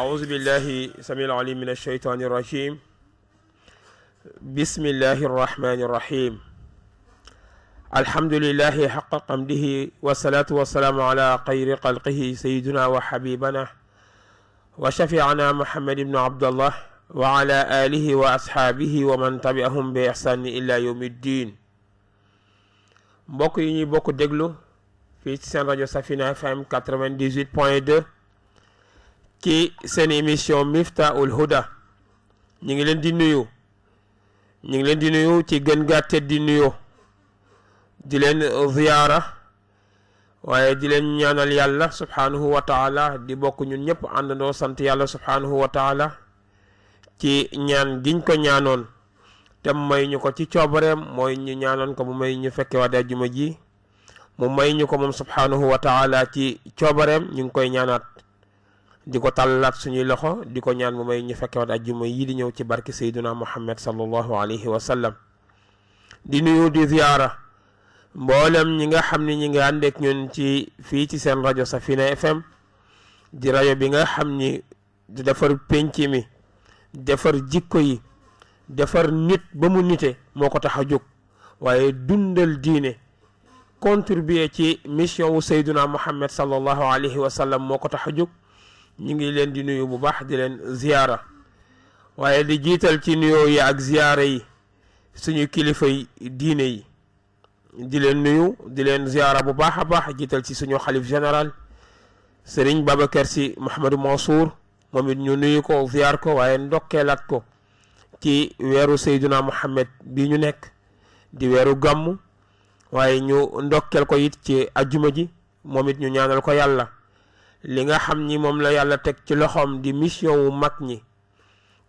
أعوذ بالله سميع العليم من الشيطان الرجيم بسم الله الرحمن الرحيم الحمد لله حق قمده والصلاة والسلام على خير خلقه سيدنا وحبيبنا وشفيعنا محمد بن عبد الله وعلى آله وأصحابه ومن تبعهم بإحسان إلى يوم الدين بوكو يني بوكو دجلو في سان ci سفينة rajo 98.2 FM ci seen émission miftaahul huda ñi ngi leen di nuyu ñi ngi leen di nuyu ci gën gaa di nuyu di leen ziyaara waaye di leen ñaanal yàlla subhanahu wa taala di bokk ñun ñëpp àndandoo sant yàlla subhanahu wa taala ci ñaan giñ ko ñaanoon te may ñu ko ci coobareem mooy ñu ñaanoon ko mu may ñu fekke waa dajuma ji mu may ñu ko subhanahu wa taala ci coobareem ñu koy ñaanaat di talat tàllalaat suñuy loxo di ñaan mu may ñu wat aljuma yi di ñew ci barke sayduna muhammad sallallahu alayhi wa sallam di nuyu di ziyara mbolam ñi nga xamni ñi nga andek ñun ci fi ci sen radio safina fm di radio bi nga xamni di defar penci mi defar jikko yi defar nit ba mu nité moko ko dini, a dundal diine contribuer ci mission wu sayduna muhammad sallallahu alayhi wa sallam moo ñu ngi leen di nuyu bu baax di leen ziyaara waaye di jiital ci nuyoo yi ak ziyaara yi suñu kilifay diine yi di leen nuyu di leen ziyaara bu baax a baax jiital ci suñu xalif général sëriñ Babacar Sy Mouhamadou Mansour moom it ñu nuyu ko ziyaar ko waaye ndokkeelaat ko ci weeru Seyduna Muhammad bi ñu nekk di weeru gàmm waaye ñu ndokkeel ko it ci ajjuma ji moom it ñu ñaanal ko yàlla li nga xam ni moom la yàlla teg ci loxoom di mission wu mag ñi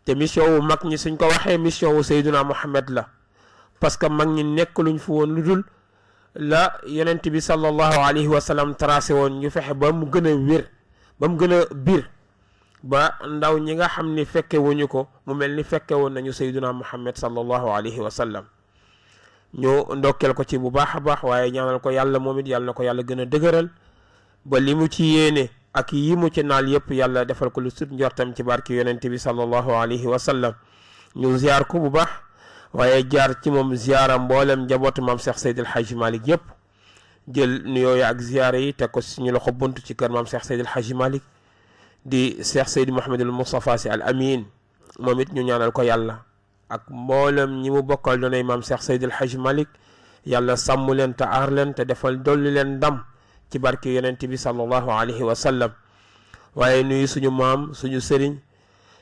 te mission wu mag ñi suñ ko waxee mission wu Seydina Muhammad la parce que mag ñi nekk luñ lu dul la yonent bi sallallahu alayhi tracé woon ñu fexe ba mu gën a wér ba mu gën a biir ba ndaw ñi nga xam ni fekke wuñu ko mu mel ni fekke woon nañu Seydina Muhammad sallallahu alayhi wa sallam ñu ndokkeel ko ci bu baax a baax waaye ñaanal ko yàlla moom it yàlla na ko yàlla gën a dëgëral ba li mu ci yéene. ak yi mu ci naal yëpp yàlla defal ko lu sut njortam ci barki yonent bi sallallahu alayhi wa sallam ñu ziar ko bu baax waaye jaar ci moom ziara mboolem njabootu maam Cheikh Seydil Hadji malik yëpp jël nuyoo ak ziara yi teg ko ñu loxo bunt ci kër maam Cheikh Seydil Hadji malik di Cheikh seyd Seydi Mouhamadul Moustapha si Al Amin moom it ñu ñaanal ko yàlla ak mboolem ñi mu bokkal doonay maam Cheikh Seydil Hadji malik yàlla sàmm leen te aar leen te defal dolli leen ndam ci barke yonent bi sallallahu alayhi wa sallam waaye nuyu suñu maam suñu sëriñ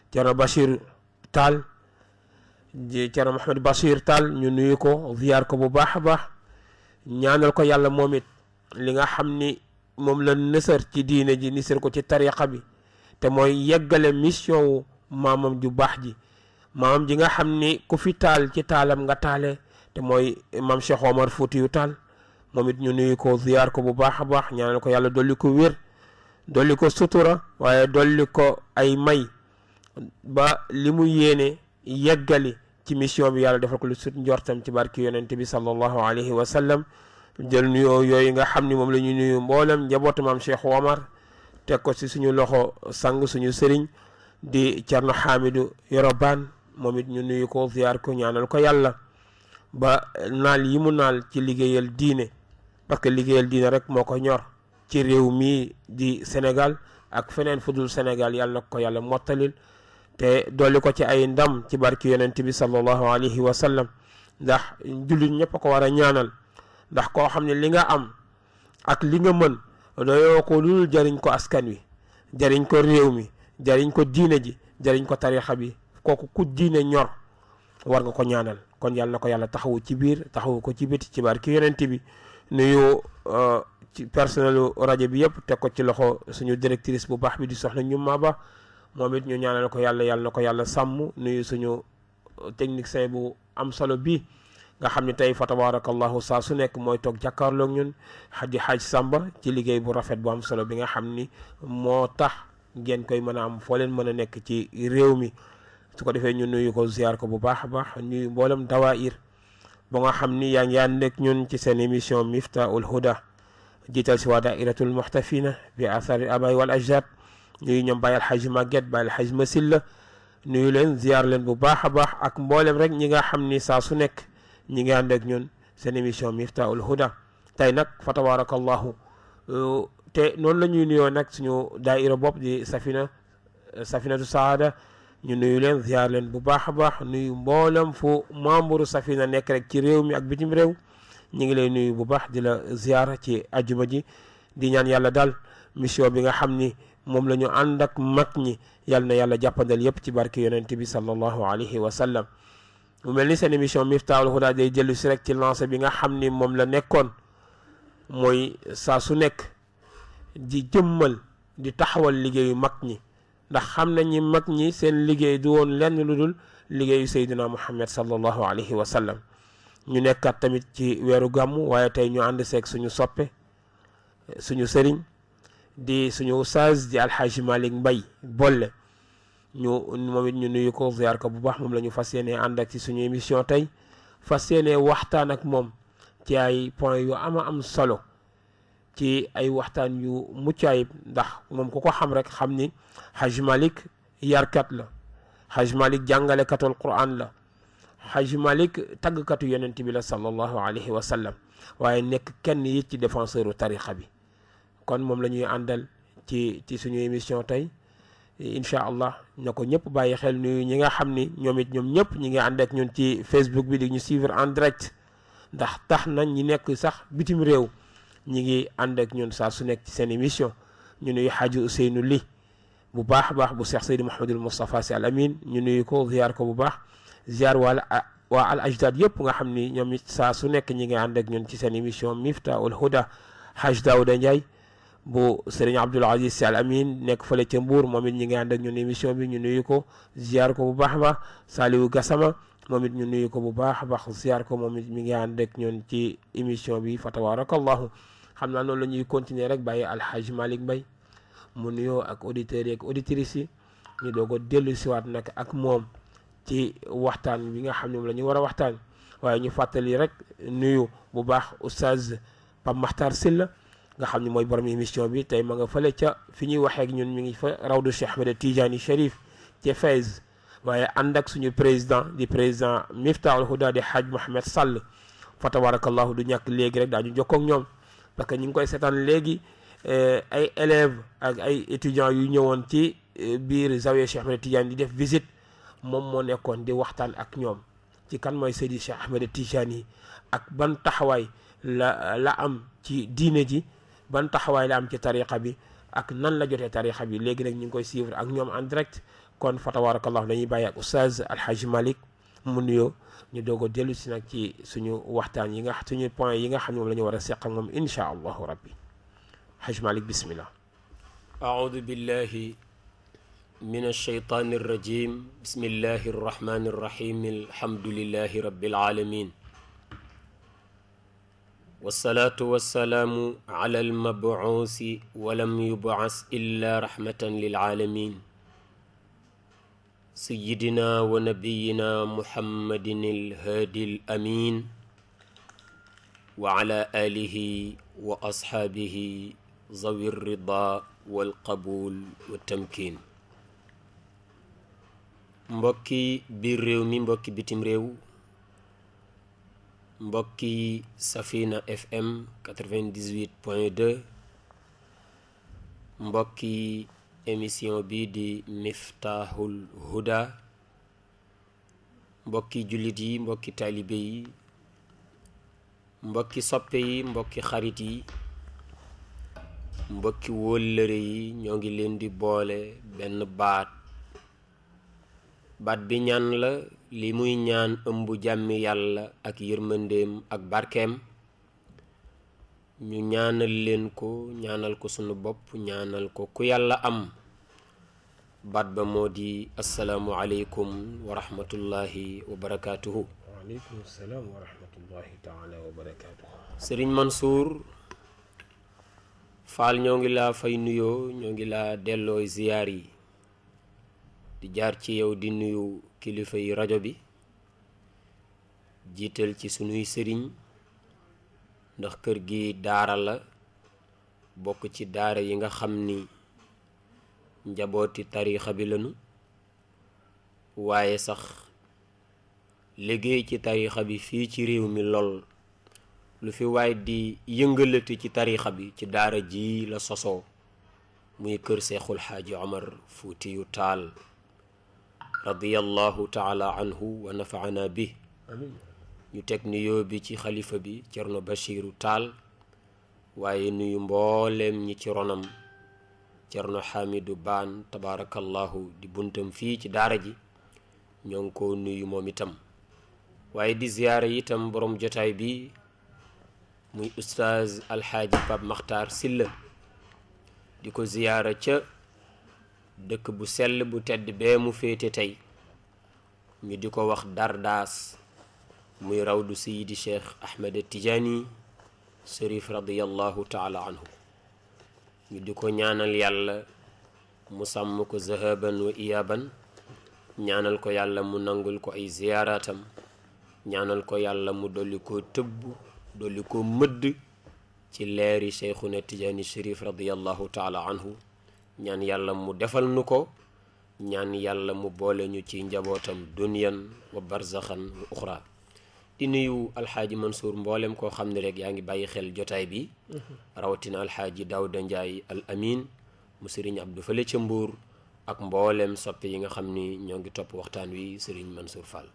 Thierno Bachir Tall Thierno Mouhamed Bachir Tall ñu nuyu ko ziyaar ko bu baax a baax ñaanal ko yàlla moom it li nga xam ni moom la nësër ci diine ji nisër ko ci tariqa bi te mooy yeggale mission wu maamam ju baax ji maamam ji nga xam ni ku fi taal ci taalam nga taale te mooy maam Cheikh Omar Foutiyou Tall moom it ñu nuyu ko ziyaar ko bu baax a baax ñaanal ko yàlla dolli ko wér dolli ko sutura waaye dolli ko ay may ba li mu yéene yeggali ci mission bi yàlla defal ko lu sut njortam ci barki yonente bi sallallahu alayhi wa sallam jël nuyoo yooyu nga xam ni moom la nuyu mboolem njabootu maam Cheikh Omar teg ko si suñu loxo sang suñu sëriñ di Thierno Hamidou Yoroban moom it ñu nuyu ko ziyaar ko ñaanal ko yàlla ba naal yi mu naal ci liggéeyal diine parce que liggéeyal diine rek moo ko ñor ci réew mii di Sénégal ak feneen fu dul Sénégal yàlla na ko yàlla mottalil te dolli ko ci ay ndam ci barki yonent bi sallallahu alayhi wa sallam ndax jullit ñëpp ko war a ñaanal ndax koo xam ne li nga am ak li nga mën doyoo ko lu dul jariñ ko askan wi jariñ ko réew mi jariñ ko diine ji jariñ ko tarixa bi kooku ku diine ñor war nga ko ñaanal kon yàlla na ko yàlla taxawu ci biir taxawu ko ci biti ci barki yonent bi nuyu eh, ci personnelu rajo bi yépp teg ko ci loxo suñu directrice bu baax bi di soxna ñu maba momit ñu ñaanal ko yalla yalla na ko yàlla sàmm nuyu suñu eh, technicien bu am solo bi nga xamni tay fa tabarakallah sa su nekk mooy toog jàkkaarloog ñun xaji xaaj samba ci liggey bu rafet bu am solo bi nga xamni ni tax ngeen koy mëna am fo leen mëna nek ci rew mi su ko defé ñu nuyu ko ziar ko bu baax baax nuyu mbolam dawair ba nga xam ni yaa ngi ànd ak ñun ci seen émission Miftahoul Houda jiital si waa dairatul muxtafina bi athari abay wal ajdad ñuy ñoom Baye Alxaj Maguette Baye Alxaj Masilla nuyu leen ziar leen bu baax a baax ak mboolem rek ñi nga xam ni saa su nekk ñi ngi ànd ak ñun seen émission Miftahoul Houda tey nag fa tabarakallahu te noonu la ñuy nuyoo nag suñu daaira bopp di safina safinatu saada ñu nuyu leen ziar leen bu baax a baax nuyu mboolem fu membre Safina nekk rek ci réew mi ak bitim réew ñu ngi lay nuyu bu baax di la ziar ci ajuma ji di ñaan yàlla daal mission bi nga xam ni moom la ànd ak mag ñi yal na yàlla jàppandal yëpp ci barke yonent bi sallallahu alayhi wa sallam mu mel ni seen émission Miftaahul Huda day jëllu si rek ci lancé bi nga xam ni moom la nekkoon mooy saa su nekk di jëmmal di taxawal liggéeyu mag ñi ndax xam nañ ñi mag ñi seen liggéey du woon lenn lu dul liggéeyu Seydina Muhammad sallallahu alayhi wa sallam ñu nekkaat tamit ci weeru gàmm waaye tey ñu ànd seek suñu soppe suñu sëriñ di suñu ustaas di alxaaji Malick Mbay bolle ñu moom it ñu nuyu ko ziar ko bu baax moom la ñu fas yéene ànd ak ci suñu émission tey fas yéene waxtaan ak moom ci ay point yu ama am solo ci ay waxtaan yu mucc ndax moom ku ko xam rek xam ni Haj Malik yarkat la Haj Malik jàngalekatu Alquran la Haj Malik tàggkatu yonent bi la sallallahu alayhi wa sallam waaye nekk kenn yi ci défenseuru tariqa bi kon moom la ñuy àndal ci ci suñu émission tey incha allah na ko ñëpp bàyyi xel nuyu ñi nga xam ni ñoom it ñoom ñëpp ñi ngi ànd ñun ci Facebook bi di ñu suivre en direct ndax tax nañ ñi nekk sax bitim réew ñi ngi ànd ak ñun saa su nekk ci seen émission ñu nuyu xaaju Ousseynou li bu baax baax bu Cheikh Seydi Mouhamadul Moustapha Sy Al Amin ñu nuyu ko ziar ko bu baax ziar wala waa al ajdad yëpp nga xam ni ñoom it saa su nekk ñi ngi ànd ak ñun ci seen émission mifta Miftahoul huda Haj Daouda Ndiaye bu sëriñ Abdoul Aziz Sy alamin Amin nekk fële ca Mbour moom it ñi ngi ànd ak ñun émission bi ñu nuyu ko ziar ko bu baax ba Saliou Gassama moom it ñu nuyu ko bu baax baax ziar ko moom it mi ngi ànd ak ñun ci émission bi fa tabaarakallahu xamna non lañuy continuer rek bàyyi alxaj malik bay mu nuyo ak auditeur yi ak auditrice yi ñu dogo delu ci wat nak ak mom ci waxtaan bi nga xamne ne moom la ñu war waxtaan waaye ñu fatali rek nuyu bu baax oustaz pam mahtar Sylla nga xamne moy borom émission bi tay ma nga fële ca fi ñuy waxee ak ñun mi ngi fa rawdu Cheikh Ahmed Tidiane Chérif ci fez waye andak suñu président di président Miftahul Huda di haj mohammed Sall fa tabarakallahu du ñak legi rek dañu jokk ak ñom parce que ñu ngi koy seetaan léegi eh, ay élèves ak ay étudiants yu ñëwoon ci eh, biir Zawiya Cheikh Ahmed Tidiane di def visite moom moo nekkoon di waxtaan ak ñoom ci kan mooy Seydi Cheikh Ahmed Tidiane yi ak ban taxawaay la la am ci diine ji ban taxawaay la am ci tariqa bi ak nan la jotee tariqa bi léegi nag ñu ngi koy suivre ak ñoom en direct kon fa tabarakallahu dañuy bàyyi ak oustaz Alhaji Malick mu nuyoo ñu doog a dellu si nag ci suñu waxtaan yi nga suñu point yi nga xam ne moom la ñu war a seqal moom insha allahu rabbi xaj malik bismillah أعوذ بالله من الشيطان الرجيم بسم الله الرحمن الرحيم الحمد لله رب العالمين والصلاة والسلام على المبعوث ولم يبعث إلا رحمة للعالمين سيدنا ونبينا محمد الهادي الأمين وعلى آله وأصحابه ذوي الرضا والقبول والتمكين مبكي بيريو réew مبكي mbokki ريو مبكي سفينة اف ام 98.2 مبكي émission bi di miftaaxul huda mbokki jullit yi mbokki taalibe yi mbokki soppe yi mbokki xarit yi mbokki wóllëre yi ñoo ngi leen di boole benn baat bi ñaan la li muy ñaan ëmb jàmmi yàlla ak yërmandeem ak barkeem ñu ñaanal leen ko ñaanal ko sunu bopp ñaanal ko ku yàlla am baat ba moo di salaam wa rahmatullahi taala wa barakaatuhu. Serigne ñoo ngi laa fay nuyoo ñoo ngi laa dellooy ziyaar yi di jaar ci yow di nuyu kilifa yi rajo bi jiital ci sunuy sëriñ ndax kër gi daara la bokk ci daara yi nga xam ni. njabooti tariixa bi lanu waaye sax liggéey ci tariixa bi fii ci réew mi lol lu fi waay di yëngalati ci tariixa bi ci daara ji la sosoo muy kër seexul xaaji omar fuutiyu taal radiyallahu taala anhu wa nafaana bi ñu teg nuyoo bi ci xalifa bi cerno bachiru taal waaye nuyu mbooleem ñi ci ronam Cerno hamidu ban tabaarakallahu di buntam fi ci dara ji ñoo ko nuyu momitam itam di ziyare itam borom jotay bi muy ustaaz alxaaji bab Makhtar sille diko ziyare ziyaara ca dëkk bu sel bu tedd be mu fete tay ñu diko wax dardas muy rawdu sayidi cheikh Ahmed شريف رضي الله تعالى عنه ñu di ko ñaanal yàlla mu sàmm ko zahaban wa iyaban ñaanal ko yàlla mu nangul ko ay ziyaaraatam ñaanal ko yàlla mu dolli koo tëbb dolli koo mëdd ci leeri Cheikhuna Tijaani Chérif radiyallahu taala anhu ñaan yàlla mu defal nu ko ñaan yàlla mu boole ñu ci njabootam duniyan wa barzaxan wa uxra di nuyu alxaaji Mansour mboolem koo xam ne rek yaa ngi bàyyi xel jotaay bi rawatina alxaaji Daouda Ndiaye al amin mu sëriñ Abdou Fale ca Mbuur ak mboolem soppe yi nga xam ni ñoo ngi topp waxtaan wi sëriñ Mansour Fall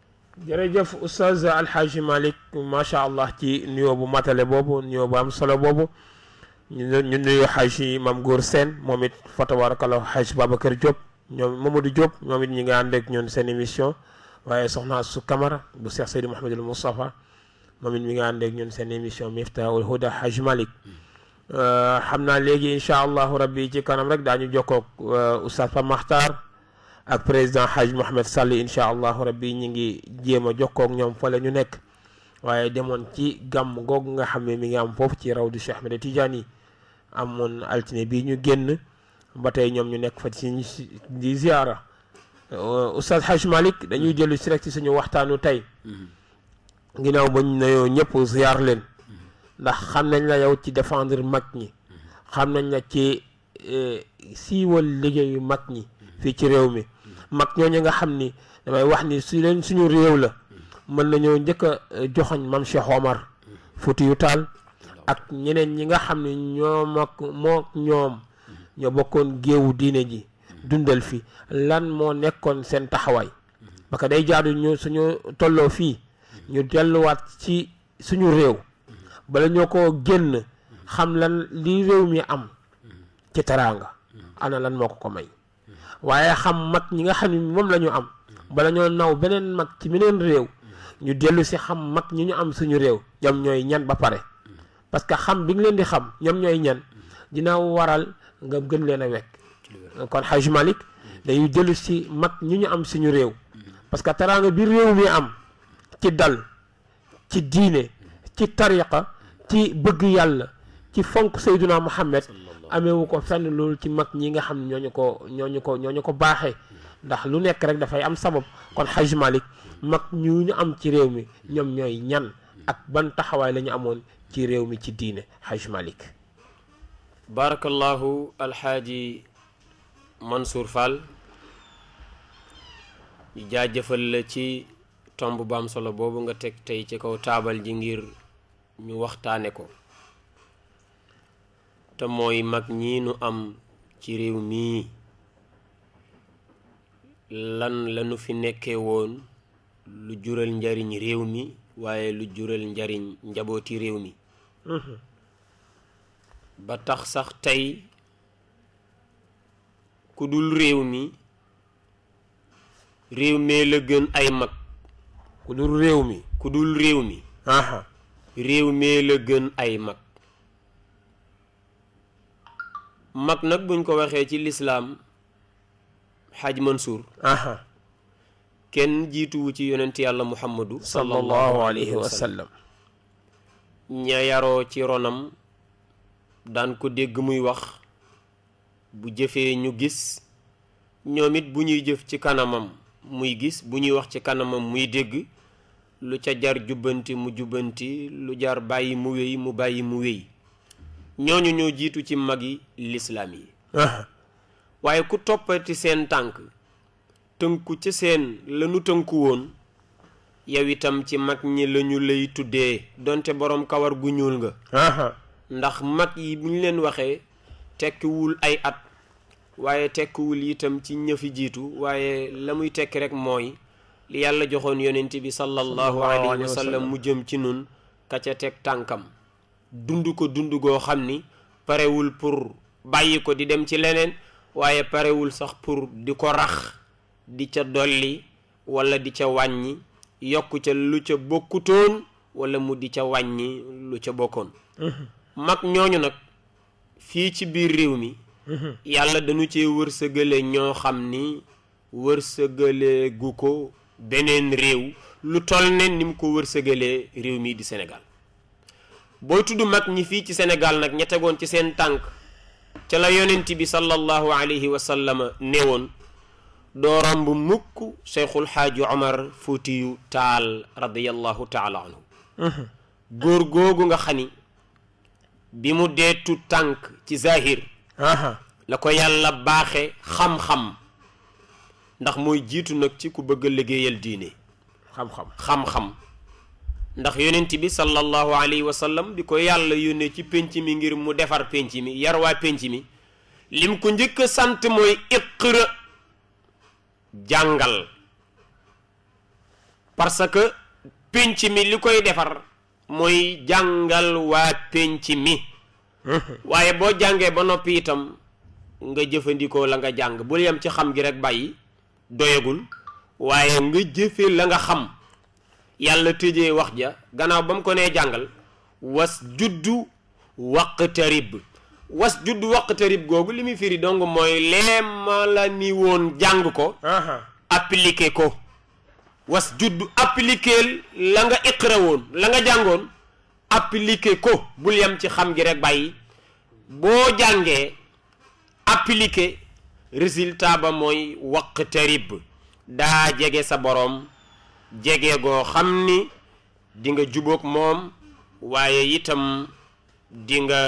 jërëjëf oustaz alxaaji Malick macha allah ci nuyoo bu matale boobu nuyoo bu am solo boobu ñu nuyu xaaji Mam Góor Seen moom it fa tabarakallah xaaji Babacar Diop ñoom Mamadou Diop ñoom it ñi nga ànd ak ñun seen émission waaye soxna su kamara bu Cheikh Seydou Mouhamadul Moustapha moom it mi nga ànd ñun seen émission Miftaahul Huda Haj malik xam naa léegi incha allahu rabbi ci kanam rek daañu jokkoog oustad fa Makhtar ak président Haj Mohamed sàlli incha allahu rabbi ñi ngi jéem a jokkoog ñoom fële ñu nekk waaye demoon ci gam googu nga xam ne mi ngi am foofu ci raw rawdu Cheikh Ahmed Tidiane amoon altine bii ñu génn ba tey ñoom ñu nekk fa ci di ziara Euh, Oustaz Hadj Malick dañuy mm-hmm. jëlu si rek ci suñu waxtaanu tey mm-hmm. ginaaw bañ nayoo ñëpp ziar leen mm-hmm. ndax xam nañ la yow ci défendre mag ñi xam nañ la ci euh, siiwal liggéeyu mag ñi fii ci réew mi mag ñoo ñooñu nga xam ni damay wax ni su leen suñu réew la mën nañoo njëkk a euh, joxoñ mam Cheikh Omar yu taal ak ñeneen ñi nga xam ni ñoom ak moo ñoom ñoo bokkoon géewu diine ji dundal fi lan mo nekkon senta taxaway maka ka day jaadu ñu suñu tollo fi ñu wat ci suñu rew bala ñoo ko génn xam lan li rew mi am ci taranga ana lan moko ko may waye xam mak ñi nga xam ni mom lañu am bala ñoo naw benen mak ci minen rew ñu delu ci xam mak ñi ñu am suñu rew ñoom ñoy ñan ba pare parce que xam bi nga leen di xam ñoom ñoy ñan dina waral nga gën leena wek kon xaj malik dañuy dellu si mag ñu ñu am suñu réew parce que taranga bi réew mi am ci dal ci diine ci tariqa ci bëgg yalla ci fonk sayyiduna muhammad wu ko fenn lool ci mag ñi nga xam ñooñu ko ñooñu ko ñooñu ko baxé ndax lu nekk rek fay am sabab kon xaj malik mag ñu ñu am ci réew mi ñom ñoy ñan ak ban taxaway lañu ñu amoon ci réew mi ci diine xaj malik barakallahu alxaaji Mansour Fall jaajëfal la ci tomb bu solo boobu nga teg tey ci kaw taabal ji ngir ñu waxtaane ko te mooy mag ñi nu am ci réew mii lan lanu fi nekkee woon lu jural njariñ réew mi waaye lu jural njariñ njabooti réew mi mhm. ba tax sax tey ku dul réew mi réew mee la gën ay mag ku dul réew mi ku dul réew mi réew mee la gën ay mag mag nag buñ ko waxee ci lislaam xaj Mansour aha kenn jiituwu ci yonent yàlla muhammadu sallallahu alayhi wa ña yaroo ci ronam daan ko dégg muy wax bu jëfee ñu gis ñoom it bu ñuy jëf ci kanamam muy gis bu ñuy wax ci kanamam muy dégg lu ca jar jubbanti mu jubbanti lu jar bàyyi mu wéy mu bàyyi mu wéy ñooñu ñoo jiitu ci mag yi lislaam yi waaye ku toppati seen tànk tënku ca seen lanu tënku woon yow itam ci mag ñi lañu lay tuddee donte boroom kawar gu ñuul nga ndax mag yi bu ñu leen waxee tekkiwul ay at waaye tekkiwul itam ci ñëfi jiitu waaye la muy tekki rek mooy li yàlla joxoon yonent bi sallallahu alayhi wa sallam mu jëm ci nun ka ca teg tànkam dund ko dund goo xam ni parewul pour bàyyi ko di dem ci leneen waaye parewul sax pour di ko rax di ca dolli wala di ca wàññi yokk ca lu ca bokkutoon wala mu di ca wàññi lu ca bokkoon mhm. mag ñooñu nag fii ci biir réew mi yàlla dañu cee wërsëgale ñoo xam ni wërsëgale gu ko beneen réew lu toll ne ni mu ko wërsëgalee réew mii di senegal booy tudd mag ñi fii ci senegal nag ña tegoon ci seen tànk ci la yonent bi sallallahu alayhi wa sallam neewoon doo romb mukk Cheikhul Xaaji Omar Fuutiyu Taal radiyallahu taala anhu mhm. góor googu nga xani bi mu deetu tànk ci zahir la ko yàlla baaxe xam-xam ndax mooy jiitu nag ci ku bëgg liggéeyal diine xam-xam xam-xam ndax yonent bi sallallahu alayhi wa bi ko yàlla yónnee ci pénc mi ngir mu defar pénc mi yar waa pénc mi lim ko njëkk a sant mooy iqra jàngal parce que pénc mi li koy defar mooy jàngal waa pénc mi waaye boo jàngee ba noppi itam nga jëfandikoo la nga jàng bul yem ci xam gi rek bàyyi doyagul waaye nga jëfe la nga xam yàlla tëje wax ja gannaaw ba mu ko nee jàngal was juddu waqtarib was juddu waqtarib googu li muy firi dong mooy lee la ni woon jàng ko appliqué ko was juddu appliqué la nga iqra woon la nga jàngoon appliquer ko bul yam ci xam gi rek bàyyi boo jàngee appliquer résultat ba mooy waqtarib daa jege sa boroom jege goo xam ni di nga jubóog moom waaye itam di nga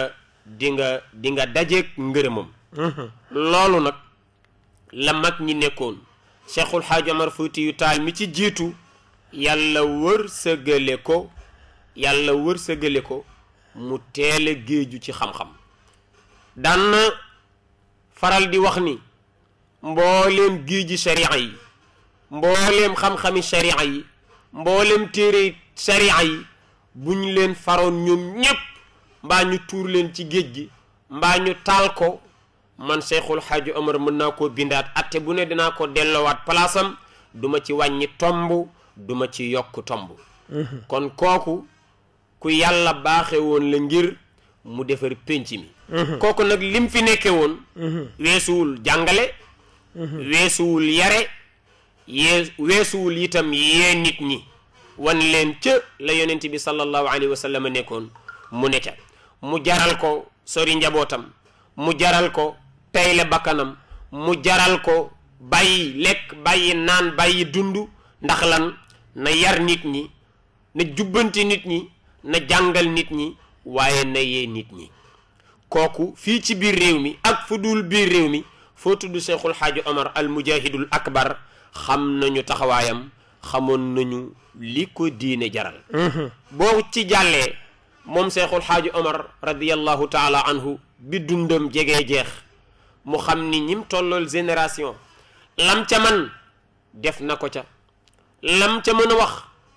dinga nga di nga dajeeg ngërëmam mm-hmm. loolu nag la mag ñi nekkoon Cheikhul Hadj Omar Foutiyou Tall mi ci jiitu yàlla wër sëgale ko yàlla wër wërsëgale ko mu teele a géeju ci xam-xam daan na faral di wax ni mbooleem géeji sharia yi mbooleem xam-xami sharia yi mboolem téere sharia yi bu ñu leen faroon ñoom ñépp mbaa ñu tuur leen ci géej gi mbaa ñu taal ko man Cheikhul Hadji Omar mën naa ko bindaat atte bu ne dinaa ko delloowaat palaasam duma ci wàññi tomb duma ci yokk tomb mm-hmm. kon kooku ku yàlla baaxe woon la ngir mu defar pénc mi mhm. kooku nag lim fi nekke woon mhm. weesuwul jàngale mhm. weesuwul yare yee weesuwul itam yee nit ñi wan leen ca la yonent bi sallallahu alayhi wa sallam nekkoon mu ne ca mu jaral ko sori njabootam mu jaral ko tayle bakkanam mu jaral ko bàyyi lekk bàyyi naan bàyyi dund ndax lan na yar nit ñi na jubbanti nit ñi na jàngal nit ñi waaye na yee nit ñi kooku fii ci biir réew mi ak fu dul biir réew mi foo tudd cheikhul Xaaji Omar al mujahidul akbar xam nañu taxawaayam xamoon nañu li ko diine jaral boo ci jàllee moom cheikhul Xaaji Omar radiallahu taala anhu bi dundam jegee jeex mu xam ni ñim tollool génération lam ca man def na ko ca lam ca mën a wax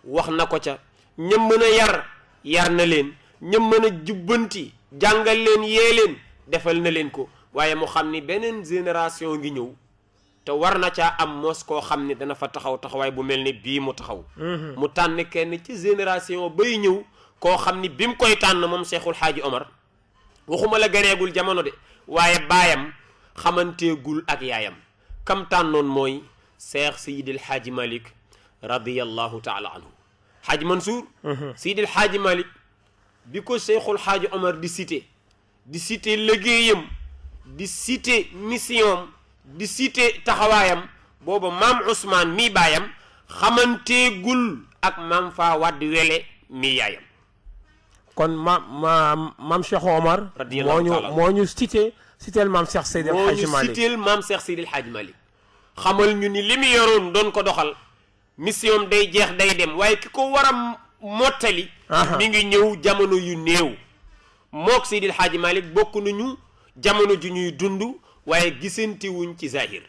wax na ko ca ña mën a yar yar na leen ñam mën a jubbanti jàngal leen yee leen defal na leen ko waaye mu xam ni beneen génération ngi ñëw te war na caa am mos koo xam ni dana fa taxaw taxawaay bu mel ni bii mu taxaw mhm. mu tànn kenn ci génération bay ñëw koo xam ni bi koy tànn moom Seexul Xaaji Omar waxuma la gareegul jamono de waaye baayam xamanteegul ak yaayam kam tànnoon mooy Seex Seydil Xaaji Malik radiyallahu taala anhu xaaj Mansour. Uh-huh. Sidil xaaj Malick bi ko seexul xaaji Omar di cité di cité liggéeyam di cité mission di cité taxawaayam booba maam Ousmane mii baayam xamanteegul ak maam faa wadd wele mii yaayam. kon ma ma maam Cheikh Omar. moo ñu moo ñu cité citéel maam Cheikh Seydil Xaaji Malick moo xamal ñu ni li mu doon ko doxal. mission day jeex day dem waaye ki ko war mottali mi ngi ñëw jamono yu néew mook Seydil Hadji malik bokk nañu jamono ju ñuy dund waaye gisantewuñ ci zahir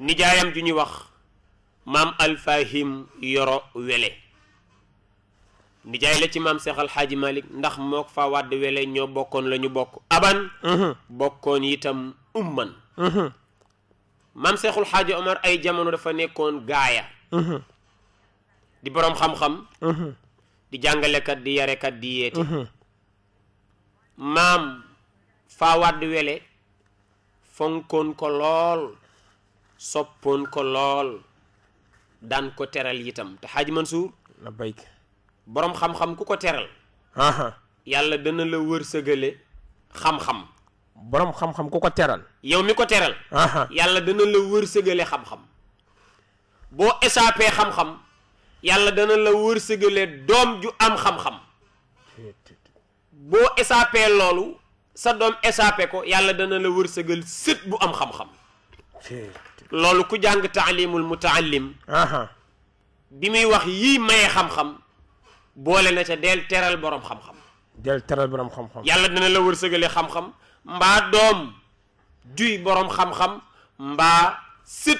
nijaayam ju ñuy wax maam alfahim yoro wele nijaay la ci maam seexal xaaji Malik ndax mook fa wàdd wele ñoo bokkoon lañu bokk aban bokkoon itam umman maam Seexul Xaaji Omar ay jamono dafa nekkoon gaaya Uh-huh. di borom xam-xam uh-huh. di jàngalekat di yarekat di yeete uh-huh. maam faa kolol, wele fonkoon ko lool soppoon ko lool daan ko teral yitam te xaaj Mansour labbayk borom xam-xam ku ko teral yàlla dana la wërsëgale xam-xam borom xam-xam ku ko teral yow mi ko teral yàlla dana la wërsëgale xam-xam boo échappé xam-xam yàlla dana la wërsëgale doom ju am xam-xam boo échappé loolu sa doom échappé ko yàlla dana la wërsëgal sët bu am xam-xam loolu ku jàng taalimul mutaallim bi muy wax yii maye xam-xam boole na ca del teral boroom xam-xam del teral boroom xam-xam yàlla dana la wërsëgale xam-xam mbaa doom juy boroom xam-xam mbaa sët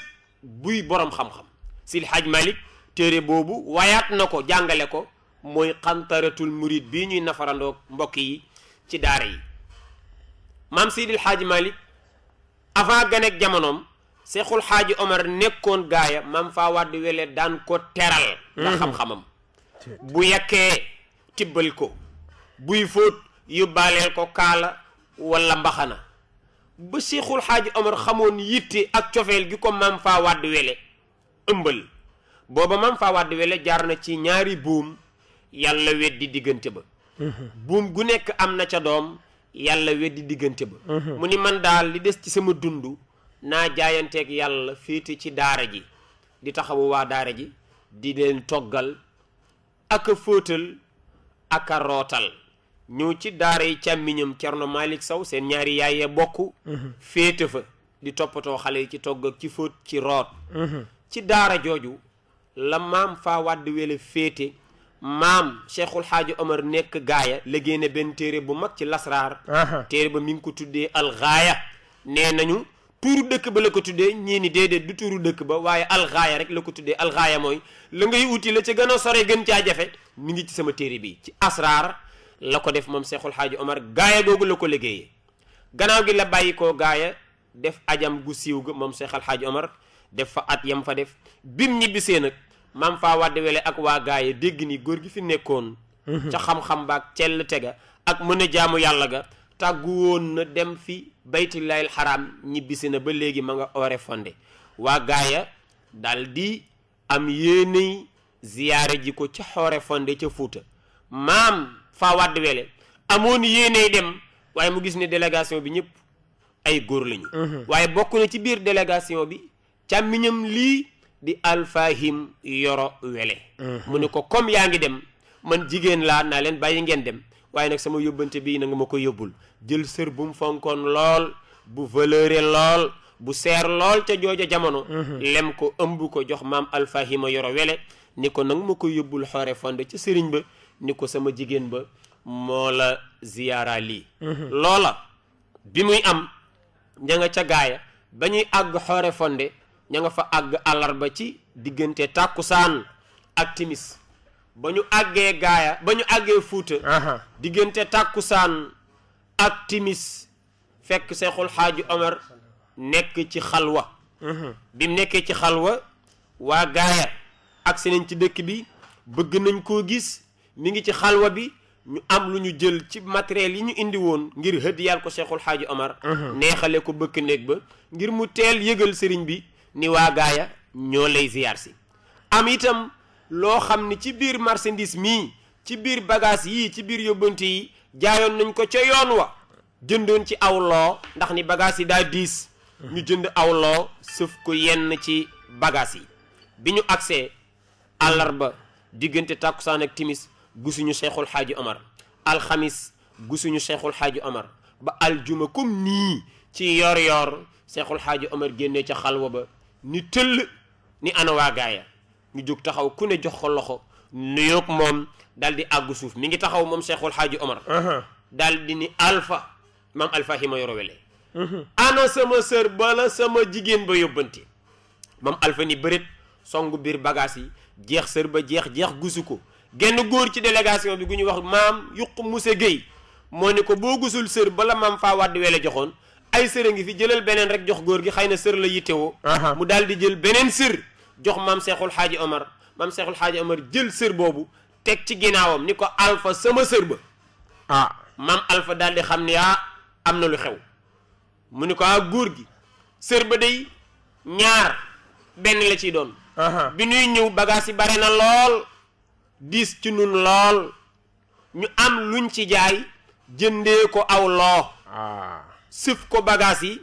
buy boroom xam-xam Sil Hadj Malick téere boobu wayaat na ko jàngale ko mooy xantaratul murid bii ñuy nafarandoog mbokk yi ci daara yi maam Sidil Hadj Malick avant ganek jamonoom Seexul Hadj Omar nekkoon gaaya maam fa wàdd wele daan ko teral ndax mm-hmm. xam-xamam bu yekkee tibbal ko buy fóot yóbbaaleel ko kaala walla mbaxana ba Seexul Hadj Omar xamoon yitte ak cofeel gi ko maam faa wàdd wele ëmbal booba maam faa wadd wele jaar na ci ñaari buum yàlla weddi diggante ba buum gu nekk am na ca doom yàlla weddi diggante ba mu ni man daal li des ci sama dund naa jaayanteeg yàlla féete ci daara ji di taxawu waa daara ji di leen toggal ak a fóotal ak a rootal ñëw ci daara yi càmmiñam Cerno Malick Sow seen ñaari yaay ya bokk mhm. féete fa di toppatoo xale yi ci togg ak ci fóot ci root mhm. ci daara jooju la maam faa wàdd wele féete maam cheikhul xaaji omar nekk gaaya la génne benn téere bu mag ci lasraar téere ba mi ngi ko tuddee alxaaya nee nañu tuuru dëkk ba la ko tuddee ñii ni déedéet du tuuru dëkk ba waaye alxaaya rek la ko tuddee alxaaya mooy la ngay wuti la ca gën a sore gën caa jafe mu ngi ci sama téere bi ci asraar la ko def moom seexul xaaji omar gaaya googu la ko liggéeyee gannaaw gi la bàyyi koo gaaya def ajam gu siiw ga moom cheikh def fa at yam fa def bim ñibbisee nag maam fa wàdde wele ak waa gaaye dégg ni góor gi fi nekkoon mhm. ca xam-xam baak cell tega ak mën jaamu yàlla ga tàgg woon na dem fi baytullaahil xaraam ñibbisi na ba léegi ma nga oore fonde waa gaaya daal di am yéenay ziyaare ji ko ca xoore fonde ca fuuta maam faa wàdd wele amoon yéenay dem waaye mu gis ne délégation bi ñëpp ay góor lañu mhm. waaye bokk na ci biir délégation bi càmmiñam lii di alfahim yoro wele uh-huh. mu ne ko comme yaa ngi dem man jigéen laa naa leen bàyyi ngeen dem waaye nag sama yóbbante bii na ma ko yóbbul jël sër bu fonkoon lool bu valeure lool bu seer lool ca jooja jamono uh-huh. lem ko ëmb ko jox maam alfahima yoro wele ni ko nanga ma ko yóbbul xoore fonde ca sëriñ ba ni ko sama jigéen ba moo la ziyaara lii uh-huh. loola bi muy am ña nga ca gaaya ba ñuy àgg xoore fonde ña nga fa àgg àllarba ci diggante tàkkusaan ak timis ba ñu àggee gaaya ba ñu àggee fuuta diggante tàkkusaan ak timis fekk seexul xaaji omar nekk ci xalwa mhm. bi mu nekkee ci xalwa waa gaaya agsi nañ ci dëkk bi bëgg nañ koo gis mu ngi ci xalwa bi ñu am lu ñu jël ci materiel yi ñu indi woon ngir hëddiyaal ko seexul xaaji omar mhm. neexale ko bëkk néeg ba ngir mu teel yëgal sëriñ bi ni waa gaaya ñoo lay ziyaar si am itam loo xam ni ci biir marchandise mii ci biir bagage yii ci biir yóbbante yi jaayoon nañ ko ca yoon wa jëndoon ci awloo ndax ni bagaas yi daa diis ñu jënd aw awloo sëf ko yenn ci bagage yi bi ñu agsee àllarba diggante tàkkusaan ak timis gisuñu seexul xaaji omar alxamis gisuñu cheikhul xaaji omar ba aljuma comme nii ci yor yor cheikhul xaaji omar génnee ca xalwa ba ni tëll ni ana waa gaaya ñu jóg taxaw ku ne jox ko loxo nuyoog moom daal di àgg suuf mi ngi taxaw moom cheikhul omar daldi ni alpha mam alpha hima ma yorowele mhm. ana sama sër bala sama jigéen ba yóbbante maam alpha ni bërit songu bir bagasi, yi jeex sër ba jeex jeex gusu ko genn góor ci délégation bi gu ñu wax yuq ko gusul sër bala maam faa wele ay sëra fi jëlal benen rek jox góor gi xëy ser la yitewo mu daldi di jël beneen sër jox mam cheikhul haji omar mam cheikhul haji omar jël ser bobu tek ci ginaawam niko ko alpha sama sirbo ba ah mam alpha daldi xamni ya ah, amna lu xew mu niko ko ah gi ser ba day ñaar ben la ciy doon bi ñuy ñew bagage yi na lool dis ci nun lool ñu am luñ ci jaay ko aw ah sëf ko bagage yi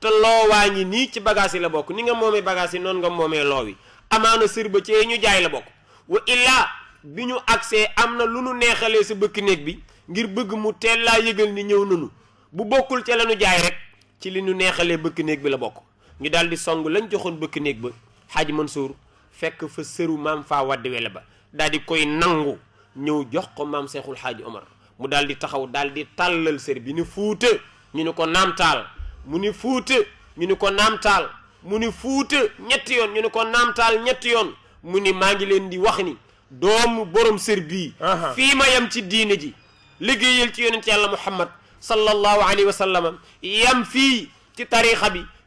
te loo yi nii ci bagage yi la bokk ni nga moomee bagage yi noonu nga moomee loo wi amaana sër ba cee ñu jaay la bokk wa illaa bi ñu agsee am na lu nu neexalee sa bëkk néeg bi ngir bëgg mu teel laa yëgal ni ñëw nanu bu bokkul ca la nu jaay rek ci li ñu neexalee bëkk néeg bi la bokk ñu daal di song lañ joxoon bëkk néeg ba xaaj Mansour fekk fa séru maam faa waddi wele ba daal di koy nangu ñëw jox ko maam seexul xaaj Omar mu daal di taxaw daal di tàllal sër bi ni fuuta ñu ni ko naamtaal mu ni fuuta ñu ni ko naamtaal mu ni fuuta ñetti yoon ñu ni ko naamtaal ñetti yoon mu ni maa ngi leen di wax ni doomu borom sër bii fii ma yem ci diina ji liggéeyal ci yonent yàlla mu sallallahu alayhi wa sallam yam fii ci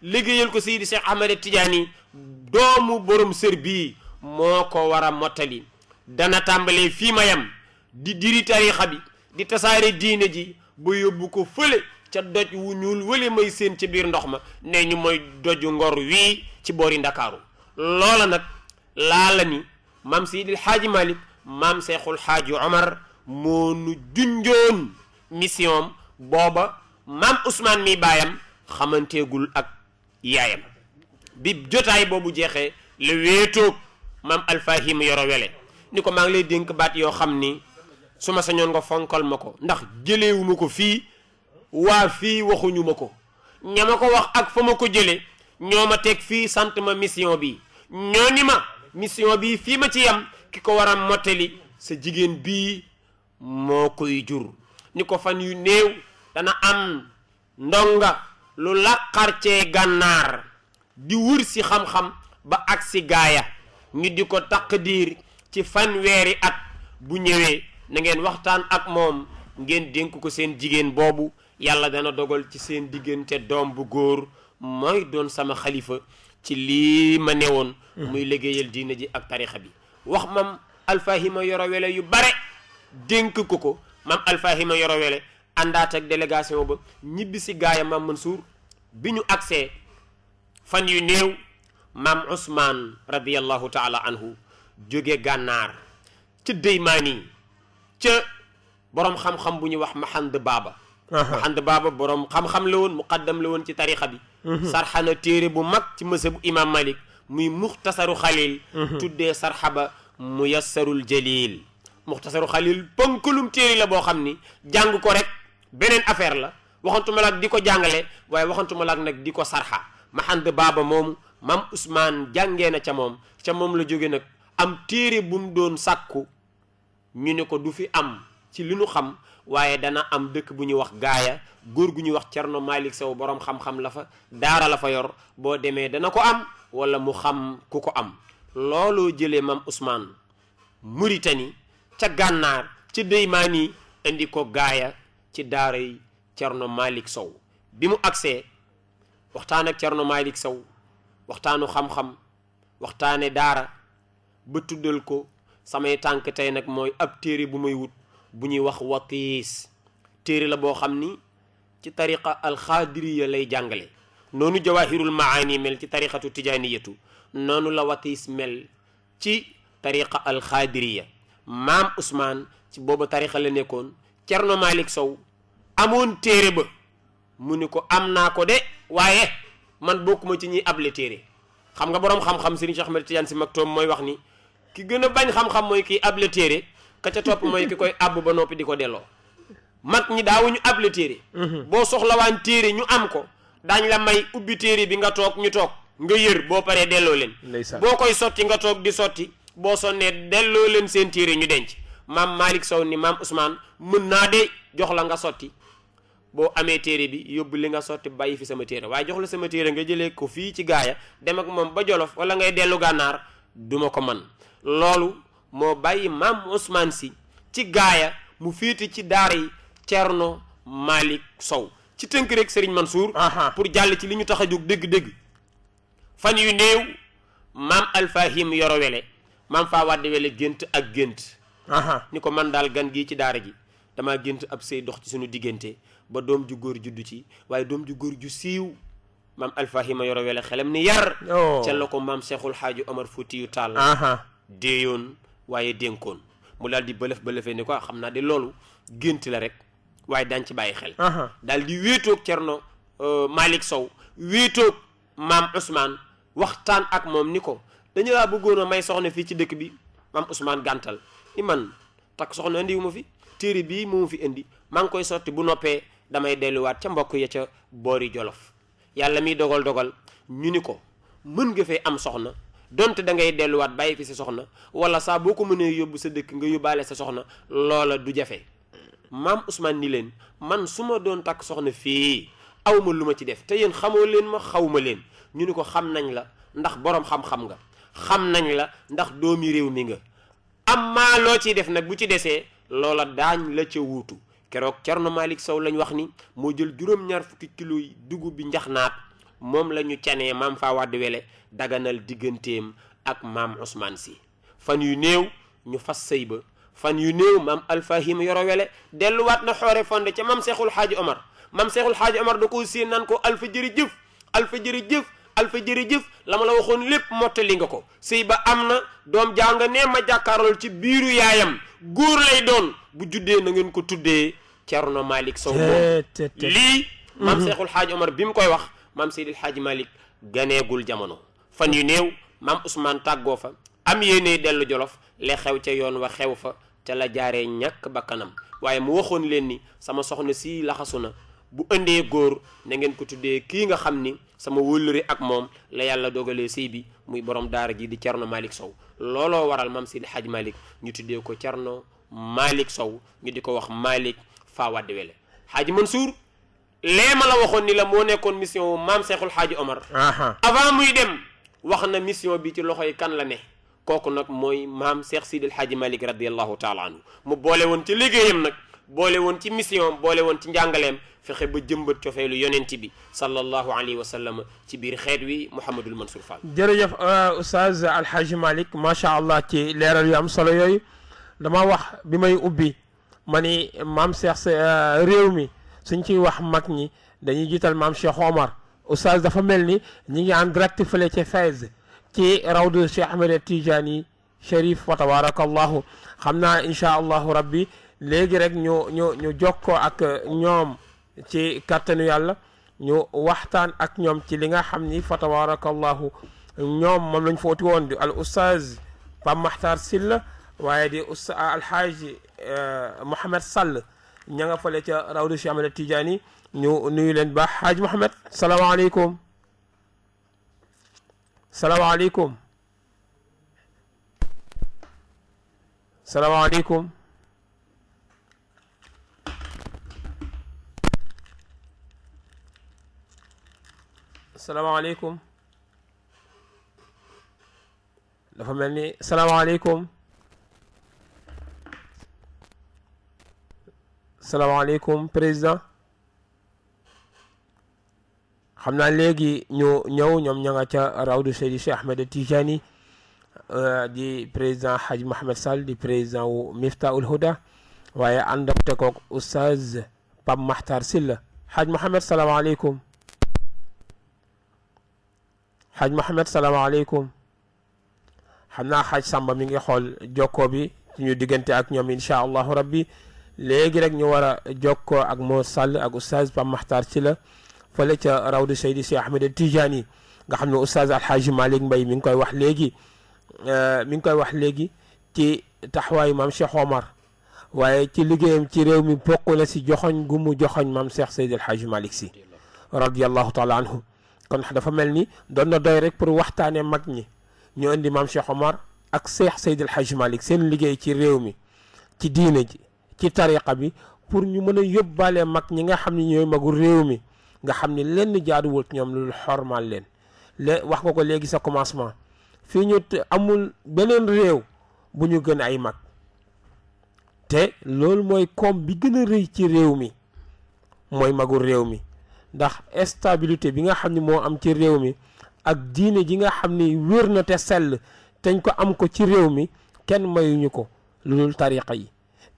liggéeyal ko Seydi Cheikh Ahmed Tidiane doomu borom sër bii moo ko war a mottali dana tàmbalee fii ma yem di diri tariixa bi di tasaare diina ji ba yóbbu ko fële ca doj wu ñuul wële may séen ci biir ndox ma ne ñu mooy doju ngor wii ci boori ndakaaru loola nag laa la ni maam Seydil Xaaji Malick maam Seexul Xaaji Omar moo nu junjoon mission am booba maam Ousmane mi baayam xamanteegul ak yaayam bi jotaay boobu jeexee la wéetoog maam Alfahim yoro wele ni ko maa ngi lay dénk baat yoo xam ni su ma sañoon nga fonkal ma ko ndax jëleewuma ko fii wa fi waxuñu ma ko ña ma ko wax ak fa ma ko jëlee ñoo ma teg fii ma mission bi ñoo ma mission bi fii ma ci yam ki ko war sa koy jur fan yu dana am ndonga lu làqar cee gànnaar di wër si xam-xam ba ak si gaaya ñu di ko taqdiir ci fanweeri at bu ñëwee na ngeen waxtaan ak mom ngeen dénk ko seen jigen bobu yàlla dana dogal ci seen diggante doom bu góor mooy doon sama xalifa ci lii ma newoon muy liggéeyal diina ji ak tarixa bi wax mam alfahima yorowele yu bare dénk ko ko mam alfahima yorowele àndaat ak délégation ba ñibbi si gaaya mam Mansour bi ñu agsee fan yu néew mam Ousmane radiallahu taala anhu jóge gànnaar ca déymaani ca borom xam-xam bu ñuy wax mahand baaba Mahand Baba borom xam-xam la woon muqaddam la woon ci tarixa bi sarxa na téere bu mag ci mësabu imam malik muy muxtasaru xalil tuddee sarxa ba muyassarul jalil muxtasaru xalil pënkalum téere la boo xam ni jàng ko rek beneen affaire la waxantuma laak di ko jàngale waaye waxantuma laak nag di ko sarxa Mahand Baba moomu mam Ousmane jàngee na ca moom ca moom la jóge nag am téere bu mu doon sàkku ñu ne ko du fi am ci li nu xam waaye dana am dëkk bu ñuy wax gaaya góor gu ñuy wax Cerno Malick Sow borom xam-xam la fa daara la fa yor boo demee dana ko am wala mu xam ku ko am looloo jëlee mam Ousmane Mauritanie ca gànnaar ci Deymaani indi ko gaaya ci daara yi Cerno Sow bi mu agsee waxtaan ak Cerno Malick Sow waxtaanu xam-xam waxtaane daara ba tuddal ko samay tànk tey nag mooy ab téere bu may wut bu ñuy wax watiis téere la boo xam ni ci tariqa alxaadiriya lay jàngale noonu jawahirul maani mel ci tariqatu tijaaniyatu noonu la watiis mel ci tariqa alxaadiriya maam Ousmane ci booba tariqa la nekkoon Cerno Malick Sow amoon téere ba mu ni ko am naa ko de waaye man bokkuma ci ñuy able téere xam nga boroom xam-xam Serigne Cheikh Ahmed Tidiane Sy Maktoum mooy wax ni ki gën a bañ xam-xam mooy kiy able téere ka ca topp mooy ki koy àbb ba noppi di ko delloo mag ñi daawuñu able téere mhm. boo soxlawaan téere ñu am ko dañ la may ubbi téere bi nga toog ñu toog nga yër boo paree delloo leen boo koy sotti nga toog di sotti boo sonnee delloo leen seen téere ñu denc maam Malick Sow ni maam Ousmane mën naa de jox la nga sotti boo amee téere bi yóbbu li nga sotti bàyyi fi sama téere waaye jox la sama téere nga jëlee ko fii ci gaaya dem ak moom ba Jolof wala ngay dellu gànnaar duma ko man moo bàyyi maam Ousmane si ci gaaya mu féete ci daara yi Thierno Malick Sow ci tënk rek Serigne Mansour. pour jàll ci li ñu tax a jóg dégg dëgg fan yu néew maam Alfahim yoro wele maam faa wàdde wele gént ak gént. ni ko man daal gan gi ci daara ji damaa gént ab sëy dox ci suñu diggante ba doom ju góor juddu ci waaye doom ju góor ju siiw. maam alfahima yoro wele xelam ni yar oh. ca la ko maam cheikhul xaaju omar fuuti yu tàll déeyoon waaye dénkoon mu daal di bëlëf bëlëfee ni ko ah, xam naa de loolu gént la rek waaye daañ ci bàyyi xel daal di wéetoog Cerno euh, Malick Sow wéetoog maam Ousmane waxtaan ak moom ni ko dañu laa bëggoon a may soxna fii ci dëkk bi maam Ousmane gàntal ni man takk soxna indi wu ma fi téere bii mu fi indi maa ngi koy sotti bu noppee damay delluwaat ca mbokk ya ca boori Jolof yàlla miy dogal dogal ñu ni ko mën nga fee am soxna donte da ngay wat baye fi sa soxna wala sa boko meune yobbu sa dekk nga yobale sa soxna lola du jafé mam Ousmane ni len man suma don tak soxna fi awma luma ci def te yeen xamoo len ma xawma len ñu ni ko xam nañ la ndax borom xam-xam nga xam nañ la ndax doomi rew mi nga am def nak bu ci déssé lola dañ la ci wutu kérok Cerno malik saw lañ wax ni mo jël ñaar fukki kilo yi bi moom la ñu canee maam Fawade Wele daganal digganteem ak maam Ousmane si fan yu néew ñu fas sëy ba fan yu néew maam Alfahim Yoro Wele delluwaat na xoore fonde ca maam Seexul Xaaji Omar maam Seexul Xaaji Omar da koo séen ko alfa jërëjëf alfa jërëjëf alfa jërëjëf la ma la waxoon lépp mottali nga ko sëy ba am na doom jaa nga nee ma ci biiru yaayam góor lay doon bu juddee na ngeen ko tuddee Cerno lii maam mhm. Seexul Xaaji Omar bi mu koy wax maam Seydil Hadji malik ganeegul jamono fan yu néew maam Ousmane tàggoo fa am yéene dellu jolof le xew ca yoon wa xew fa ca la jaaree ñàkk bakkanam waaye mu waxoon leen ni sama soxna si laxasu na bu indee góor na ngeen ko tuddee kii nga xam ni sama wëllëri ak moom la yàlla dogalee sëy bi muy borom daara ji di carno Malick Sow looloo waral maam Seydi Hadj Malick ñu tuddee ko Thierno Malick Sow ñu di ko wax Malick Fawade Wele Hadj Mansour lee ma la waxoon ni la moo nekkoon mission wu maam Seexul Xaaji Omar. avant muy dem wax na mission bi ci loxoy kan la ne. kooku nag mooy maam Seex Sidil Xaaji Malik radiyallahu taala anhu mu boole woon ci liggéeyam nag boole woon ci mission boole woon ci njàngaleem fexe ba jëmbat cofeelu yonent bi sallallahu alayhi wa sallam ci biir xeet wi Mouhamadul Mansour Fall. jërëjëf Oustaz Al Hadj Malick macha allah ci leeral yu am solo yooyu dama wax bi may ubbi ma ni maam Seex réew mi. suñ ci wax mag ñi dañuy jiital maam Cheikh Omar oustaz dafa mel ni ñi ngi en direct fële ca fez ci rawdu Cheikh Ahmed Tijani sharif wa tabarakallahu xam naa incha allahu rabbi léegi rek ñu ñu ñu jokkoo ak ñoom ci kàttanu yàlla ñu waxtaan ak ñoom ci li nga xam ni fa tabarakallahu ñoom moom lañ footi woon di al oustaz Pam mahtar Silla waaye di oustaz haji Mohamed Sall ña nga fale ca rawdu Cheikh Ahmed Tidiane ñu nuyu leen baax Haaj Mohamed salaamaaleykum salaamaaleykum salaamaaleykum salaamaaleykum dafa mel ni salaamaaleykum salaamaaleykum président xam naa léegi ñu ñëw ñoom ña nga ca rawdu seydi Cheikh Ahmed Tijani euh, di président Hadj Mohamed Sall di président wu Miftahoul Houda waaye àndamte koog oustaz Pape Makhtar Sylla Hadj Mohamed salaamaaleykum Hadj Mohamed salaamaaleykum xam naa Hadj Samba mi ngi xool jokko bi ñu diggante ak ñoom incha allahu rabbi léegi rek ñu war a jokkoo ak Mor Sall ak oustaz Pam Maxtaar ci la fële ca rawdu Seydi Si Ahmed Tijaani nga xam ne oustaz Alxaaji Malick Mbay mi ngi koy wax léegi mi ngi koy wax léegi ci taxawaayu maam Cheikh Omar waaye ci liggéeyam ci réew mi bokk na si joxoñ gu mu joxoñ maam Cheikh Seydi Alxaaji Malick si radiallahu taala anhu kon dafa mel ni doon na doy rek pour waxtaane mag ñi ñu indi maam Cheikh Omar ak Cheikh Seydi Alxaaji Malick seen liggéey ci réew mi ci diine ji ci tariqa bi pour ñu mën a yóbbaale mag ñi nga xam ni ñooy magul réew mi nga xam ni lenn jaaduwul ñoom loolu xormaal leen wax nga ko léegi sa commencement fii ñu amul beneen réew bu ñu gën ay mag te loolu mooy koom bi gën a rëy ci réew mi mooy magu réew mi ndax stabilité bi nga xam ni moo am ci réew mi ak diine ji nga xam ni wér na te sell teñ ko am ko ci réew mi kenn mayuñu ko lu dul tariqa yi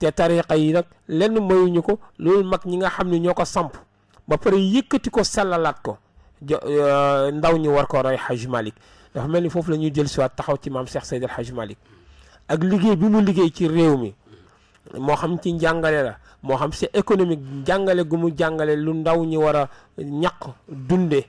te tariqa yi nag lenn mayuñu ko loolu mag ñi nga xam ne ñoo ko samp ba pare yëkkati ko sellalaat ko euh, ndaw ñi war ko rey Haj Malick dafa mel ni foofu la ñuy jël si taxaw ci maam Cheikh Seydil Haj Malick ak liggéey bi mu liggéey ci réew mi moo xam ci njàngale la moo xam ci économique njàngale gu mu jàngale lu ndaw ñi war a ñaq dunde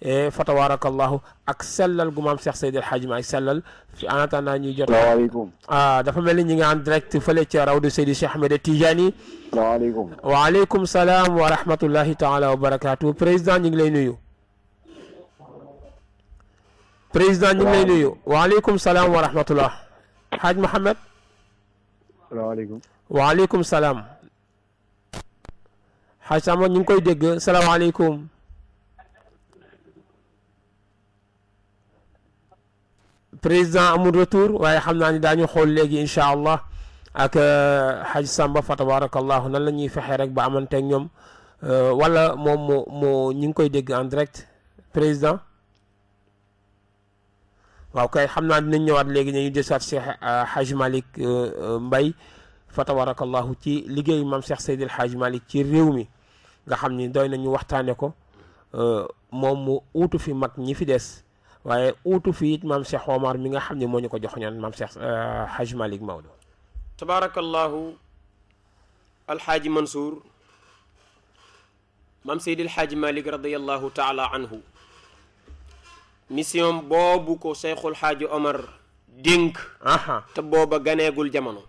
E, fa tabaarakallahu ak sellal gu maam Cheikh Seydil Hadji Maalik sellal fi en attendant ñuy jot. salaamaaleykum. ah dafa mel ni ñi nga am direct fële ca rawdu Seydi Cheikh Ahmed Tidiane. salaamaaleykum. waaleykum salaam wa rahmatullahi taala wa barakaatu président ñu ngi lay nuyu. président ñu ngi lay nuyu. waaleykum salaam wa rahmatullah. Hadj Mohamed. salaamaaleykum. waaleykum salaam. Hadj Sama ñu ngi koy dégg salaamaaleykum. président amul retour waaye xam naa ni daañu xool léegi incha allah ak xaj Samba fa tabarakallah nan la ñuy fexe rek ba amanteeg ñoom wala moom moo moo ñu ngi koy dégg en direct président waaw kay xam naa dinañ ñëwaat léegi ñu desaat Cheikh Haj malik mbay fa tabarakallahu ci liggéey mam Cheikh Seydil Haj malik ci réew mi nga xam ni doy nañu waxtaane ko moom mu uutu fi mag ñi fi des waaye uutu fi it maam Cheikh Omar mi nga xam ne moo ñu ko jox ñaan maam Cheikh Haj Malick Maodo tabaarakallaahu alxaaji Mansour maam Seydi alxaaji malik radiallahu taala anhu mission boobu ko Cheikhul Xaaji Omar dénk te booba ganeegul jamono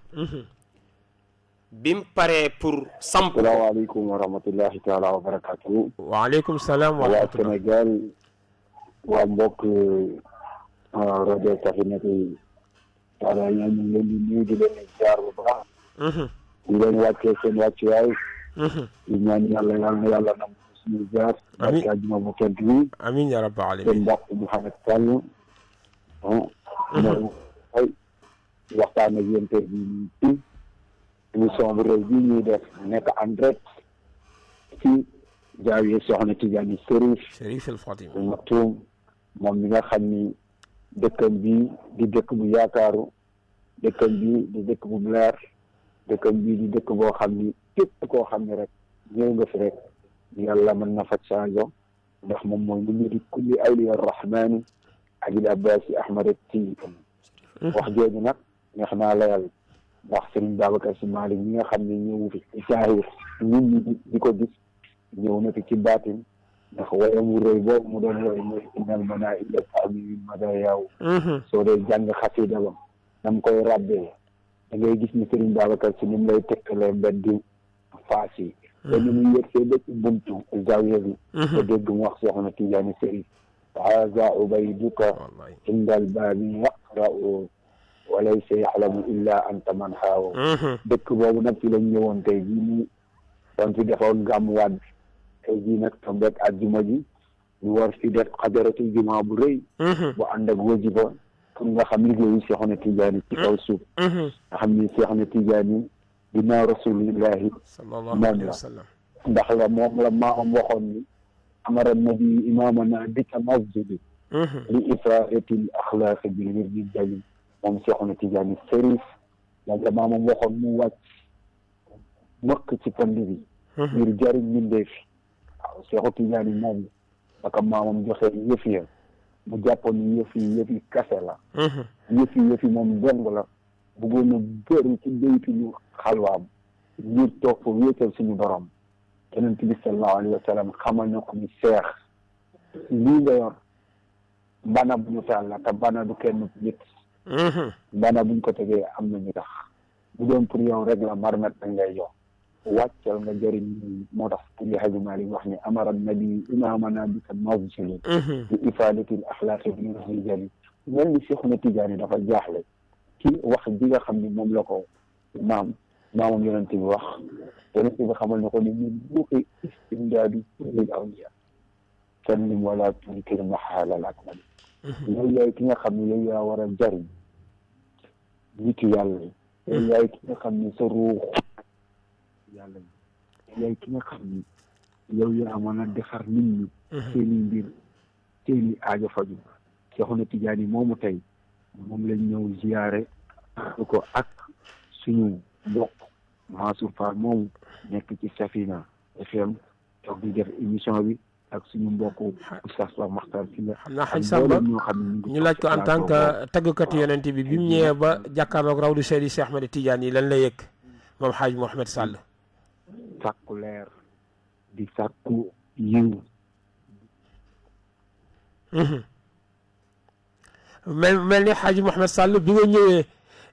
bim paree pour samp salaamaaleykum wa rahmatullahi taala wa barakatuhu waaleykum salaam wa rahmatullah waa mbokk rajo Café yi Talla ñu ngi leen di nuyu di leen jaar bu baax. Mhm. di leen wàccee seen wàccuwaay. Mhm. di ñaan yàlla yal na yàlla na suñu jaar. amiin barke àjjuma bu tedd bi. amiin yaa rabbal aalamiin seen mbokk Mouhamed Sall. bon. Ah. Mhm. mooy ay waxtaan jaawiye soxna tijaani sërif sërif al fatima al maktum moom mi nga xam ni dëkkam bi di dëkk bu yaakaaru dëkkam bi di dëkk bu leer dëkkam bi di dëkk boo xam ni képp koo xam ni rek ñëw nga fi rek yàlla mën na faj saajo ndax moom mooy mu ñëdi kulli awliya arrahmani abil abbasi ahmad tii wax jooju nag neex naa layal wax sëriñ babacar si malik ñi nga xam ne ñëwu fi ci saahir nit ñi di ko gis ñëw na ci baatin ndax wayam wu boobu mu doon woy mooy inal mana illa saabi min madayaw mhm. soo dee jàng xasida bam nam koy ràbbee da ngay gis ni Serigne Babacar si ni mu lay tegtalee mbeddi faas yi te mhm. ni muy yëgsee ba buntu zawiya bi te mhm. dégg mu wax soxna Tijaani Serigne haza ubayduka inda al baabi yaqra'u walaysa yaxlamu illa anta man xaawo dëkk boobu nag ci lañ ñëwoon tey jii nii doon fi defoon gàmmuwaat bi tey jii nag tombeeg àjjuma ji ñu war fi def xadaratul juma bu rëy. Mhm. bu ak wajiba pour nga xam liggéeyu Seexuna na ci kaw suuf. nga xam ni Seexuna Tijaani dinaa rasulillahi moom la ndax la waxoon ni amara nabi imaamana bika masjidi mhm. li ifratil axlaaqi bi wirdi jali moom Seexuna Tijaani sërif la maamam waxoon mu wàcc mëkk ci pënd bi mhm. ngir jariñ mbindeef waaw Seexu Tijaan yi moom naka maamam joxe yëf ya mu jàppoon ni yëf kase la mhm. yëf yi moom dong la bëggoon na bëri ci béyti xalwaam ngir toog fa wéetal suñu borom yonent bi sallallahu alayhi wa sallam xamal na seex lii nga yor bana bu ñu taal la te bana du kenn nit mhm. bana buñ ko tegee am na ñu tax bu doon pour yow rek la marmet dañ ngay jox واتل نجرين مرح كل هذا مالي وحني أمر النبي إمامنا بك في بإفادة الأخلاق من الرجال من الشيخ نتيجاني دفع جاهل كي واحد ديغا خمي مملكة إمام إمام يرنتي بوح يرنتي بخمال نقول من بوق استمداد كل الأولياء سلم ولا تنكر محال الأكمل لولا يكني خمي ليا ورا الجري نتيجاني لولا يكني خمي صروخ yàlla yi ki nga xam ni yow yaa mën a defar nit ñi mhm. seeni mbir seeni aajo faju Seexuna Tijaan yi moomu tey moom lañ ñëw ziyaare ko ak suñu mbokk Mansour Fall moomu nekk ci Safina FM toog di bi ak suñu mbokku Oustaz Pape Makhtar si la. xam naa xaj Samba ñu laaj ko en tant que tàggkatu yonent bi bi mu ñëwee ba jàkkaarloog raw du seex ma Ahmed Tidiane yi lañ la yëg moom xaaj Mouhamed sàll sàkku leer di sàkku yiw mhm. mel mel ni xaaji Mouhamed Sall bi nga ñëwee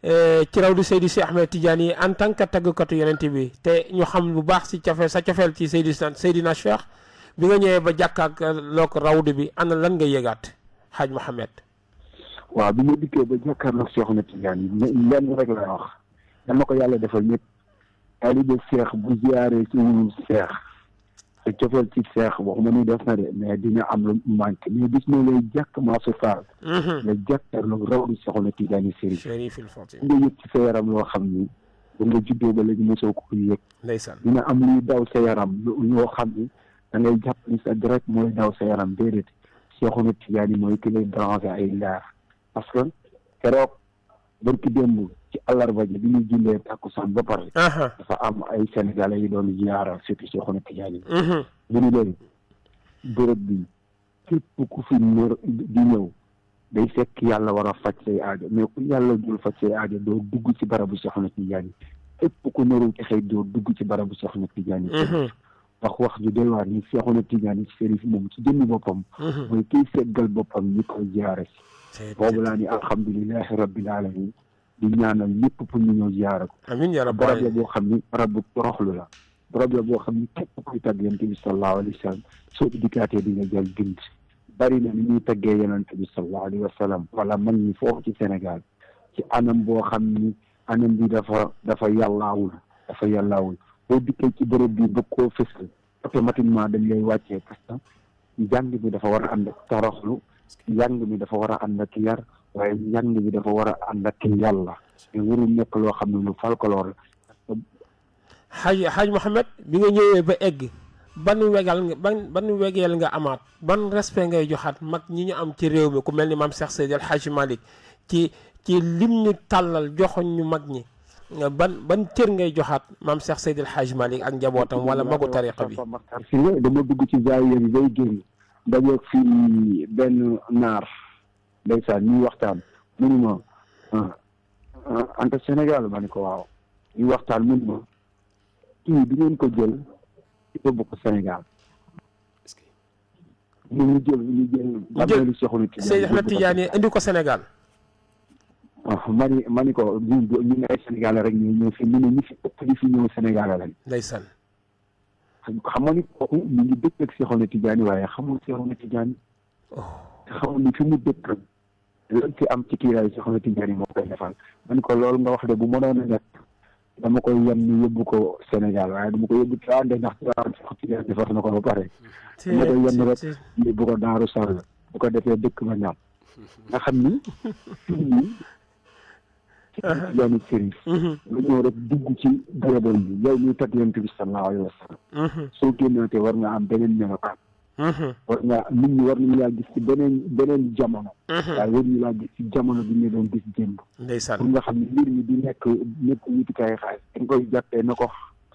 eh, ci raw di Seydi si Ahmed Tidiane yi en tant que taggkatu yonent bi te ñu xam lu baax si cofeel sa cofeel ci Seydi Seydina Cheikh bi nga ñëwee ba jàkkaak eh, loo ko rawdu bi ana lan nga yëgaat xaaj Mouhamed waaw bi ma dikkee ba jàkkaarloog Cheikh Ahmed Tidiane lenn rek laa wax dama ko yàlla defal ñëpp taalibe seex bu ziyaare ci wuñu seex sa cofeel ci seex waxuma ni def na de mais dina am lu manqué mais bis ne lay jàkk maasu faal la jàkkar lu raw di soxla tijaani sérif nga yëg ci sa yaram loo xam ni bu nga juddoo ba léegi mosoo ko yëg dina am luy daw sa yaram loo xam ni da ngay jàpp ni sa deret mooy daw sa yaram déedéet seexuna tijaani mooy ki lay branché ay laar parce que keroog barki démb ci àllarba ji bi ñu jullee tàkkusaan ba pare dafa am ay sénégalais yi doon ziyaara surtout si xona tijaan yi mhm. ñu ni leen bërëb bi képp ku fi ñëw di ñëw day fekk yàlla war a faj say aajo ku yàlla dul fa say aajo doo dugg ci barabu soxna Tijaani képp ku narul texee doo dugg ci barabu soxna Tijaani mhm. ndax wax ju doy waar ni soxna Tijaani sérif moom ci jëmmi boppam mhm. mooy kiy seggal boppam ñi koy jaare si boobu laa ni alhamdulilahi rabbil alamin di ñaanal ñëpp pour ñu ñëw ziyaara ko amiin yaa rabbi barab boo xam ni barab bu toroxlu la barab boo xam ni képp kuy tagg yonent bi sallallahu alayhi wa sallam soo dikkaatee di nga jël bind bari na ni ñuy taggee yonent bi sallallahu alayhi wa sallam wala mag ñi foofu ci senegal ci anam boo xam ni anam bi dafa dafa yàllaawul dafa yàllaawul boo dikkee ci bërëb bi bëgg koo fësal automatiquement dañ lay wàccee parce que njàng mi dafa war a ànd ak toroxlu njàng mi dafa war a ànd ak yar waaye njàng bi dafa war a ànd ak yàlla te warul nekk loo xam ne lu folklore xaaj xaj xaj bi nga ñëwee ba egg ban wegal nga ban ban wegeel nga amaat ban respect ngay joxaat mag ñi ñu am ci réew mi ku mel ni maam seex Seydi El Hadji ci ci lim ñu tàllal joxoñ ñu mag ñi ban ban cër ngay joxaat maam Cheikh Seydi El Hadji ak njabootam wala magu tariqa bi. dama dugg ci zaawiya bi bay génn dajeeg fii benn naar. ndeysaan ñuy waxtaan mënuma Anta ah, ah, Sénégal ma ko waaw ñuy waxtaan mënuma kii bi ngeen ko jël yóbbu ko Sénégal ñu ñu jël ñu jël bàmmeelu Cheikh Ahmed Tidiane indi ko Sénégal ah, ma ni ni ko ñun ñu ay rek ñu ñëw oh. fi mu ne ñu fi xam nga mu ngi ci am ci kiiraay si xamante njëri moo koy defal man ko loolu nga wax de bu mënoon a nekk dama koy yem ni yóbbu ko Sénégal waaye dama ko yóbbu ci de ndax ci sax ci defar na ko ba pare dama koy yem rek yóbbu ko Daaru Sall bu ko defee dëkk ma ñaam nga xam ni yoonu sëriñ mhm. nga ñëw rek dugg ci bërëbam yi yow muy tat bi sallallahu alayhi wa sallam mhm. soo génnootee war nga am beneen melokaan Uh-huh. war naa nit ñi war nañu laa gis ci beneen beneen jamono. Uh-huh. waaye war ñu laa gis ci jamono bi ñu doon gis jënd. ndeysaan pour nga xam ne mbir mi di nekk nekk wutukaay xaalis. dañ koy jàppee na ko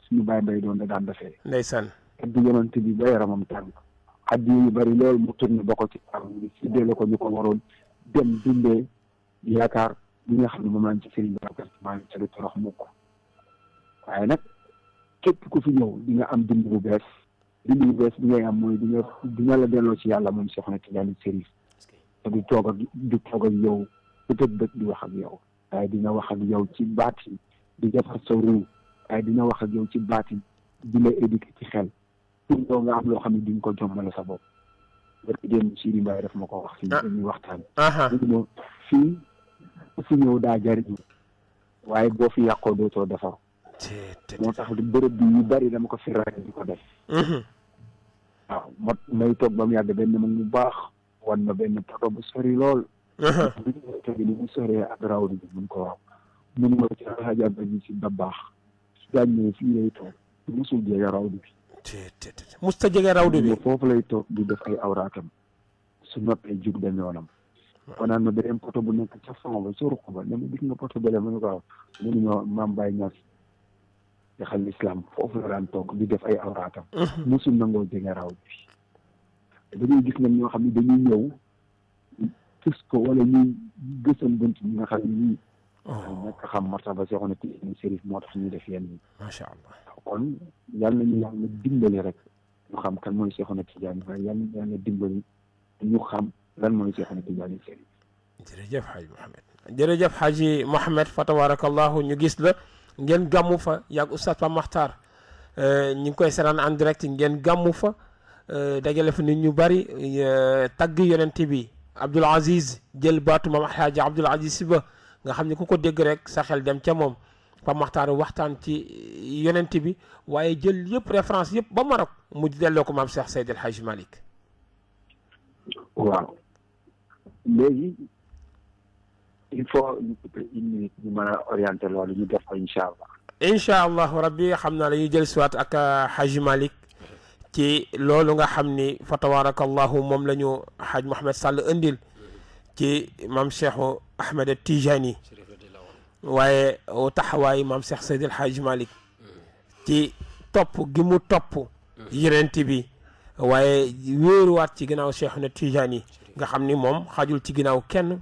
suñu bàyyi mbay doon da daan defee. ndeysaan addu yonante bi ba yaramam tàng. addu yu bari loolu mu tourné ko ci àll bi ko ñu ko waroon dem dundee yaakaar li nga xam ne moom lañ ci sëriñ Babacar maa ngi ca di torox mukk waaye nag képp ku fi ñëw di nga am dund bu bees. bind bu bees bi ngay am mooy dina dina la delloo ci yàlla moom soxna Tidiane Chérif te du toog ak du toog ak yow bët ak bët di wax ak yow waaye dina wax ak yow ci baat di defar sa ruu wax ak ci baat yi di la éduquer ci xel pour yow nga am loo xam ne di nga ko jombale sa bopp barki démb Sidi Mbaye daf ma ko wax si ah. ñuy waxtaan fii ku fi ñëw daa jariñu waaye boo fi yàqoo dootoo defar moo tax bërëb bi yu bari dama ko fi raay di ko def mm-hmm. waaw mot may toog ba mu yàgg benn mag mu baax wan na benn poto bu sori lool mm-hmm. tegi ni mu soree ak raw bi mun ko waaw mun ma ci alxaaji baax su daañ ñëw toog musul jege raw bi mu ta jege raw bi foofu lay toog du def aw raatam su noppee jug dem yoonam wanaan ma beneen poto bu nekk ca fond ba ca ruq ba ne ma gis nga poto bële mu ne ko waaw mu ne ma nga xam islam foofu la daan toog di def ay awraatam mhm. musul nangoo jege raw bi dañuy gis nag ñoo xam ne dañuy ñëw tus ko wala ñuy gësam bunt ñi nga xam ne ñii oh. ñàkk xam martaba soo xam ne ci sérif moo tax ñuy def yenn yi macha allah kon yàlla nañu yàlla dimbali rek ñu xam kan mooy Seexuna Tijaani waaye yàlla nañu yàlla dimbali ñu xam lan mooy Seexuna Tijaani sérif jërëjëf xaaji Mohamed jërëjëf xaaji Mohamed fa tabaarakallahu ñu gis la ngeen gàmmu fa yaag oustad Pape Makhtar ñi ngi koy seetaan en direct ngeen gàmmu fa dajale fa nit ñu bari tagg yonent bi abdul Aziz jël baatu mam Alhaaji abdul Aziz si ba nga xam ne ku ko dégg rek sa xel dem ca moom Pape Makhtar waxtaan ci yonent bi waaye jël yëpp référence yëpp ba marok mu delloo ko mam Cheikh Seydi El malik waaw léegi il faut ñu mën a orienter loolu ñu def ko incha allah. incha allahu rabbi xam naa dañuy jël siwaat ak Haji Malick ci loolu nga xam fa tabaarakallahu moom la Haji Mouhamed Sall indil ci maam Cheikhu Ahmed Tijani waaye taxawaay maam Cheikh Seydil Haji Malick ci topp gi mu topp yonent bi waaye wéeruwaat ci ginnaaw Cheikhu Tijani nga xam ni xajul ci ginnaaw kenn.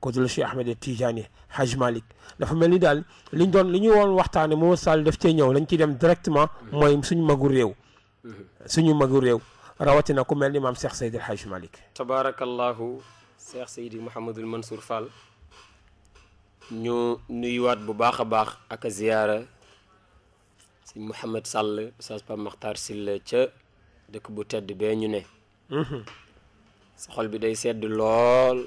ko dul Cheikh Ahmed Tidiane Hadj Malick dafa mel ni daal liñ doon li ñu woon waxtaane moo Sall daf cee ñëw lañ ci dem directement mooy suñu magu réew suñu magu réew rawatina ku mel ni maam Cheikh Seydi Hadj Malick tabarakallahu Cheikh Seydi Mouhamadul Mansour Fall ñu nuyuwaat bu baax a baax ak a ziyaara sëñ Mouhamed Sall Oustaz Pape Makhtar Sylla ca dëkk bu tedd bee ñu ne sa xol bi day sedd lool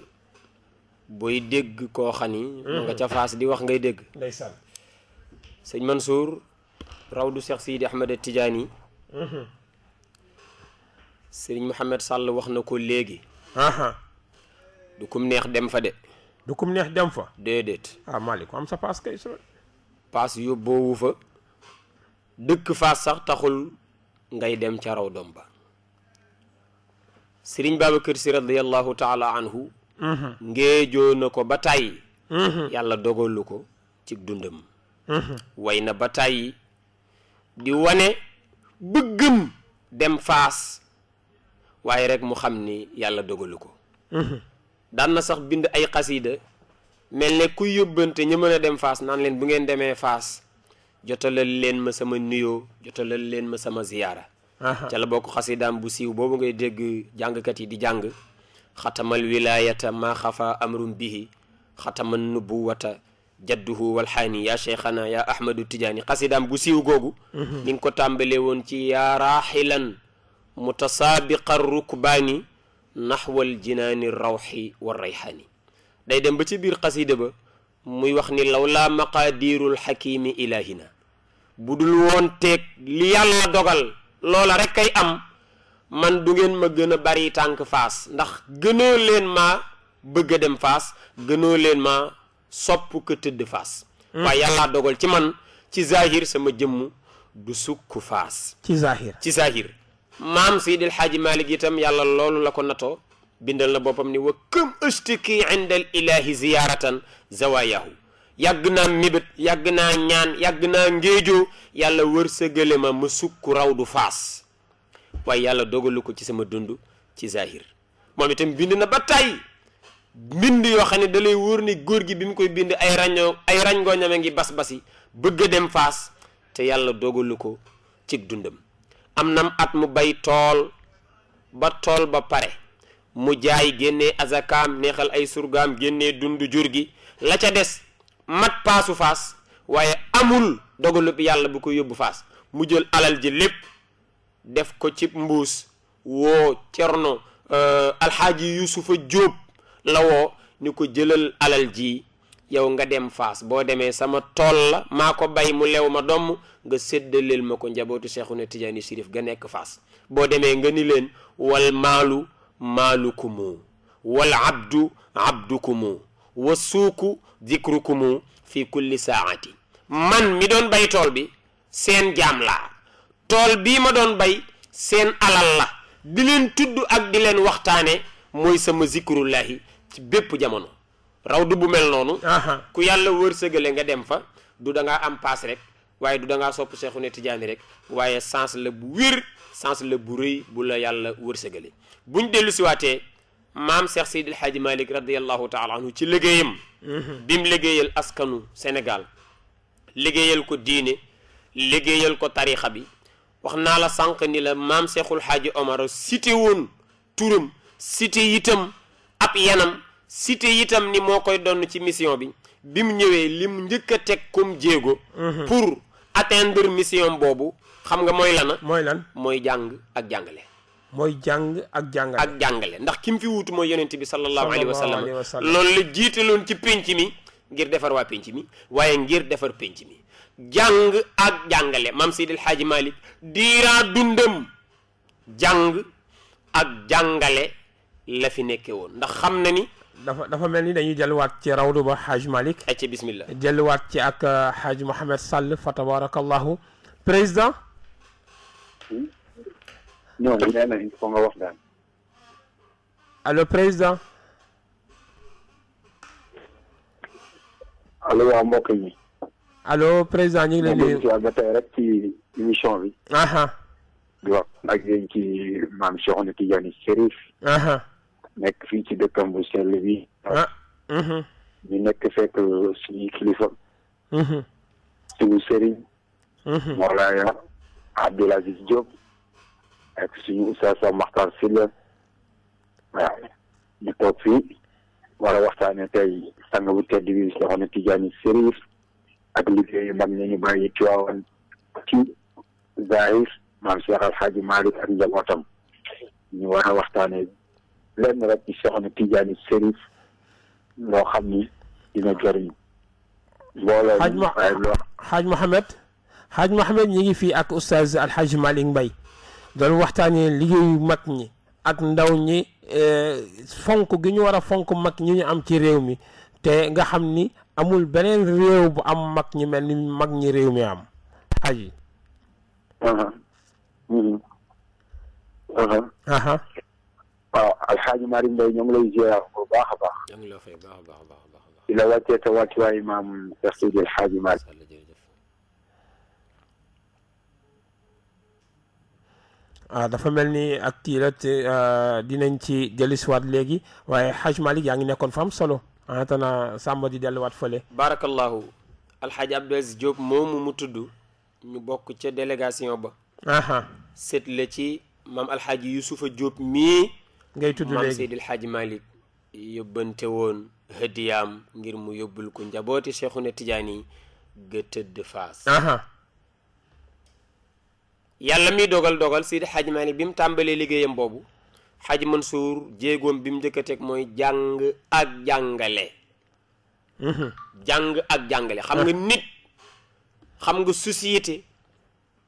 booy dégg koo xam ni. Mm. nga ca faas di wax ngay dégg. ndeysaan sëñ Mansour rawdu Cheikh Sidi Ahmed Tidiane. Mm-hmm. sëriñ Mouhamed Sall wax na ko léegi. du kum neex dem fa de. du kum neex dem fa. déedéet. ah Malick am sa paas kay so paas yóbboowu fa. dëkk faas sax taxul ngay dem ca raw doom ba. sëriñ Babacar si radiyallahu taala anhu ngéejoo na ko ba tàyyi mhm. yàlla dogalu ko ci dundam mhm. way na ba tàyyi di wane bëggam dem faas waaye rek mu xam ni yàlla dogalu ko mhm. daan na sax bind ay xasiida mel ne kuy yóbbante ñu mën a dem faas naan leen bu ngeen demee faas jotalal leen ma sama nuyoo jotalal leen ma sama ziyaara ca la bokk xasidaam bu siiw boobu ngay dégg jàngkat yi di jàng xatamal wilayata maa xafa amrun bihi xataman nubuwata jadduhu walxaani yaa cheikhana yaa ahmadu tijaani xasidaam gu siiw googu ni mhm. nga ko tàmbalee woon ci yaa raaxilan mutasaabiqa rukbaani naxwal jinaani rawxi wa rayxaani day dem ba ci biir xasida ba muy wax ni law laa maqaadirul xakimi ilahina bu dul dogal loola rek am man du ngeen ma gëna bari tank faas ndax gëno leen ma bëgg dem faas gëno leen ma sopp ko tedd faas wa yalla dogal ci man ci zahir sama jëm du sukku faas ci zahir ci zahir maam Seydil haji Malik itam yalla loolu la ko nato bindal na bopam ni wa kam inda al ilahi ziyaratan zawayahu yàgg naa mébét yàgg naa ñaan yàgg naa ngéejoo yàlla wërsëgale ma ma sukk raw du faas waaye yàlla dogalu ko ci sama dund ci zahir moom itam bind na ba tàyyi bind yoo xam ne dalay wóor ni góor gi bi mu koy bind ay raññoo ay rañngooñam a ngi bas-basi bëgg a dem faas te yàlla dogalu ko ci dundam am nam at mu bay tool ba tool ba pare mu jaay génne azakaam neexal ay surgaam génne dund jur gi la ca des mat paasu faas waaye amul dogalu bi yàlla bu ko yóbbu faas mu jël alal ji lépp def ko cib mbuus woo cerno euh, alxaaji yusufa jóob la woo ni ko jëlal alal ji yow nga dem faas boo demee sama tool la maa ko bay mu lew ma domm nga séddaleel ma ko njabootu Seexuna Tijaani Sirif ga nekk faas boo demee nga ni leen wal maalu maalukumu wal abdu abdukumu wa suuku dikrukumu fi kulli saati man mi doon bay tool bi seen jaam laa tool bii ma doon bay seen alal la di leen tudd ak di leen waxtaane mooy sama zikrullahi ci bépp jamono rawdu bu mel noonu ku yàlla wërsëgale nga dem fa du da ngaa am paas rek waaye du da ngaa sopp seexu ne tijaani rek waaye sens la bu wér sens la bu rëy bu la yàlla wërsëgale buñ dellu siwaatee maam Cheikh Seydil Hadji Malick radiallahu taala ci liggéeyam mhm. bim liggéeyal askanu senegal liggéeyal ko diine liggéeyal ko tarixa bi wax naa la sànq ni la maam Seexul Xaaji Omar cité woon turam cité itam ab yanam cité yitam ni moo koy donn ci mission bi bi mu ñëwee lim njëkk a teg comme jéego mhm. pour atteindre mission boobu xam nga mooy lana mooy lan mooy jàng ak jàngale mooy jàng ak jàngale ak jàngale ndax ki mu fi wuutu mooy yonent bi sallallahu alayhi wa sallam loolu la loon ci pénc mi ngir defar waa pénc mi waaye ngir defar pénc mi jàng ak jàngale mam sidil haji malik dira dundam jàng ak jàngale la fi nekewon ndax xamna ni dafa dafa melni dañuy jël wat ci rawdu ba haji malik ci bismillah wat ci ak haji mohammed Sall fa tabarakallah président ñooñu nee ñu ko nga wax daal allo président allo wa mbokk alo président ñu ngi leen di. ma tey rek ci mission bi. di wax ak yéen ci maam Cheikhouna Tidiane Chérif. nekk fii ci dëkkam bu sell bi. Ah, mhm. ñu nekk fekk suñu kilifa. Mhm. suñu sëriñ. Mhm. Mawlaaya Abdoul Aziz Diop. ak suñu Oustaz Makhtar Sylla. waaw ñu toog fii. war a waxtaanee tey sang bu tedd bi Cheikhouna Tidiane Chérif. ak liggéey yu mag ñu ñu bàyyi Tiwaawan ci zahir maam Cheikh Al Hadji Malick ak njabootam ñu war a waxtaanee lenn rek ci soxna Tidiane Serif loo xam ni dina jëriñ. mbooloo xaaj ma xaaj Mohamed xaaj Mohamed ñu ngi fii ak oustaz Al Hadji Malick Mbaye doon waxtaanee liggéeyu mag ñi ak ndaw ñi eh, fonk gi ñu war a fonk mag ñi ñu am ci réew mi te nga xam ni. amul beneen réew bu am mag ñi mel ni mag ñi réew mi am aji aha hmm. waaw alxaaji Mari Mbay ñoo ngi lay ziar a baax la fay baax a baax baax baax te wàcc waaye maam Cheikh Seydi alxaaji Mari ah dafa mel ni ak kii ah, dinañ ci dellusiwaat léegi waaye xaaj Malik yaa ngi nekkoon fa am solo atana sàmba di delluwaat fële barakallahu alxaaji Abdou Aziz moomu mu tudd ñu bokk ca délégation ba aha seet la ci maam alxaaji yusufa Diop mii ngay tudd léegi maam Seydil Xaaji Malick yóbbante woon hëddiyaam ngir mu yóbbul ko njabooti Seexuna Tijaani ga tëdd faas yàlla mi dogal dogal Seydi Xaaji Malick bi mu tàmbalee liggéeyam boobu xaj man Mansour jéegoom bi mu njëkk mooy jàng ak jàngale mhm. jàng ak jàngale xam nga ah. nit xam nga société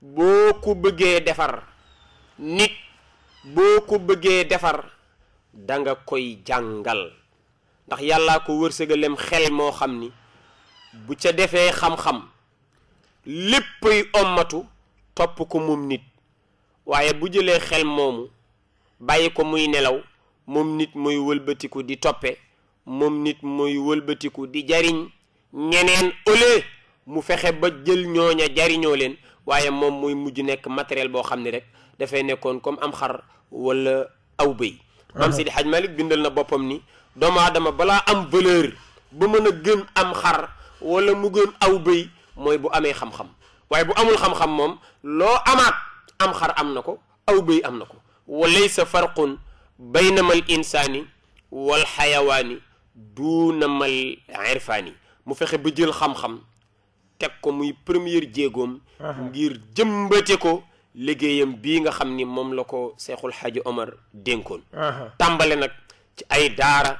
boo ko bëggee defar nit boo ko bëggee defar danga koy jàngal ndax yàllaa ko wërsëgalem xel moo xam ni bu ca defee xam-xam léppay ommatu topp ko moom nit waaye bu jëlee xel moomu bàyyi ko muy nelaw moom nit muy wëlbatiku di toppe moom nit muy wëlbatiku di jariñ ñeneen ole mu fexe ba jël ñooña jariñoo leen waaye moom muy mujj nekk matériel boo xam ne rek dafay nekkoon comme am xar wala aw bëy ah. maam Seydi Hadj Malick bindal na boppam ni doomu aadama balaa am valeur ba mën a gën am xar wala mu gën aw bëy mooy bu amee xam-xam waaye bu amul xam-xam moom loo amaat am xar am na ko aw bëy am na ko wa laysa farqun baynama al insaani wal xayawaani duunama al irfaani mu fexe ba jël xam-xam teg ko muy première jéegoom ngir jëmbate ko liggéeyam bii nga xam ni moom la ko seexul xaaji omar dénkoon tàmbale nag ci ay daara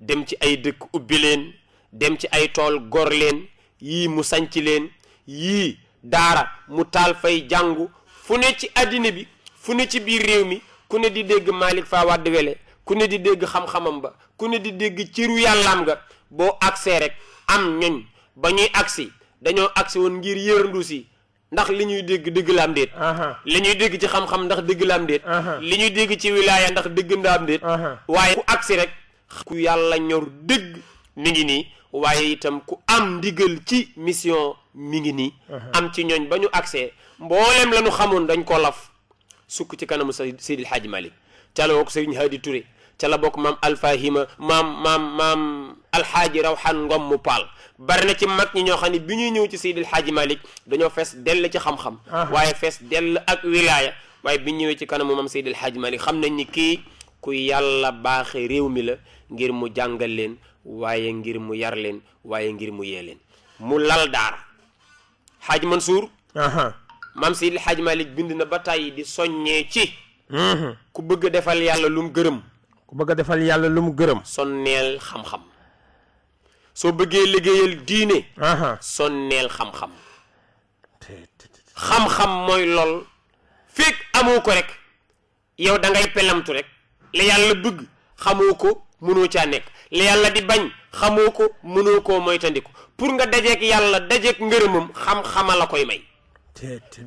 dem ci ay dëkk ubbi leen dem ci ay tool gor leen yii mu sanc leen yii daara mu taal fay jàngu fu ne ci àddina bi fu ne ci biir réew mi ku ne di dégg Malick Fa Wade Wele ku ne di dégg xam-xamam ba ku ne di dégg ci ciru yàllaam ga boo agsee rek am ñoñ ba ñuy agsi dañoo agsi woon ngir yërndu yi ndax li ñuy dégg dëgg laam déet li ñuy dégg ci xam ndax dëgg laam li ñuy dégg ci wilaaya ndax dëgg ndaam déet waaye ku agsi rek ku yàlla ñor dëgg mi ngi nii waaye itam ku am ndigal ci mission mi ngi nii am ci ñooñ ba ñu agsee mboolem la xamoon dañ ko laf سكوت كانوا سيد الحاج مالك تلا بوك سيرين هادي توري تلا بوك مام ألفا مام مام مام الحاج روحان غم مبال برنا تي ماك ني خاني بي ني نيو الحاج مالك دانيو فيس ديل تي خام خام واي فيس ديل اك ولايه واي بي نيو تي مام سيد الحاج مالك خام ناني كي كوي يالا باخي غير مو واي غير مو واي غير مو يي دار حاج منصور maam Seydil Hadj malit bind na ba tàyyi di soññee ci mhm. ku bëgg a defal yàlla lu mu gërëm ku bëgg a defal yàlla lu mu gërëm sonneel xam-xam soo bëggee liggéeyal diine sonneel xam-xam mooy lool fekk amoo ko rek yow dangay ngay pelamtu rek la yàlla bëgg xamoo ko mënoo caa nekk la yàlla di bañ xamoo ko mënoo koo moytandiku pour nga dajeek yàlla dajeek ngërëmam xam-xama la koy may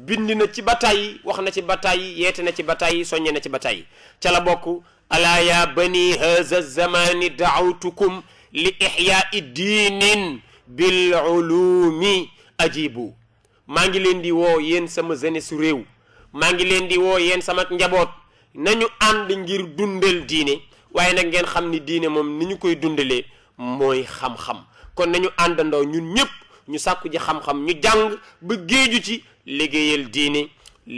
bind na ci bataay yi wax na ci bataay yi yeete na ci bataay yi soññe na ci bataay yi ca la bokk alaa ya bani haza zamani daawtukum li ixyaai diinin bil ulumi ajibu maa ngi leen di woo yéen sama jeunesse su réew maa ngi leen di woo yéen sama njaboot nañu ànd ngir dundal diine waaye nag ngeen xam ni diine moom ni ñu koy dundalee mooy xam-xam kon nañu àndandoo ñun ñëpp ñu sàkku ji xam-xam ñu jàng ba géeju ci liggéeyal diine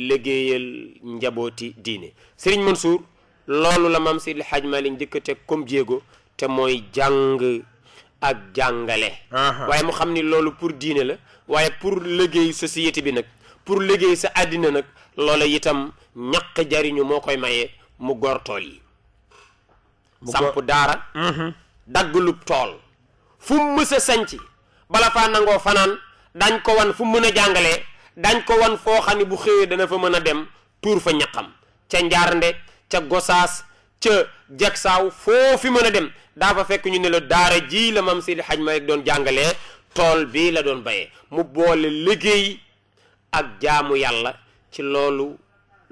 liggéeyal njabooti diine Serigne Mansour loolu la maam Seydi Hadj Malick njëkk teg comme jéego te mooy jàng ak jàngale waaye mu xam ni loolu pour diine la waaye pour liggéey société bi nag pour liggéey sa àddina nag loola itam ñaq jariñu moo koy mayee mu gor tool yi samp daara daggulub tool fu mu mës bala faa nangoo fanaan dañ ko wan fu mën a jàngalee dañ ko wan foo xam ne bu xëyee dana fa mën a dem tuur fa ñaxam ca njaarnde ca gosaas ca jagsaaw saw fi mën a dem daa fa fekk ñu ne la daara jii la mam Seydi Hadj Malick doon jàngale tool bii la doon bayee mu boole liggéey ak jaamu yàlla ci loolu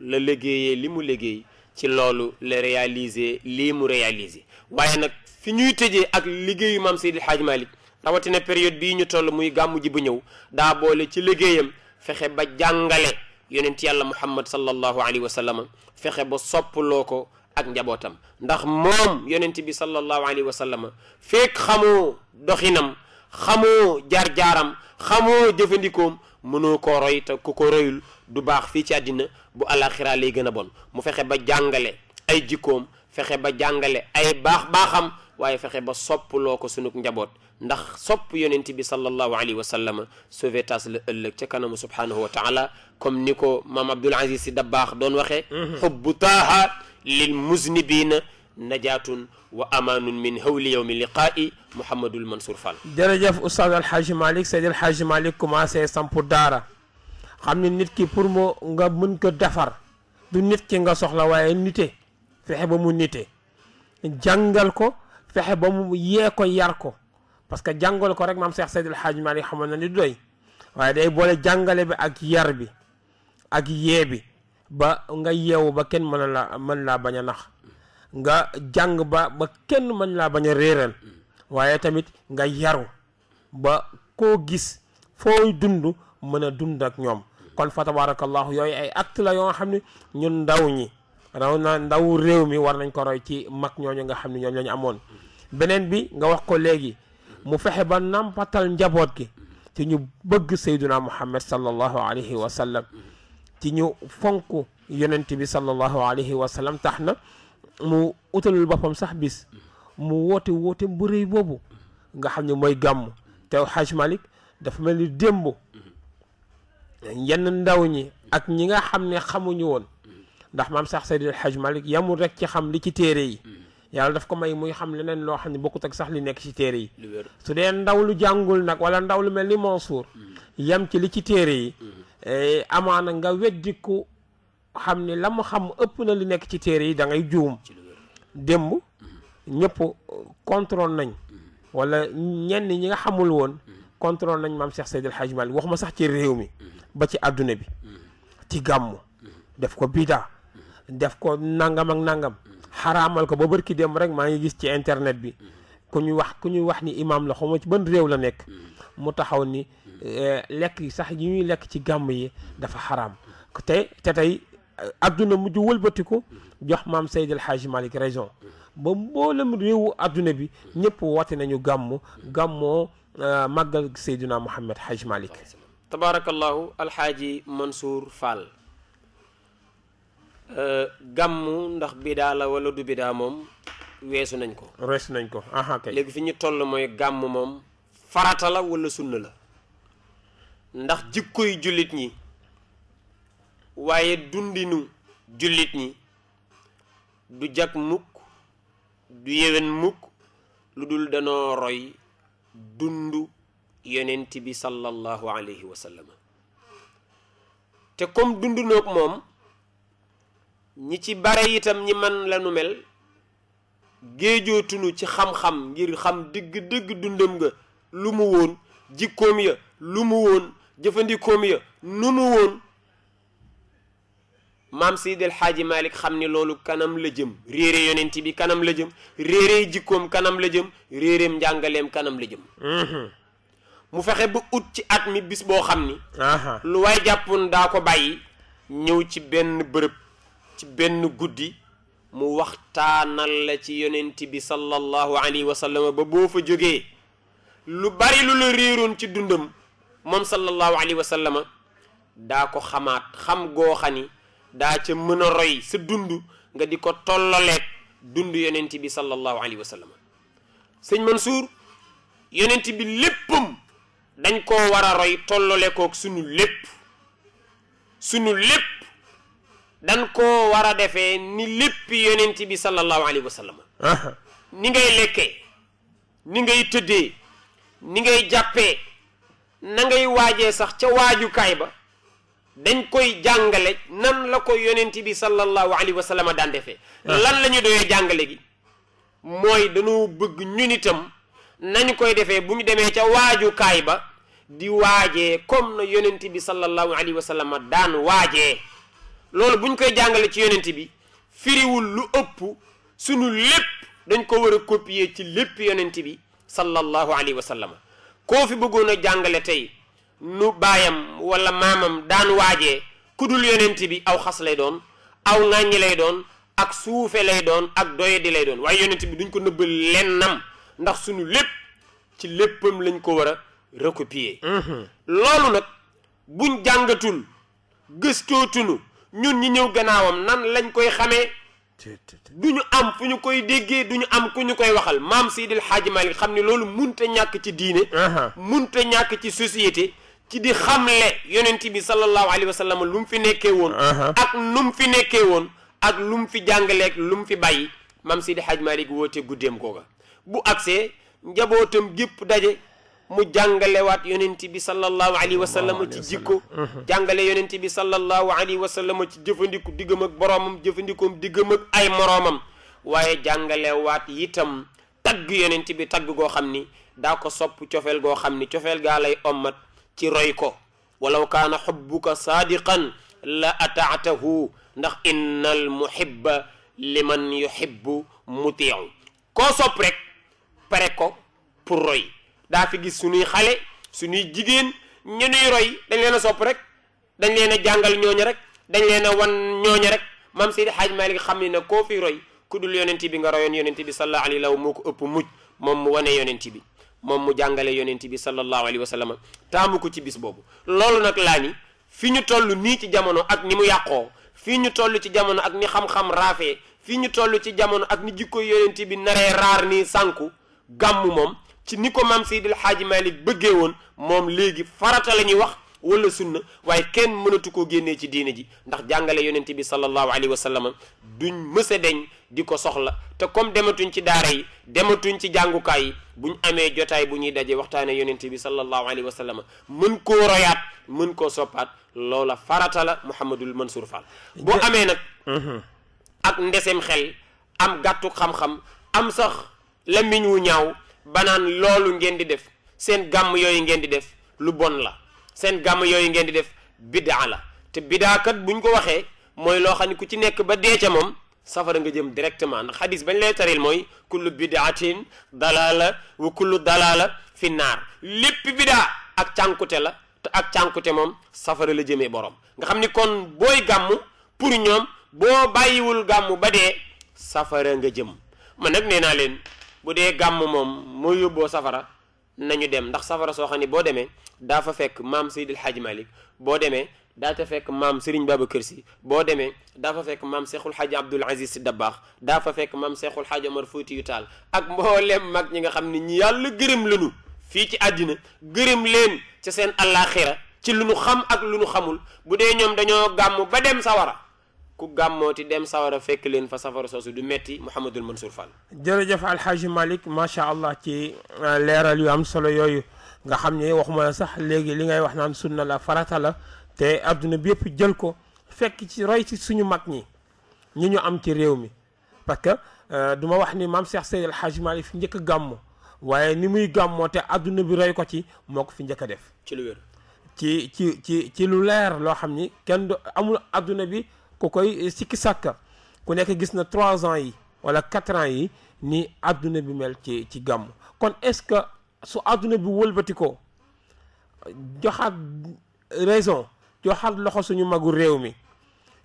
la liggéeyee li mu liggéey ci loolu la réaliser lii mu réaliser waaye nag fi ñuy tëjee ak liggéeyu mam Seydi Hadj Malick rawatina période bi ñu toll muy gamu ji bu ñëw da boole ci liggéeyam fexe ba jàngale yonent yàlla muhammad sallallahu alayhi wa sallam fexe ba soppaloo ko ak njabotam ndax mom yonent bi sallallahu alayhi wa sallam fekk xamoo doxinam xamu jar jaram xamu jëfëndikoom mënoo ko roy te ku ko royul du baax fii ci àddina bu alaxira lay gën a bon mu fexe ba jàngale ay jikkoom fexe ba jàngale ay baax baaxam waaye fexe ba soppaloo ko sunug njaboot ndax sopp yonent bi sallallahu alayhi wa sallam tas la ëllëg ca kanamu subhanahu wa taala comme ni ko maam Abdul Aziz si Dabbaax doon waxee xubbu taaha lil muznibina najaatun wa amanun min hawli yawmi liqaa'i Mouhamadul Mansour Fall jërëjëf oustaz alhaaji Malick Seydi alhaaji Malick commencé samp daara xam ne nit ki pour mo nga mën ko defar du nit ki nga soxla waaye nite fexe ba mu nite jàngal ko fexe ba mu yee ko yar ko parce que jangol ko rek mam Cheikh Seydil Hadj mali xamoon ni doy waye day bolé jangalé bi ak yar bi ak yee ba nga yew ba kenn man la man la baña nax nga jang ba ba kenn man la baña a waye tamit nga yaru ba ko gis fooy dundu meuna dund ak ñom kon fa tabarakallah yoy ay acte la yo xamni ñun ndaw ñi raw na ndaw rew mi war nañ ko roy ci mak ñoñu nga xamni lañ amone benen bi nga wax ko legi mu fexe ba nampatal njaboot gi ci ñu bëgg sayduna muhammad sallallahu alayhi wa sallam ci ñu fonk yonent bi sallallahu alayhi wa sallam tax na mu utalul boppam sax bis mu woote woote bu rëy boobu nga xam ne mooy gàmm tew Haj Malik dafa mel ni démb yenn ndaw ñi ak ñi nga xam ne xamuñu woon ndax maam sax Seydil Haj Malik yamul rek ci xam li ci téere yi yàlla daf ko may muy xam leneen loo xam ne bokkut ak sax li nekk ci téere yi su dee ndaw lu jàngul nag wala ndaw lu mel ni Mansour yam mm-hmm. ci li ci téere yi mm-hmm. eh, amaana nga weddiku xam ne la mu xam ëpp na li nekk ci téere yi da ngay juum démb mm-hmm. ñëpp contrôle nañ walla ñenn ñi nga xamul woon contrôle nañ maam Cheikh Seydil Hadj Malick waxuma sax ci réew mi ba ci àdduna bi ci gàmmu def ko bidaa def ko nangam ak nangam haramal ko bo barki dem rek ma ngi gis ci internet bi kuñu wax kuñu wax ni imam la xawma ci ban rew la nek mu taxaw ni lek yi sax yi ñuy lek ci gam yi dafa haram te te tey adduna mujj wëlbatiku jox mam sayyid al Hadji malik raison ba mbolam rew aduna bi ñëpp woote nañu gam gàmm magal màggal muhammad Mouhamed malik Malick tabaarakallaahu alxaaji Mansour Fall Euh, gàmmu ndax bidaa la wala du bidaa moom weesu nañ ko. weesu nañ ko aha léegi fi ñu toll mooy gàmmu moom farata la wala sunna la ndax jikkoy jullit ñi waaye dundinu jullit ñi du jag mukk du yéwén mukk lu dul danoo roy dund yonent bi sallallahu alayhi wa te comme dundu noog moom. ñi ci bare itam ñi man lanu mel géejootunu ci xam-xam ngir xam dëgg-dëgg dundam nga lu mu woon jikkoom ya lu mu woon jëfandikoom ya nu mu woon maam Seydil Xaaji Malik xam ni loolu kanam la jëm réere yonent bi kanam la jëm réere jikkoom kanam la jëm réereem njàngaleem kanam la jëm mm-hmm. mu fexe ba ut ci at mi bis boo xam ni lu waay jàppoon daa ko bàyyi ñëw ci benn bërëb ci benn guddi mu waxtaanal la ci yonent bi sallallahu alayhi wa sallam ba boo fa jógee lu bari lu la réeroon ci dundam moom sallallahu alayhi wa sallam daa ko xamaat xam goo xani daa ca mën a roy sa dund nga di ko tollaleeg dund yonent bi sallallahu alayhi wa sallam sëñ Mansour yonent bi léppam dañ koo war a roy tollale koog sunu lépp sunu lépp dan koo war a defee ni lépp yonent bi sallallahu alayhi wa sallam ni ngay lekkee ni ngay tëddee ni ngay jàppee na ngay waajee sax ca waajukaay ba dañ koy jàngale nan la ko yonent bi sallallahu alayhi wa sallam daan defee lan la ñu doyee jàngale gi mooy dañoo bëgg ñun itam nañ koy defee bu ñu demee ca waajukaay ba di waajee comme na yonent bi sallallahu alayhi wa sallam daan waajee loolu bu koy jàngalee ci yonent bi firiwul lu ëpp sunu lépp dañ ko war a copier ci lépp yonent bi sallallahu alayhi wa sallam koo fi bëggoon a jàngale tey nu baayam wala maamam daan waajee ku dul yonent bi aw xas lay doon aw ŋàññi lay doon ak suufe lay doon ak doyadi lay doon waaye yonent bi duñ ko nëbbal lennam ndax sunu lépp ci léppam lañ ko war a recopier mm-hmm. loolu nag buñ jàngatul gëstootunu ñun ñi ñëw gannaawam nan lañ koy xamee du ñu am fu ñu koy déggee du ñu am ku ñu koy waxal maam Seydil xaaj Malick xam ni loolu munta ñàkk ci diine munta ñàkk ci société ci di xamle yonent bi sallallahu alayhi wa sallam lu mu fi nekkee woon ak lu mu fi nekkee woon ak lu mu fi jàngaleeg lu mu fi bàyyi maam Seydi Hadji Malick woote guddeem googa bu agsee njabootam gépp daje mu wat yonenti bi sallallahu alayhi wa sallam ci jikko jàngale yonenti bi sallallahu alayhi wa sallam ci jëfandiku digam ak boromam jëfandikoom digam ak ay waye jangale wat yitam tag yonenti bi tag go xamni da ko sop ciofel go xamni ciofel ga lay omat ci roy ko walaw kana hubbuka sadiqan la ata'tahu ndax innal muhibba liman yuhibbu muti'u ko sop rek pare ko pour roy daa fi gis su suñuy xale suñuy jigéen ñu nuy roy dañ leen a sopp rek dañ leen a jàngal ñooñu rek dañ leen a wan ñooñu rek mam Seydi Hadj Malick xam ne nag koo fi roy ku dul bi nga royoon yonent bi sallallahu alayhi wa moo ko ëpp mujj moom mu wane yonent bi moom mu jàngale yonent bi sallallahu alayhi wa sallam taamu ko ci bis boobu loolu nag laa ni fi ñu toll nii ci jamono ak ni mu yàqoo fii ñu toll ci jamono ak ni xam-xam raafee fii ñu toll ci jamono ak ni jikko yonent bi naree raar nii sànku gàmmu moom ci ni ko maam Seydil Xaaji Malik bëggee woon moom léegi farata la ñuy wax wala sunna waaye kenn mënatu ko génnee ci diina ji ndax jàngale yonent bi sallallahu alayhi wa sallam duñ mës a deñ di ko soxla te comme dematuñ ci daara yi dematuñ ci jàngukaay yi buñ amee jotaay bu ñuy daje waxtaane yonent bi sallallahu alayhi wa sallam mën koo royaat mën koo soppaat loola farata la Mouhamadul Mansour Fall boo amee nag mhm. ak ndesem xel am gàttu xam-xam am sax lamiñ wu ñaaw banaan loolu ngeen di def seen gàmm yooyu ngeen di def lu bon la seen gàmm yooyu ngeen di def bidaa la te bu ñu ko waxee mooy loo xam ne ku ci nekk ba dee moom safara nga jëm directement xadis bañ lay taril mooy kullu bidaatin dalaala wa kullu dalaala fi naar lépp bidaa ak cànkute la te ak cànkute moom safara la jëmee borom nga xam ni kon booy gàmm pour ñoom boo bàyyiwul gàmm ba dee safara nga jëm man nag nee leen budé dee mom moom moo safara nañu dem ndax safara so xani bo démé da fa fekk mam sayyidul hajj malik bo démé da ta fekk mam Serigne Babacar kersi bo démé da fa fekk mam Cheikhul hajj abdul Aziz Sy Dabakh daa fa fekk mam Cheikhul hajj Omar fouti Tall ak mbollem mag ñi nga xamni ñi yàlla gërëm luñu fi ci adina gërëm leen ci seen àllaaxira ci luñu xam ak luñu xamul budé ñom dañoo gàmm ba dem sawara ku gàmmooti dem sawara fekk leen fa safara soosu du metti Mouhamadul Mansour Fall jërëjëf alxaaji Malick macha allah ci leeral yu am solo yooyu nga xam ne waxuma la sax léegi li ngay wax naan sunna la farata la te adduna bi yëpp jël ko fekk ci roy ci suñu mag ñi ñi ñu am ci réew mi parce que du ma wax ni maam Cheikh Seydil Hadji Malick fi njëkk gàmmo waaye ni muy gàmmoo te adduna bi roy ko ci moo ko fi njëkk a def ci lu wér ci ci ci ci lu leer loo xam ni kenn du amul adduna bi ku koy sikki sàkka ku nekk gis na trois ans yi wala quatre ans yi ni àdduna bi mel ci ci gàmm kon est-ce que su adduna bi wëlbati ko joxaat raison joxaat loxo suñu magu réew mi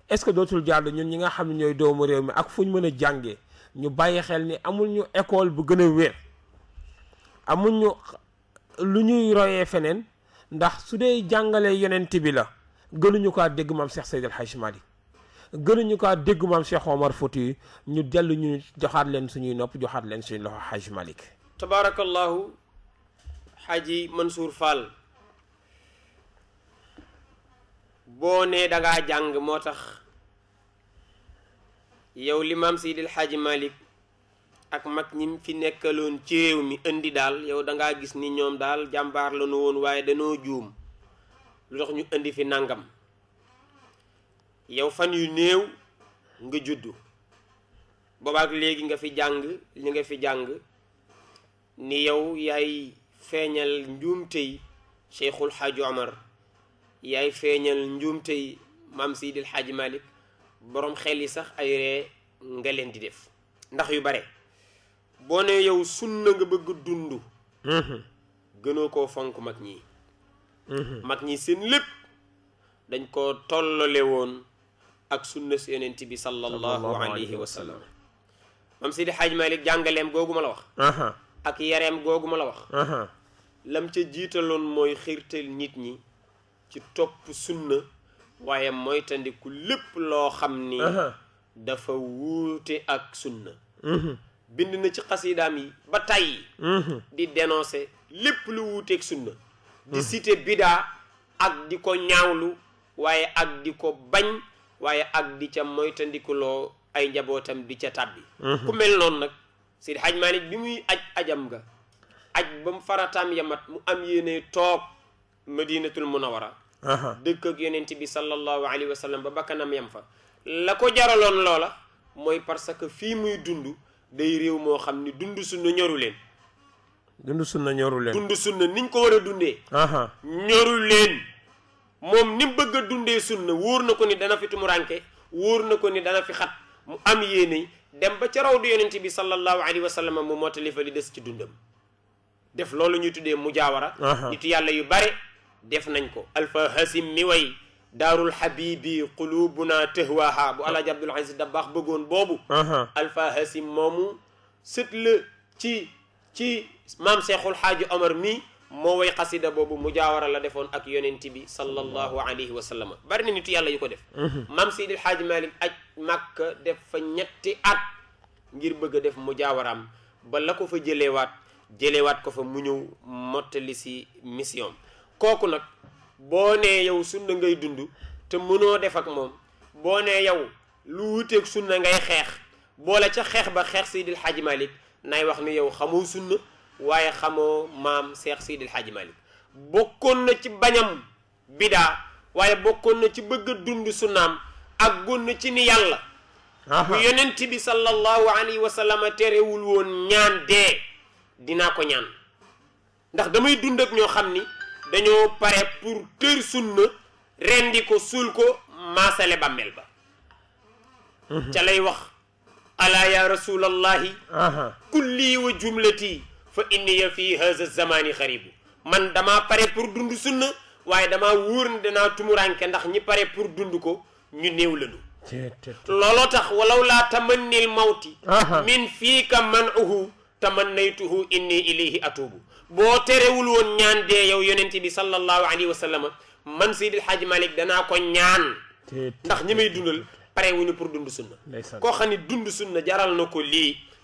est-ce que dootul jàll ñun ñi nga xam ne ñooy doomu réew mi ak fu ñu mën a jànge ñu bàyyi xel ni amul ñu école bu gën a wér amul ñu lu ñuy royee feneen ndax su dee jàngalee yonent bi la gënuñu kaa dégg maam Cheikh Seydil Hadji Malick gënuñu kaa déggu maam Cheikh Omar Fouti ñu dellu ñu joxaat leen suñuy nopp joxaat leen suñu loxo Haj Malick tabaarakallahu Haji Mansour Fall boo nee dangaa jàng moo tax yow li maam Seydil Haji malik ak mag ñi fi nekkaloon ci réew mi indi daal yow dangaa gis ni ñoom daal jàmbaar la woon waaye danoo juum lu tax ñu indi fi nangam yow fan yu néew nga juddu boobaak léegi nga fi jàng li nga fi jàng ni yow yaay feeñal njuumtey cheikhul xaaji omar yaay feeñal njuum njuumtey maam seydil xaaji malik boroom xel yi sax ay ree nga leen di def ndax yu bare boo ne yow sunna nga bëgg dund mhm. gënoo koo fonk mag ñi mhm. mag ñi seen lépp dañ ko tollale ak sunna si yonent bi sallallahu alayhi wa sallam mam Sidi Xaaj Malik jàngaleem googu ma la wax ak yareem googu ma la wax lam ca jiitaloon mooy xiirtal nit ñi ci topp sunna waaye moytandiku lépp loo xam ni dafa wuute ak sunna mhm. bind na ci xasiidaam yi ba tàyyi mhm. di dénoncer lépp lu wuuteeg sunna di mhm. citer bidaa ak di ko ñaawlu waaye ak di ko bañ waaye ak di ca moytandikuloo ay njabootam di ca tàbbi mhm. ku mel noon nag Seydi Hajj Maalik bi muy aj ajam nga aj ba mu farataam yamat mu am yéene toog madinatul munawara dëkk ak yonent bi sallallahu alayhi wa sallam ba bakkanam yam fa la ko jaraloon loola mooy parce que fii muy dund day réew moo xam ni dund sunna ñoru leen dund sunna ñoru leen dund sunna niñ ko war a dundee ñoru leen moom ni mu bëgg a dundee sunna wóor na ko ni dana fi tumuranke wóor na ko ni dana fi xat mu am yéene dem ba ca raw du yonent bi sallallahu alayhi wa sallam mu mottali fa li des ci dundam def ñuy tuddee mujaawara nitu yàlla yu bare def nañ ko alfa hasim mi way daarul habibi qulubuna tahwaha bu alaaji abdul aziz dabbaax bëggoon boobu alfa hasim moomu sët ci ci maam seexul xaaji omar mi moo way xasida boobu mujaawara la defoon ak yonent bi sallallahu alayhi wa sallam bari na nitu yàlla yu ko def mhm. maam Seydil Xaaji Malik ak Makka def fa ñetti at ngir bëgg a def mujaawaraam ba la ko fa jëlewaat jëlewaat ko fa mu ñëw mottali si mission kooku nag boo nee yow sunna ngay dund te mënoo def ak moom boo nee yow lu wuteeg sunna ngay xeex boole ca xeex ba xeex Seydil Xaaji Malik nay wax ni yow xamoo sunna waaye xamoo maam Cheikh Sidil Hadji Malick bokkoon na ci bañam bidaa waaye bokkoon na ci bëgg dund sunnaam ak gon ci ni yàlla bu yonent bi sallallahu alayhi wa sallam terewul woon ñaan dee dinaa ko ñaan ndax damay dund ñoo xam ni dañoo pare pour tër sunna rendi ko suul ko maasale ba mhm. ca lay wax alaa ya fa inni fi haza zamani xaribu man damaa pare pour dund sunna waaye damaa wóor ne danaa tumuranke ndax ñi pare pour dund ko ñu néew lañu looloo tax walaw laa tamannil mawti min fii ka man uhu tamannaytuhu inni ilayhi atubu boo terewul woon ñaan dee yow yonent bi sallallahu alayhi wa man Seydil Hadji Malick danaa ko ñaan ndax ñi may dundal pare wuñu pour dund sunna koo xam ne sunna jaral na ko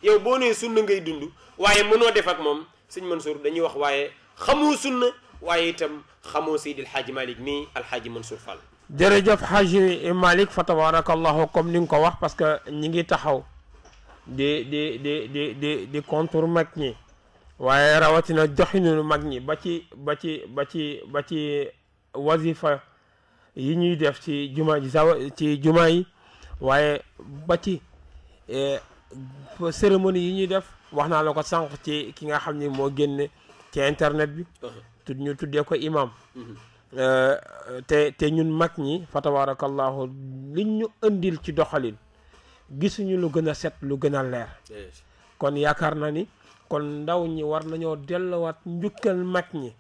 yow bo ne sunna ngay dund waye mëno def ak mom sëñ Mansour dañuy wax waye xamu sunna waye itam xamoo Seydil Hadji Malick mii Alhaji Mansour Fall. jërëjëf hajj malik fa tabarakallahu kom ni nga ko wax parce que ñi ngi taxaw de de de de de de contour mak ñi rawati rawatina joxinu mak ñi ba ci ba ci ba ci ba ci wazifa yi ñuy def ci juma ji ci juma yi waye ba ci cérémonie yi ñuy def wax naa la ko sànq ci ki nga xam ni moo génne ci internet bi uh-huh. tu ñu tuddee ko imam uh-huh. uh, te te ñun mag ñi fa tabarakallahu li ñu indil ci doxalin gisuñu lu gën a set lu gën a leer kon yaakaar na ni kon ndaw ñi war nañoo delluwaat njukkal mag ñi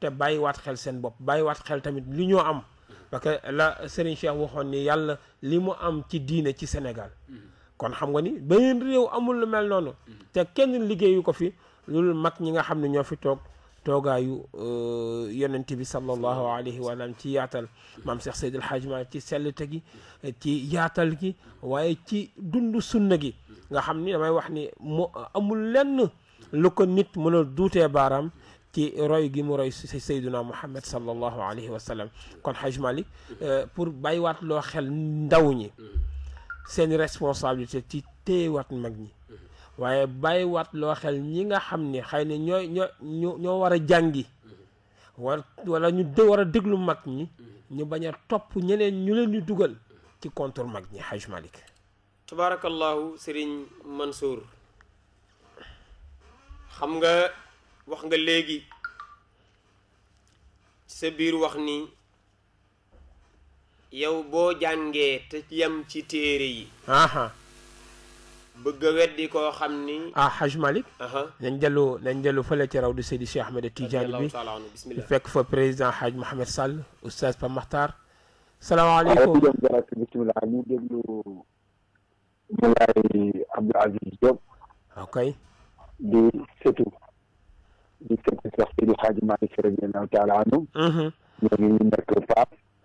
te bàyyi bàyyiwaat xel seen bopp bàyyiwaat xel tamit li ñu am uh-huh. parce la Serigne Cheikh waxoon ni yàlla li mu am ci diine ci senegal kon xam nga ni benen rew amul lu mel nonu te kenn liggéeyu ko fi loolu mag ñi nga xam ne ñoo fi toog toogaayu yonent bi sallallahu alayhi wa sallam ci yaatal maam Cheikh Seydil Hadj Malick ci sellte gi ci yaatal gi waaye ci dund sunna gi nga xam ni damay wax ni mu amul lenn lu ko nit mën a duutee baaraam ci roy gi mu roy Seydina Muhammad sallallahu alayhi wa sallam kon Hadj Malick pour bàyyiwaat loo xel ndaw ñi seen responsabilité ci wat mag ñi waaye bàyyiwaat loo xel ñi nga xam ne xay na ñooy ñoo ñoo war a jàngi war ñu d war a déglu mag ñi ñu bañ a topp ñeneen ñu leen ñu dugal ci contour mag ñi Haj Malik tabaarakallaahu Sëriñ Mansour xam nga wax nga léegi sa biir wax ni yow boo jàngee te yem ci téere yi bëgg weddi koo xam ni ah Haj Malick nañ dellu nañ dellu fële ci raw du Seydi Cheikh Ahmed Tidiane bi ñu fekk fa président Haj Mohamed Sall oustaz Pape Makhtar salaamaaleykum bisimilah ñu déglu Moulay Abdou Aziz Diop ok di sëtu di sëtu sax Seydi Haj Malick radiyallahu taala anhu mhm. ñoo ngi nekk Pape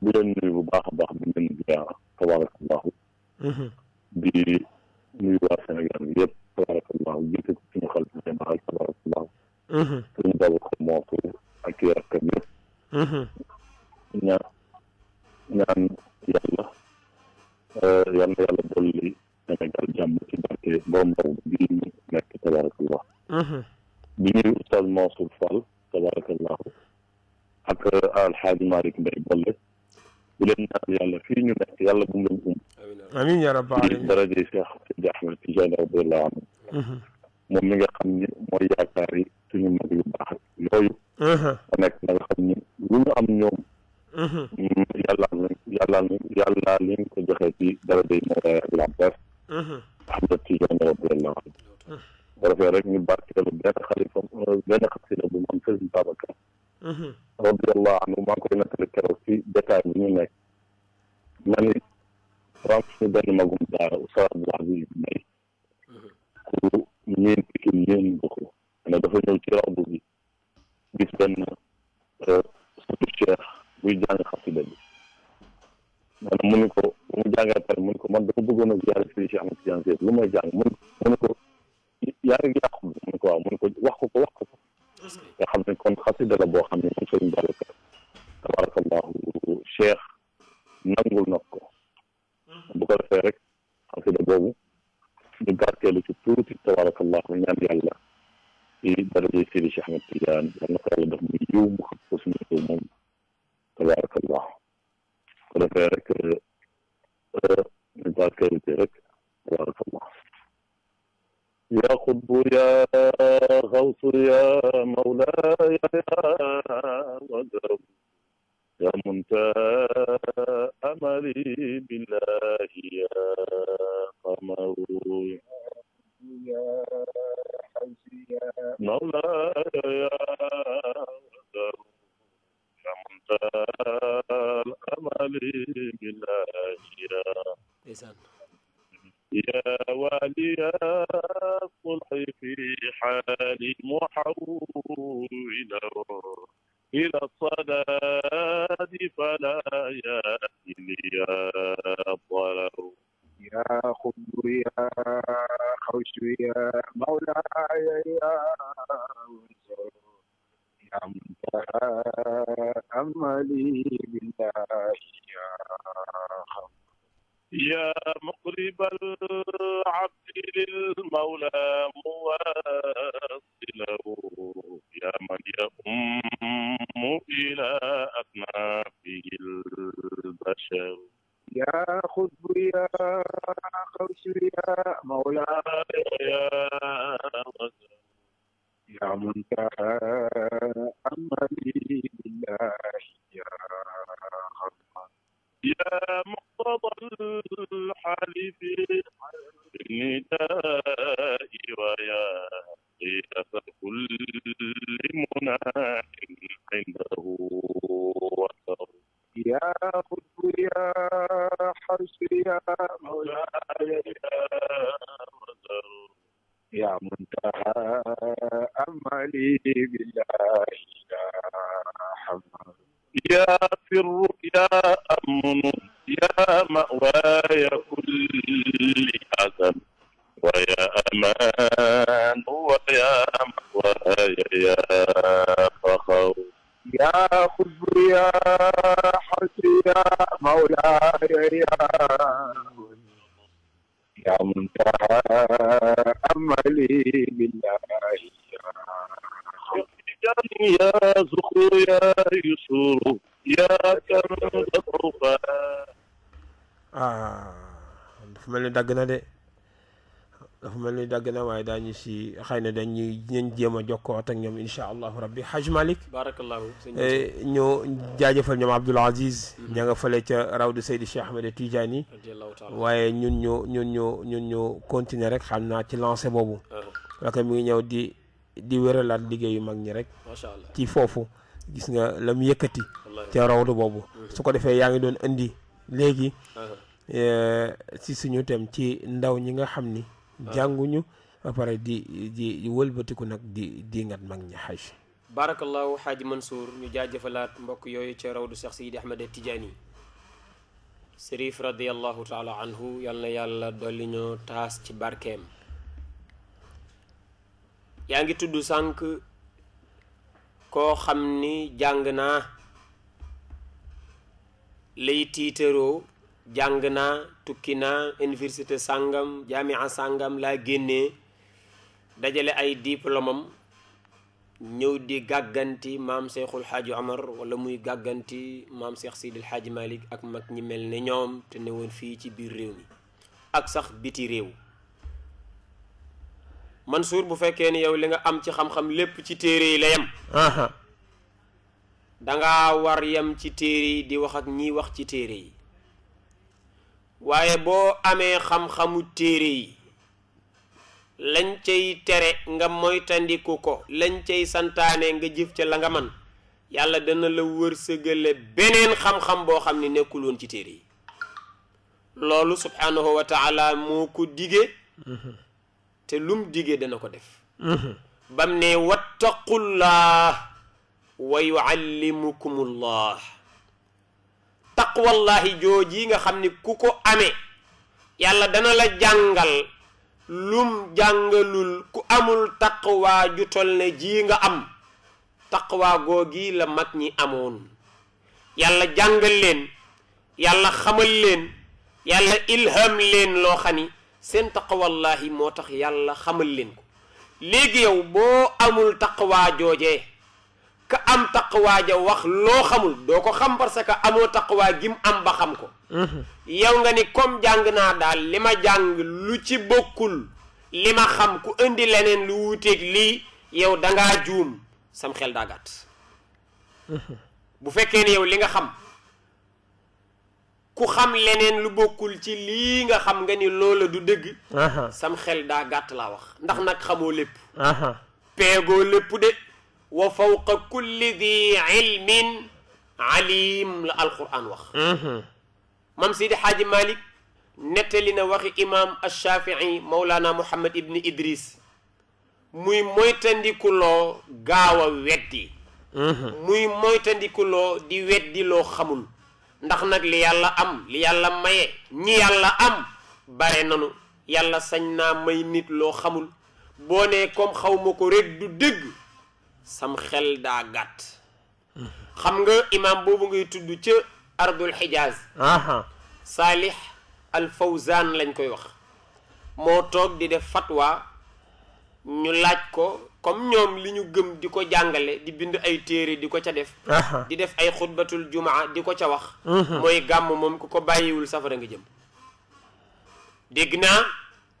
di leen nuyu bu baax a baax di leen ziyaara tabarakallahu di nuyu waa Sénégal bi yëpp tabarakallahu jiite ko suñu xel bi baxal tabarakallahu suñu baba ko moosu ak i rakkam yëpp ñaan ñaan yàlla yal na yàlla dolli Sénégal jàmm ci barke borom ndaw bi ñu nekk tabarakallah di nuyu Oustaz Mansour Fall tabarakallahu ak Alxaaji Malick Mbaye Bolle ولنا يلا فينا يلا قوم لهم امين يا رب العالمين درجه الشيخ سيدي احمد تجاني رضي الله عنه moom mi nga xam ni mooy yaakaari suñu mag yu baax yooyu a nekk na nga xam ni lu ñu am ñoom yàlla leen yàlla leen yàlla leen ko joxe ci dara day moo rey ak lampes ahmad tijan radiallahu anhu bu rafet rek ñu barkeelu benn xalifa benn xasida bu mu am sëriñ babacar رضي الله عنه ما كنا في الكروسي دتا منك من رامس دل ما قم دار وصار بعدي مي كل منين كل منين بخو أنا دفعنا وترى أبوي بس بنا سوت الشيخ ويجان خفي بدي أنا منكو ويجان كتر منكو ما دخل بقولنا زيارة في الشيخ محمد جان زيد لما يجان منكو يعني يا خبر منكو منكو وقف وقف nga kon xasida la boo xam ne moom sëriñ Babacar tabarakallahu cheikh nangul na ko bu ko defee rek xasida boobu ñu barkeelu ci tuuti tabarakallahu ñaan yàlla ci daraje Seydi Cheikh Ahmed Tidiane yal na ko yàlla def muy yiw mu xam ko suñu réew moom tabarakallah ko defee rek ñu barkeelu ci rek tabarakallah يا قطب يا غوث يا مولاي يا وجب يا منتهى أملي بالله يا قمر يا يا مولاي يا وجب يا منتهى املي بالله يا يا والي الصلح في حال محول إلى الصلاة فلا يأتي لي الضرر يا خبر يا خوش يا مولاي يا وزر يا منتهى أملي بالله يا خبر يا مقرب العبد للمولى مواصله يا من يؤم إلى أكنافه البشر يا خذ يا قوس يا مولاي يا يا منتهى امري بالله يا خذ يا مقتضى الحال في النداء ويا قياس كل مناح عنده وثر يا قد يا حرس يا مولاي يا مزر يا منتهى أملي بالله يا حمد يا سر يا يا مأواي كل أذى ويا أمان ويا مأواي يا فخر يا خبر يا حسر يا مولاي يا يا منتهى أملي بالله يا يا زخر يا يسور يا كنز ah dafa mel ni dagg na de dafa mel ni dagg na waaye daañu si xëy na dañuy nañ jéem a jokkoo ak ñoom incha allahu rabbi Haj Malick. barakallahu eh, ñu jaajëfal ñoom Abdoul Aziz. Mhm. ña nga fële ca rawdu Seydi Cheikh Ahmed Tidiane. waaye ñun ñu ñun ñu ñun ñu continuer rek xam naa ci lancé boobu. Ah parce que mi ngi ñëw di di wéralaat liggéeyu mag ñi rek. macha allah ci foofu gis nga la mu yëkkati. ca rawdu boobu. Mhm. su ko defee yaa ngi doon indi léegi. Ah. ci eh, suñu tem ci ndaw ñi nga xam ni ah. jànguñu ba pare di di wëlbatiku nag di di ngat mag ñi xaj barakallahu xaaji mansour ñu jaajëfalaat mbokk yooyu ca rawdu cheikh sidi ahmed tidiane sërif radiallahu taala anhu yal na yàlla dolli ñoo taas ci barkeem yaa ngi tudd sànq koo xam ni lay tiitaroo jàng naa tukki na université sàngam jaamia sàngam laa génnee dajale ay diplômam ñëw di gàgganti maam Seexul Xaaji Omar wala muy gàgganti maam Seex Sidil Xaaji Malik ak mag ñi mel ni ñoom te ne woon fii ci biir réew mi ak sax biti réew Mansour bu fekkee ni yow li nga am ci xam-xam lépp ci téere yi la yem danga war yam ci téere yi di wax ak ñiy wax ci téere yi waaye boo amee xam-xamu téere yi lañ cay tere nga moytandiku ko lañ cay santaane nga jëf ca la nga man yàlla dana la wër wërsëgale beneen xam-xam boo xam ne nekkul woon ci téere yi loolu subhaanahu moo ko digee te lum digee dana ko def bam ne wattaqullah wa yuallimukumullah taqwallahi yi nga xam ni ku ko amee yàlla dana la jàngal lum jàngalul ku amul taqwa ju tol ne ji nga am taqwa googi la mag ñi amoon yàlla jàngal leen yàlla xamal leen yàlla ilham leen loo xam ni seen taqwallahi moo tax yàlla xamal leen ko léegi yow boo amul taqwa joojee ka am taqwa ja wax lo xamul do ko xam parce que amo taqwa gim am ba xam ko yow nga ni comme jang na dal lima jang lu ci bokul lima xam ku indi lenen lu wuuteeg li yow nga joom sam xel da gat bu fekke ni yow li nga xam ku xam lenen lu bokul ci li nga xam nga ni loola du deug sam xel da gat la wax ndax nak xamoo lepp pego lepp de وفوق كل ذي علم عليم القران واخ مام سيدي حاج مالك نتلينا واخي امام الشافعي مولانا محمد ابن ادريس موي مويتاندي كولو غاوا ويدي موي مويتاندي كولو دي ويدي لو خامول ndax nak li yalla am li yalla maye ñi yalla am bare nañu yalla sañ na may nit lo xamul bo ne comme xawmako rek du deug sam xel daa gàtt xam nga imaam boobu ngay tudd ca ardul xijaaz saalix al fawzaan lañ koy wax moo toog di def fatwa ñu laaj ko comme ñoom li ñu gëm di ko jàngale di bind ay téere di ko ca def di def ay xutbatul jumaa di ko ca wax mhm. mooy gàmm moom ku ko bàyyiwul safara nga jëm dégg naa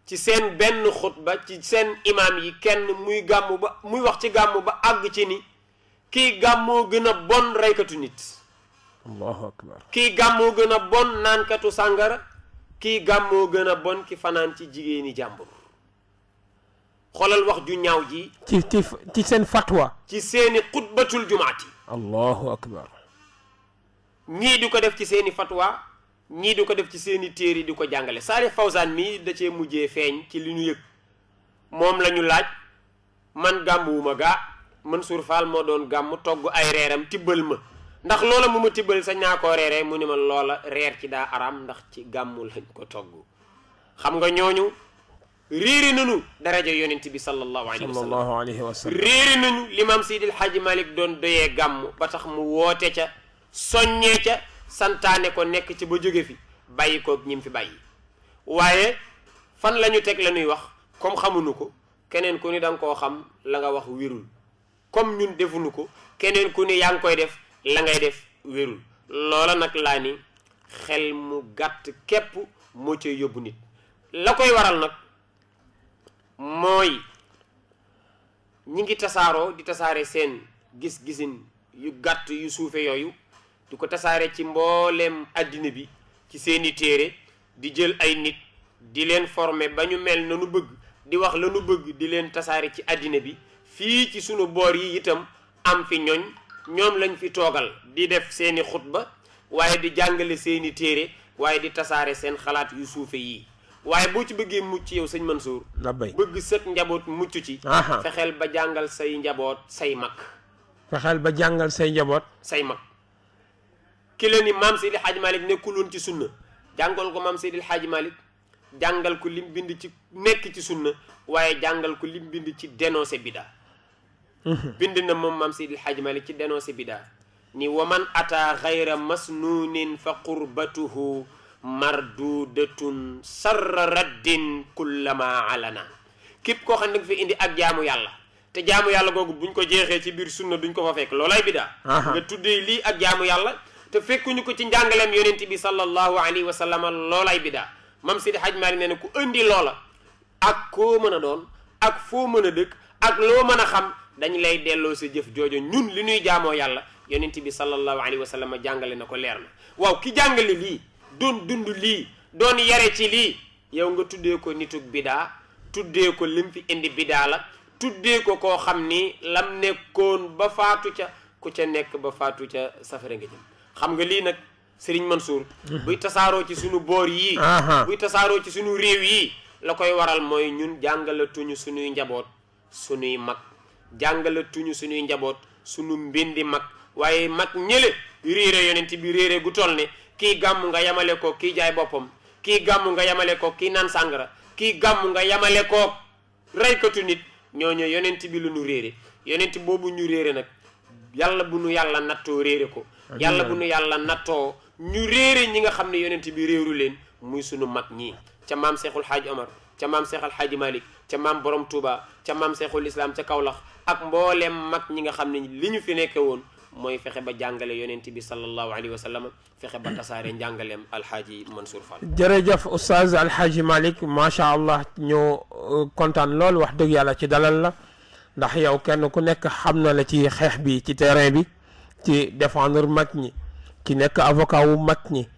ci seen benn xutba ci seen imaam yi kenn muy gàmm ba muy wax ci gàmm ba àgg ci ni kii gàmmoo gën bon reykatu nit allahu gàmmoo gën a bon naankatu sàngara kii gàmmoo gën a bon ki fanaan ci jigéeni jàmbur xoolal wax ju ñaaw ji ci ci ci seen fatwa ci seeni xutbatul jumaat yi allahu akbar ñii di ko def ci seeni fatwa ñi di ko def ci seeni téere yi di ko jàngale saare fawsaan da cee mujjee feeñ ci li ñu yëg moom la ñu laaj man gàmmuwuma ga Mansour Fall moo doon gàmm togg ay reeram tibbal ma ndax loola mu ma tibbal sa ñaa koo mu ni ma loola reer ci daa araam ndax ci gàmmu lañ ko togg xam nga ñooñu réeri nañu daraja yonent bi sallallahu alayhi wa sallam réeri nañu limaam sidil Hadji malik doon doyee gàmm ba tax mu woote ca soññee ca santaane ko nekk ci ba jóge fi bàyyi kook ñim fi bàyyi waaye fan la ñu teg lañuy wax comme xamuñu ko keneen ku ni da koo xam la nga wax wérul comme ñun defuñu ko keneen ku ni yaa ngi koy def la ngay def wérul loola nag laa ni xel mu gàtt képp moo ci yóbbu nit la koy waral nag mooy ñi ngi tasaaroo di tasaare seen gis-gisin yu gàtt yu suufe yooyu du ko tasaare ci mbooleem àddina bi ci seeni téere di jël ay nit di leen former ba ñu mel na nu bëgg di wax la bëgg di leen tasaare ci àddina bi fii ci sunu boor yi itam am fi ñoñ ñoom lañ fi toogal di def seeni xutba waaye di jàngale seeni téere waaye di tasaare seen xalaat yu suufe yii waaye boo ci bëggee mucc yow sëñ Mansour bëgg sët njaboot mucc ci fexeel ba jàngal say njaboot say mag fexeel ba jàngal say njaboot say mag ki ni maam Seydil Hadji Malick nekkul woon ci sunna jàngal ko maam di Hadji Malick jàngal ko lim bind ci nekk ci sunna waaye jàngal ko lim bind ci dénoncé bida mhm. bind na moom maam Seydil Hadji Malick ci dénoncé bida ni waman ata xayra masnuunin fa qurbatuhu mardudatun sarra raddin kullama alana képp koo xam ne fi indi ak jaamu yàlla te jaamu yàlla googu buñ ko jeexee ci biir sunna duñ ko fa fekk loolay bida nga tuddee lii ak jaamu yàlla te fekkuñu ko ci njàngaleem yonent bi sallallahu alayhi wa sallam loolay bidaa mam Sidi Hadj Malick nee na ku indi loola ak koo mën a doon ak foo mën a dëkk ak loo mën a xam dañ lay delloo sa jëf joojo ñun li ñuy jaamoo yàlla yonent bi sallallahu alayhi wa sallam jàngale na ko leer na waaw ki jàngale lii doon dund lii doon yare ci lii yow nga tuddee ko nitug bidaa tuddee ko lim fi indi bidaa la tuddee ko koo xam ni lam nekkoon ba faatu ca ku ca nekk ba faatu ca safara nga jëm xam nga lii nag Serigne Mansour. buy tasaaroo ci suñu boor yii. buy tasaaroo ci suñu réew yii. la koy waral mooy ñun jàngalatuñu suñuy njaboot suñuy mag jàngalatuñu suñuy njaboot suñu mbindi mag waaye mag ñële réere yonent bi réere gu toll ne kii gàmm nga yamale ko kii jaay boppam kii gàmm nga yamale ko kii naan sàngara kii gàmm nga yamale ko reykatu nit ñooñu yonent bi lu ñu réere yonent boobu ñu réere nag yàlla bu nu yàlla nattoo réere ko yàlla bu nu yàlla nattoo ñu réere ñi nga xam ne yonent bi réeru leen muy sunu mag ñii ca maam Seexul Xaaji Omar ca maam Seexal Xaaji Malik ca maam Borom Touba ca maam Seexul Islam ca Kawlax ak mbooleem mag ñi nga xam ne li ñu fi nekke woon mooy fexe ba jàngale yonent bi sallallahu alayhi wa sallam fexe ba tasaare njàngaleem alxaaji Mansour Fall. jërëjëf oustaz alxaaji Malick macha allah ñoo euh, kontaan lool wax dëgg yàlla ci dalal la ndax yow kenn ku nekk xam na la ci xeex bi ci terrain bi. ci défendre mag ñi ci nekk avocat wu mag ñi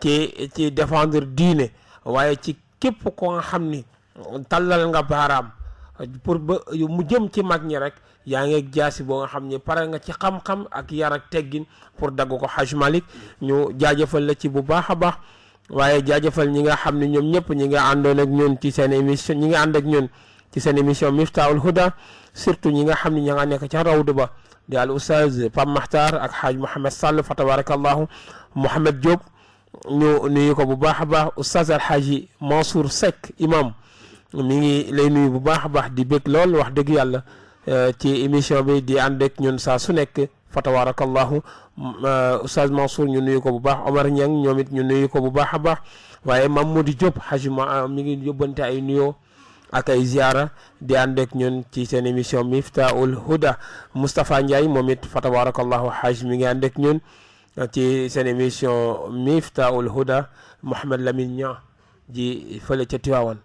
ci ci défendre diine waaye ci képp ko nga xam ni tàllal nga baaraam pour ba mu jëm ci mag ñi rek yaa ngi jaasi boo nga xam ni pare nga ci xam-xam ak yar ak teggin pour dagg ko Haj ñu jaajëfal la ci bu baax a baax waaye jaajëfal ñi nga xam ne ñoom ñëpp ñi nga àndoon ak ñun ci seen émission ñi nga ànd ak ci seen émission Miftahoul Houda surtout ñi nga xam ne ña nga nekk ca rawdu ba di al oustaz Pape Makhtar ak xaaj Mouhamed Sall fa tabarakallahu Mouhamed Diop ñu nuyu ko bu baax a baax oustaz alxaaji Mansour Seck imam mi ngi lay nuyu bu baax a baax di bëgg lool wax dëgg yàlla eh, ci émission bi di ànd ak ñun su nekk fa tabarakallahu oustaz eh, Mansour ñu nuyu ko bu baax Omar Niang ñoom it ñu nuyu ko bu baax a baax waaye Mamoudi Diop xaaji ma mi ngi yóbbante ay nuyoo ak ay ziara di ànd ak ñun ci seen émission Miftahoul Houda Moustapha Ndiaye moom it fa tabarakallahu haj mi ngi ànd ñun ci seen émission Miftahoul Houda Mouhamed Lamine Niang ji fële ca Tivaouane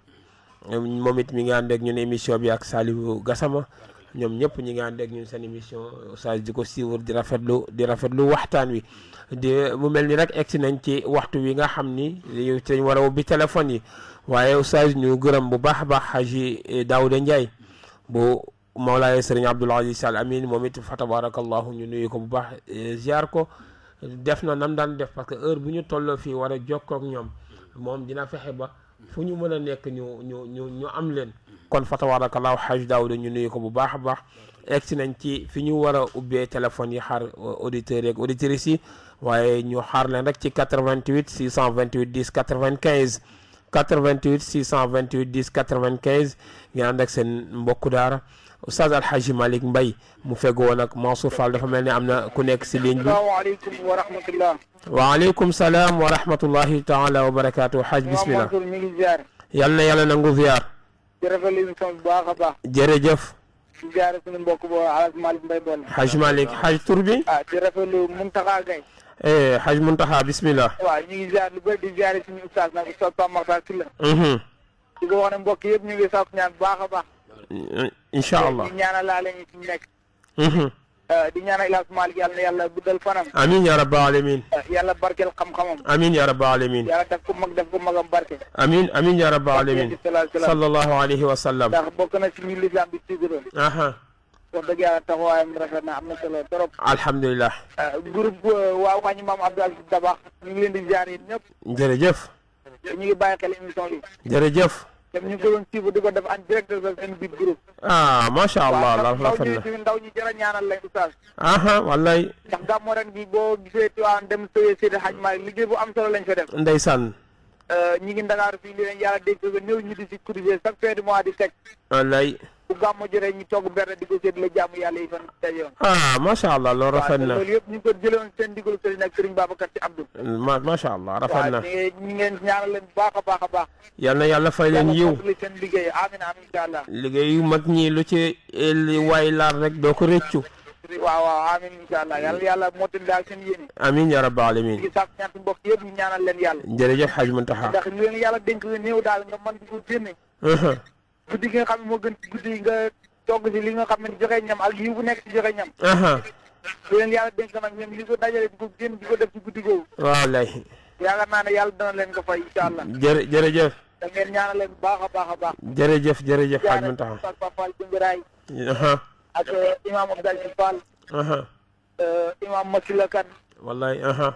moom it mi ngi ànd ñun émission bi ak Saliou Gassama ñoom ñëpp ñi ngi ànd ak ñun seen émission Oustaz di ko suivre di rafetlu di rafetlu waxtaan wi di mu mel ni rek egsi nañ ci waxtu wi nga xam ni ci lañ war a téléphone yi waaye oustaz ñu gërëm bu baax baax xaji Daouda Ndiaye bu Mawlaay Sëriñ Abdoul Aziz Sall Amin moom it fa tabarakallahu ñu nuyu ko bu baax ziar ko def na nam daan def parce que heure bu ñu tolloo fii war a jokkoo ak ñoom moom dina fexe ba fu ñu mën a nekk ñu ñu ñu ñu am leen kon fa tabarakallahu xaji Daouda ñu nuyu ko bu baax a baax egsi nañ ci fi ñu war a ubbee téléphone yi xar auditeurs yeeg auditrices yi waaye ñu xar leen rek ci 88 628 10 95 88 628 10 95 ngeen ànd ak seen mbokku daara mu fegg woon Mansour Fall dafa mel ni ku nekk si ligne bi. wa rahmatulah. waaleykum wa rahmatullahi taala wa barakaatu. xaaj bismillah. yal yàlla nangu ziar. jërëjëf émission bu baax baax. jërëjëf. ziar suñu mbokk bo Alhaji Malick Mbaye bon. Xaaj Malick Xaaj tur ah di rafetlu Mountakha Haj Muntaxa bisimilah. waaw ñu ngi ziar lu bëri di ziare suñu ustaas nag ustaas Pape Makhtar Sylla. di ko wax ne mbokk yëpp ñu ngi sàkku ñaan bu baax a baax. incha allah di ñaanal laa la ñu ci nekk. di ñaanal El Hadj Malick yàlla na yàlla guddal fanam. amiin yaa rabbal aalamiin. yàlla barkeel xam-xamam. amiin yaa rabbal aalamiin. yàlla daf ko mag daf ko magam barke. amiin amiin yaa rabbal aalamiin. sallallahu alayhi wa sallam. ndax bokk na ci ñu lislaam bi wax dëgg yàlla taxawaayam rafet na am na solo trop. alhamdulilah. Ah, groupe waaw euh, waa ñu maam Abdou Aziz Dabax ñu ngi leen di ziar yéen ñëpp. jërëjëf. ñu ngi bàyyi xel émission bi. jërëjëf. dem ñu ko doon suivre di ko de seen biir groupe. ah macha allah la rafet na ndaw ñi jërë ñaanal la oustaz. aha wallaay. ndax gàmmu ren gi boo gisee waa dem sëyee Seydi liggéey bu am solo lañ fa def. ndeysaan. Euh, ñi ngi Ndakaaru fii li leen yàlla dégg nga ñëw ñu si cotiser chaque fin de mois di teg. bu gàmmu jotee ñu togg mberde di ko séddale jaamu yàlla yi fan dajewoon ah macha allah loolu rafet na loolu yëpp ñu ngi ko jëloon seen ma macha allah rafet na ñu ngeen ñaanal leen bu baax a baax a baax yal na yàlla fay leen yiw seen liggéey amin amin incha allah mag ñi lu ci eh, waay laar rek doo ko rëccu waaw waaw amin incha allah yàlla yàlla mootali daal seen yéene amin ya rabbal alamin di sàkk ñaan mbokk yëpp ñu ñaanal leen yàlla jërëjëf xaj Muntaxa daal nga mën di guddi gi nga xam ne moo gën ci guddi nga togg si li nga xam ne joxe ñam ak yiw bu nekk ci joxe ñam lu leen yàlla dénk nag ñoom li ko dajale di ko génn di ko def ci guddi googu waaw lay yaakaar naa ne yàlla dana leen ko fay incha allah jërë jërëjëf da ngeen ñaanal leen baax a baax a baax jërëjëf jërëjëf xaaj mu taxaw ak papal jimbiraay ak imam abdal ci fall euh, imam masila kan wallahi aha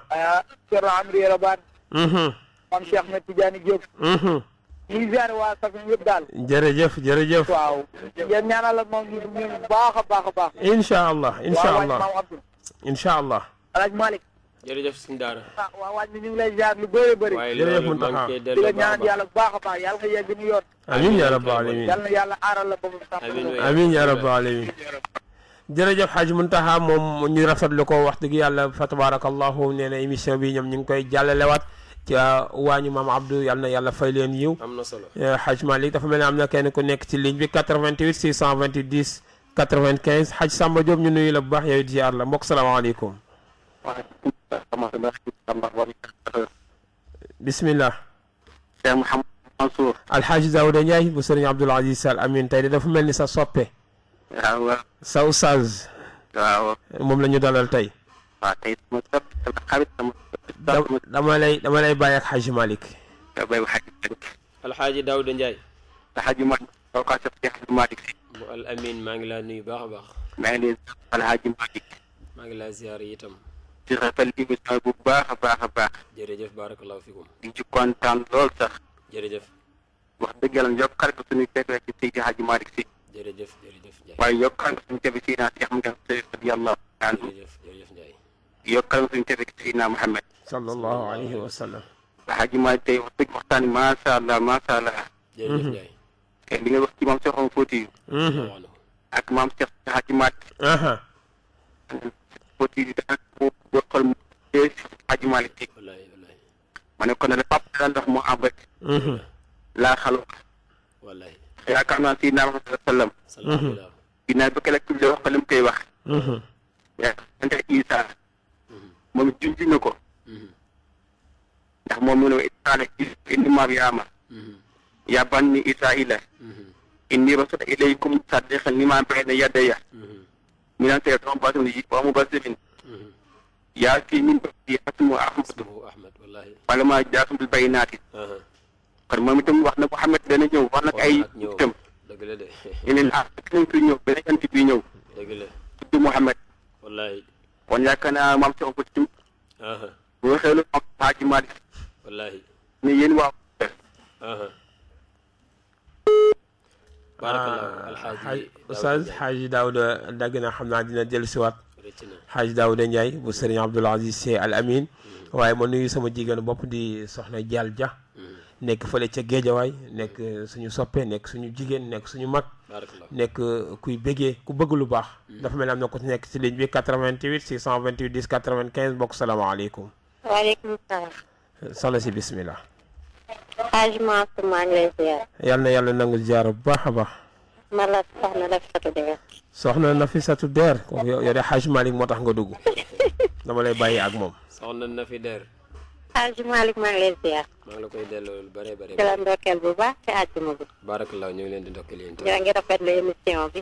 cerno euh, amri rabaan mhm. mam cheikh na tidiane diop mhm. ñuy ziare waa Safin yëpp daal. jërëjëf jërëjëf. waaw yéen ñaanal ak moom ñu baax a baax a baax. incha allah incha allah incha allah. El Hadj Malick. jërëjëf suñu daara. Ah, waaw waaj mi ñu ngi lay ziare lu bëri bëri. jërëjëf mu taxaw di la ñaanal yàlla bu baax a baax yàlla nga yegg ñu yoon. amiin yaa rabbal aalamiin yàlla yàlla aaral la boobu sax. amiin yaa rabbal aalamiin. jërëjëf Xaaj Muntaxa moom ñu rafetlu ko wax dëgg yàlla fa tabaarakallahu nee na émission bi ñoom ñu ngi koy jàllalewaat ci waañu maam Abdou yal na yàlla fay leen yiw. am na solo Hadj Malick dafa mel ne am na kenn ku nekk ci ligne bi 88 628 10 95 Hadj Samba Diop ñu nuyu la bu baax yow it ziar la mbokk salaamaaleykum. waaleykum salaam. bisimilah. Cheikh Mouhamed Mansour. Alhaji Daouda Ndiaye bu sëriñ Abdoul Aziz Sall Amin tey de dafa mel ni sa soppe. waaw. sa oustaz. waaw. moom la ñu dalal tey. waaw tey sama soppe sama xarit sama. dama lay dama lay bàyyi ak xaji Malick. nga bàyyi xaji Malick. alxaaji Daouda Ndiaye. alxaaji Malick kaw kaa sëb Cheikh Malick. bu al amin maa ngi laa nuyu baax a baax. maa ngi lay alxaaji Malick. maa ngi laa ziar itam. di rafetlu émission bu baax a baax a baax. jërëjëf barakallahu fikum. di ci kontaan lool sax. jërëjëf. wax dëgg yàlla yokkal ko suñu fekk rek ci Seydi Hadji Malick jërëjëf jërëjëf Ndiaye. waaye yokkal ko suñu tebi Seydina Cheikh Mouhamed radiyallahu anhu. jërëjëf jërëjëf Ndiaye. yokkal ko suñu tebi Seydina Mouhamed. sallallahu alayhi wa sallam. Alxaaji Maalik tey wax dëgg waxtaan bi macha allah macha allah. jërëjëf mhm. tey li nga wax ci maam Cheikh Omar Fouti. Mhm. ak maam Cheikh Alxaaji Maalik. Fouti daal boo boo xool mu dee si Alxaaji Maalik tey. ma ne kon nag papa daan ndax moo am rek. laa mhm. xaloo. la naa si naa wax sallam. mu koy wax. yaakaar ko. ndax moom mu ne wa isaala inni maryama ya banni israila inni rasul ilaykum sadiqan lima bayna yadaya minan tayyibat basni wa mubashirin yaa kii min ba'di ismuhu ahmad wala ma jaatum bil bayyinaati kon moom itam wax na Muhammad dana ñëw wax nag ay itam yeneen ah keneen kuy ñëw beneen anti bi ñëw tudd Muhammad kon yaakaar naa maam si bu waxee lu am Haaji Malick. wallaahi. ni yéen waa. Ah, baarakallah alxaaji Oustaz Xaaji Daouda dagg na xam naa dina dellu siwaat Xaaji Daouda Ndiaye bu sëriñ Abdoul Aziz Sy Al Amin hmm. waaye ma nuyu sama jigéen bopp di soxna Dial Dia hmm. nekk fële ca géejawaay nekk suñu soppe nekk suñu jigéen nekk suñu mag nekk kuy bëggee ku bëgg lu baax hmm. dafa mel ne am na ko nekk ci ligne bi 88 628 10 95 mbokk salaamaaleykum waaleykum salaam. soxna si bisimilah. xaaj Mansour maa ngi lay ziar. yal na yàlla nangul ziar bu baax a baax. ma la soxna Der. soxna Nafisatu Der kooku yow yow de xaaj moo tax nga dugg dama lay bàyyi ak moom. soxna Der. xaaj malik maa ngi lay ziar. maa la koy delloo lu bëree bëri. ci la ndokkeel bu baax ci àjjuma bi. ñu ngi leen di ndokkeel yéen. ngi rafetlu émission bi.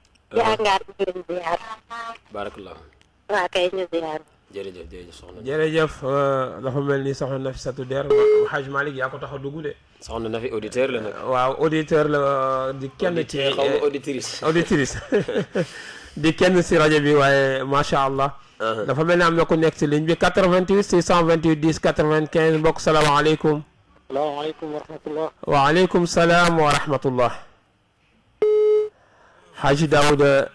jàngaat ñu ngi ziar. barakallah. waa kay ñu ziar. jërëjëf jërëjëf soxna. jërëjëf dafa mel ni soxna Nafissatou Der Hadj Malick yaa ko tax a dugg de. soxna na fi auditeur la nag. waaw auditeur la di kenn ci. xaw ma auditrice auditrice di kenn si rajo bi waaye macha allah. dafa mel ni am na ku nekk si ligne bi 88 628 10 95 mbokk salaamaaleykum. salaamaaleykum wa rahmatullah. waaleykum salaam wa rahmatullah. Haji Daouda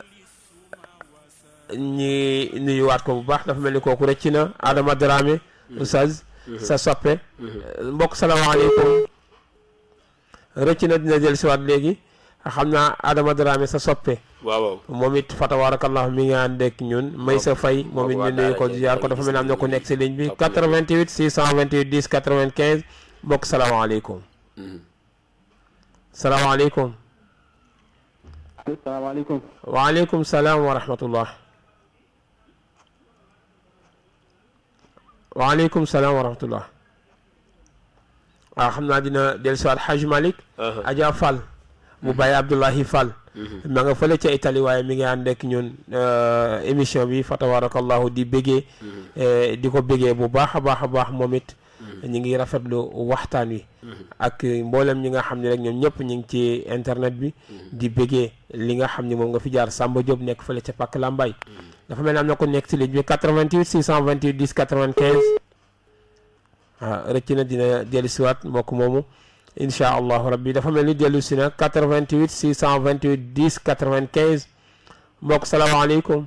ñi nuyuwaat ko bu baax dafa mel ni kooku rëcc na Adama Dramé Oustaz mm-hmm. sa soppe mm-hmm. mbokk salaamaaleykum rëcc na dina jël waat léegi xam naa Adama Dramé sa soppe waaw moom it fa tabarakallah mi ngi ànd ak ñun may sa fay moom it ñu nuyu ko ziar ko dafa mel ni am na ku nekk si ligne bi 88 628 10 95 mbokk salaamaaleykum mm-hmm. salaamaaleykum السلام عليكم وعليكم السلام ورحمة الله وعليكم السلام ورحمة الله أحمد آه، عدنا ديال سؤال حاج مالك أجا فال مباي عبد الله فال ما nga fele ci Italie waye mi nga andek ñun émission bi fatawarakallahu di bégé diko bégé bu baaxa baaxa baax ñi ngi rafetlu waxtaan wi ak mboolem ñi nga xam ne rek ñoom ñëpp ñi ngi ci internet bi di bëggee li nga xam ne moom nga fi jaar Samba Diop nekk fële ca Pàkk Lambaay dafa mel ne am na ko nekk ci ligne bi 88 628 10 95 ah rëcc na dina dellu siwaat mbokk moomu insha allahu rabbi dafa mel ni dellu si na 88 628 10 95 mbokk salaamaaleykum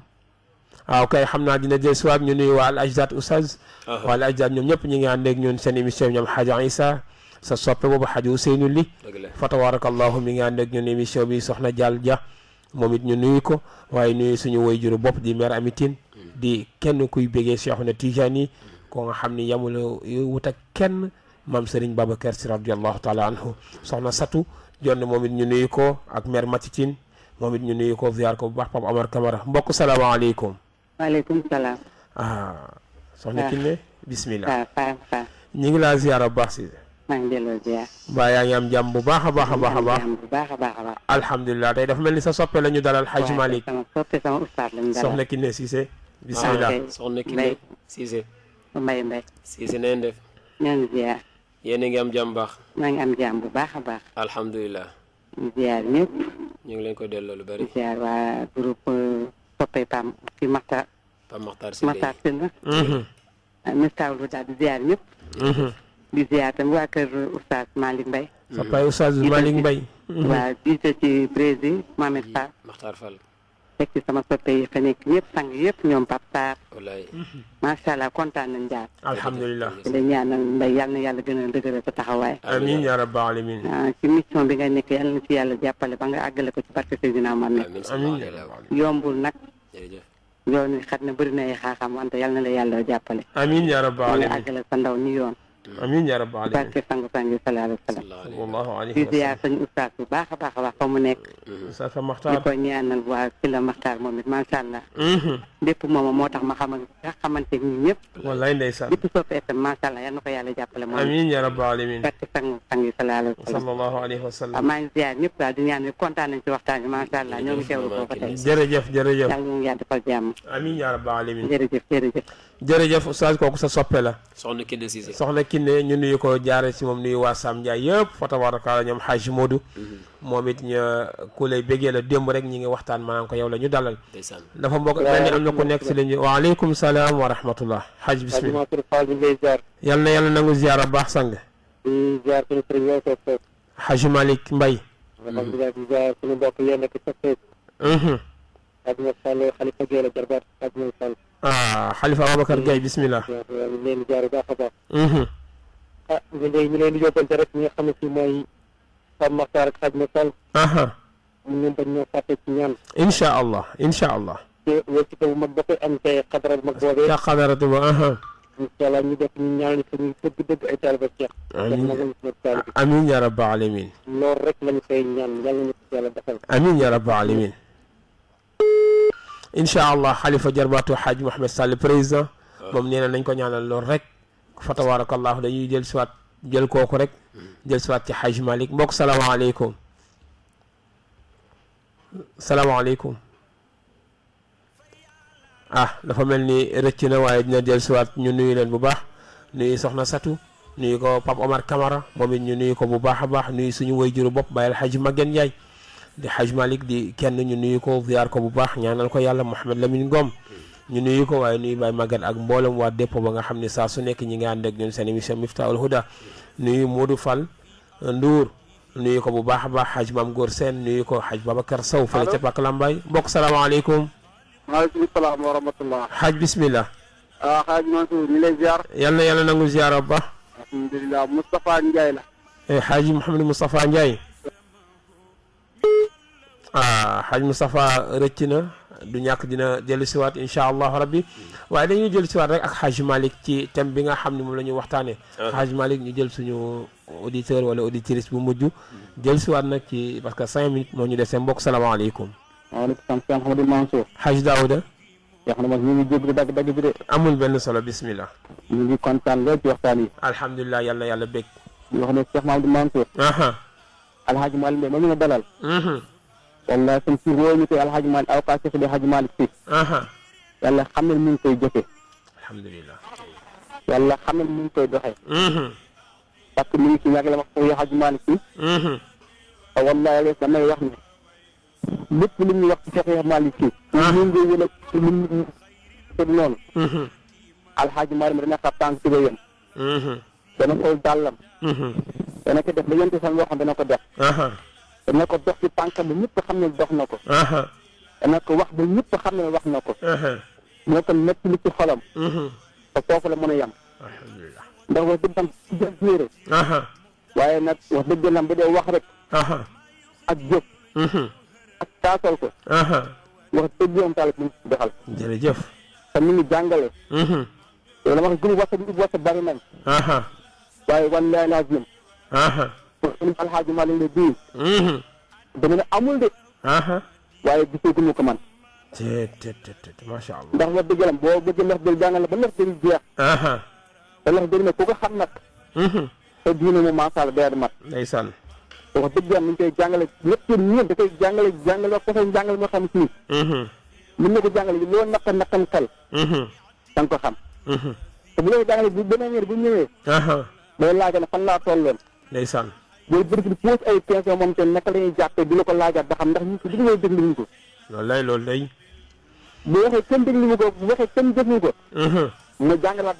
waaw kay xam naa dina jël si ñu nuyu waa al ajdaat oustaz waa al ajdaat ñoom ñëpp ñu ngi ànd ak ñun seen émission bi ñoom xaja isa sa soppe boobu xajo Ousseynou li fa tabarakallahu mi ngi ànd ak ñun émission bi soxna Dial Dia moom it ñu nuyu ko waaye nuyu suñu wayjuru bopp di mère Amitine di kenn kuy bégee na Tijani ko nga xam ni yamula wut ak kenn mam Serigne Babacar si radiallahu taala anhu soxna Satu jonn moom it ñu nuyu ko ak mère Matitine moom it ñu nuyu ko ziar ko bu baax Pape Amar Camara mbokk salaamaaleykum waaleykum salaam. ah soxna ah. Kine. bismillah ñu ngi laa ziara baax si. maa ngi delloo ziar. mbaa yaa ngi am jàmm bu baax a sa soppe la ñu dalal. Hadj Malick sama soppe sama ustaas la ñu dalal. soxna Kine Cissé. bismillah soxna Kine Cissé. Mbaye Mbaye. Cissé na def. ñoo ngi ziar. yéen a ngi am jàmm baax. maa ngi am jàmm bu baax a baax. alhamdulilah. ziar ñëpp. ko delloo lu soppay Pam kii Maxtaar. Pam Maxtaar Sylla Maxtaar Sylla. nestawlu mhm. daal di ziar ñëpp. Mhm. di ziar tam waa kër Oustaz Malick Mbaye. soppay Oustaz Malick Mbaye. waaw jiite ci Brésil Mohamed teg ci sama soppe yi fa nekk ñëpp sang yëpp ñoom Pape Sarr. macha allah kontaan nañ jaar. alhamdulilah di ñaanal mbay yal na yàlla gën a dëgëral sa taxawaay. amiin yaa rabbal alamin. Ah, ci mission bi nga nekk yal na ci yàlla jàppale ba nga àggale ko ci barke Seydina Muhammad. amiin yombul nag. yoon wi xat na bëri na ay xaaxam wante yal na la yàlla jàppale. amiin yaa rabbal alamin. nga àggale sa ndaw ni yoon. amiin yaa rabbal aalamiin barke sangu sangu yi sallallahu alayhi wa sallam sallallahu alayhi wa sallam di ziar sëñ oustaz bu baax a baax a baax fa mu nekk mm-hmm. sa maxtaar di ko ñaanal waa si la maxtaar moom it macha allah mm-hmm. lépp mooma moo tax ma xamal nga xamante ni ñëpp wallaay ndeysaan lépp soo feesam macha allah yal na ko yàlla jàppale moom amiin yaa rabbal aalamiin barke sangu sangu yi sallallahu alayhi wa sallam sallallahu alayhi wa sallam maa ngi ziar ñëpp daal di ñaan ñëpp kontaan nañ ci waxtaan bi macha allah ñoo ngi teewlu ko fa tey jërëjëf jërëjëf yàlla ñu ngi yàlla defal jàmm amiin yaa rabbal aalamiin jërëjëf jërëjëf jërëjëf oustaz kooku sa soppee la. soxna Kiné Cissé soxna Kiné ñu nuyu ko jaare si moom nuyu waa Sam Ndiaye yëpp fa tabaraka ñoom Haji Modou. Mm-hmm. moom it ñu ku lay bëggee la démb rek ñi ngi waxtaan maanaam ko yow la ñu dalal. dafa mbokk mel ni am na ko nekk si la wa waaleykum salaam wa rahmatullah. Haji bisimilah yal na yàlla nangu ziar baax sang. di ziar suñu président Haji Malick Mbaye. alhamdulilah قد وصل خليفه جاي للدربات قد وصل اه خليفه ابو بكر جاي بسم الله منين جاري باخذه اها منين منين جوب درسني خمس ماي ثم صارت قد وصل اها منين بنو فاتت ان شاء الله ان شاء الله وقت المقبضي انت قدر المقبضي يا قدر اها الكلام يدك من يعني في دق دق عتال بس امين يا رب العالمين نورك من فين يعني امين يا رب العالمين incha allah xalifa jarbaatu xaaj Mouhamed Sall président moom nee na nañ ko ñaanal lool rek fa tabarakallahu dañuy jël siwaat jël kooku rek jël siwaat ci xaaj Malick mbokk salaamaaleykum salaamaaleykum ah dafa mel ni rëcc na waaye dina jël siwaat ñu nuyu leen bu baax nuyu soxna Satu nuyu ko Pape Omar Camara moom it ñu nuyu ko bu baax a baax nuyu suñu way bopp bàyyil xaaj Maguette Ndiaye di Haj Malick di kenn ñu nuyu ko ziar ko bu baax ñaanal ko yàlla Mouhamed Lamine Ngom ñu nuyu ko waaye nuyu Baye Maguette ak mboolem waa dépôt ba nga xam ne saa su nekk ñi nga ànd ak ñun seen émission Miftahoul Houda nuyu Modou Fall Ndour nuyu ko bu baax a baax Haj Mam Góor Seen nuyu ko xaj Babacar Sow fële ca Pàkk Lambaay mbokk salaamaaleykum maaleykum salaam wa rahmatullah Haj bismillah ah, na yàlla nangu ziar ba alhamdulilah Moustapha Ndiaye ah mu Moustapha rëcc na du ñàkk dina jël siwaat incha allahu waa waaye dañuy jël siwaat rek ak xaj Malick ci thème bi nga xam ne moom la ñu waxtaanee. xaj ah. Malick ñu jël suñu auditeur wala auditrice bu mujj. jël siwaat nag ci parce que cinq minutes moo ñu def seen mbokk salaamaaleykum. waaleykum salaam sëñ Mouhamadou Mansour. xaj Daouda. yoo xam ñu ngi jóg dagg dagg bi amul benn solo bismillah. ñu ngi kontaan lool yàlla yàlla bég. alhaji malik mbay moom la a dalal wallaahi seen tur yooyu ñu koy alhaji malik aw kaa sefede haji malik si yàlla xam koy jëfe alhamdulilah yàlla xam koy doxee parce que mi ngi ci ñàkk la wax foofu haji malik si te wallaahi lees damay wax ne lépp lu ñuy wax ci Cheikh Malick Sy ñu ngi wëla ci lu ñu tëdd noonu alxaaji Maari dana xab tànk dana xool dàllam dana ko def la yonte sam waxoon dana ko dox dana ko dox ci tànkam ba ñëpp xam ne dox na ko dana ko wax ba ñëpp xam ne wax na ko moo ko nekk li ci xolam te foofu la mën a yem ndax wax dëgg ci jëf wéere waaye nag wax bu wax rek ak jëf ak taasal ko wax dëgg yoon taal mu doxal jërëjëf te mi ngi jàngale yow dama wax bari nañ pour ñu alhaaji malik ne bii dama ne amul de waaye gisaguñu ko man te allah ndax wax dëgg yaram boo bëgg ndax dëgg jàngal ba ndax dëgg jeex te ndax dëgg ne ku ko xam nag te diine mu maasaal beer mat ndeysaan wax dëgg yaram ñu koy jàngale lépp ñun da koy jàngale jàngale wax ko sa moo xam si mën na ko jàngale loo naqa da nga ko xam te bu jàngale bu beneen bu ñëwee laaj ne fan laa tolloon ndeysaan booy bëgg di pose ay question moom seen naka la di la ko xam ndax ñu si digg déglu ñu ko loolu lay loolu lay bu waxee kenn déglu ñu ko bu waxee kenn déglu ko jàng la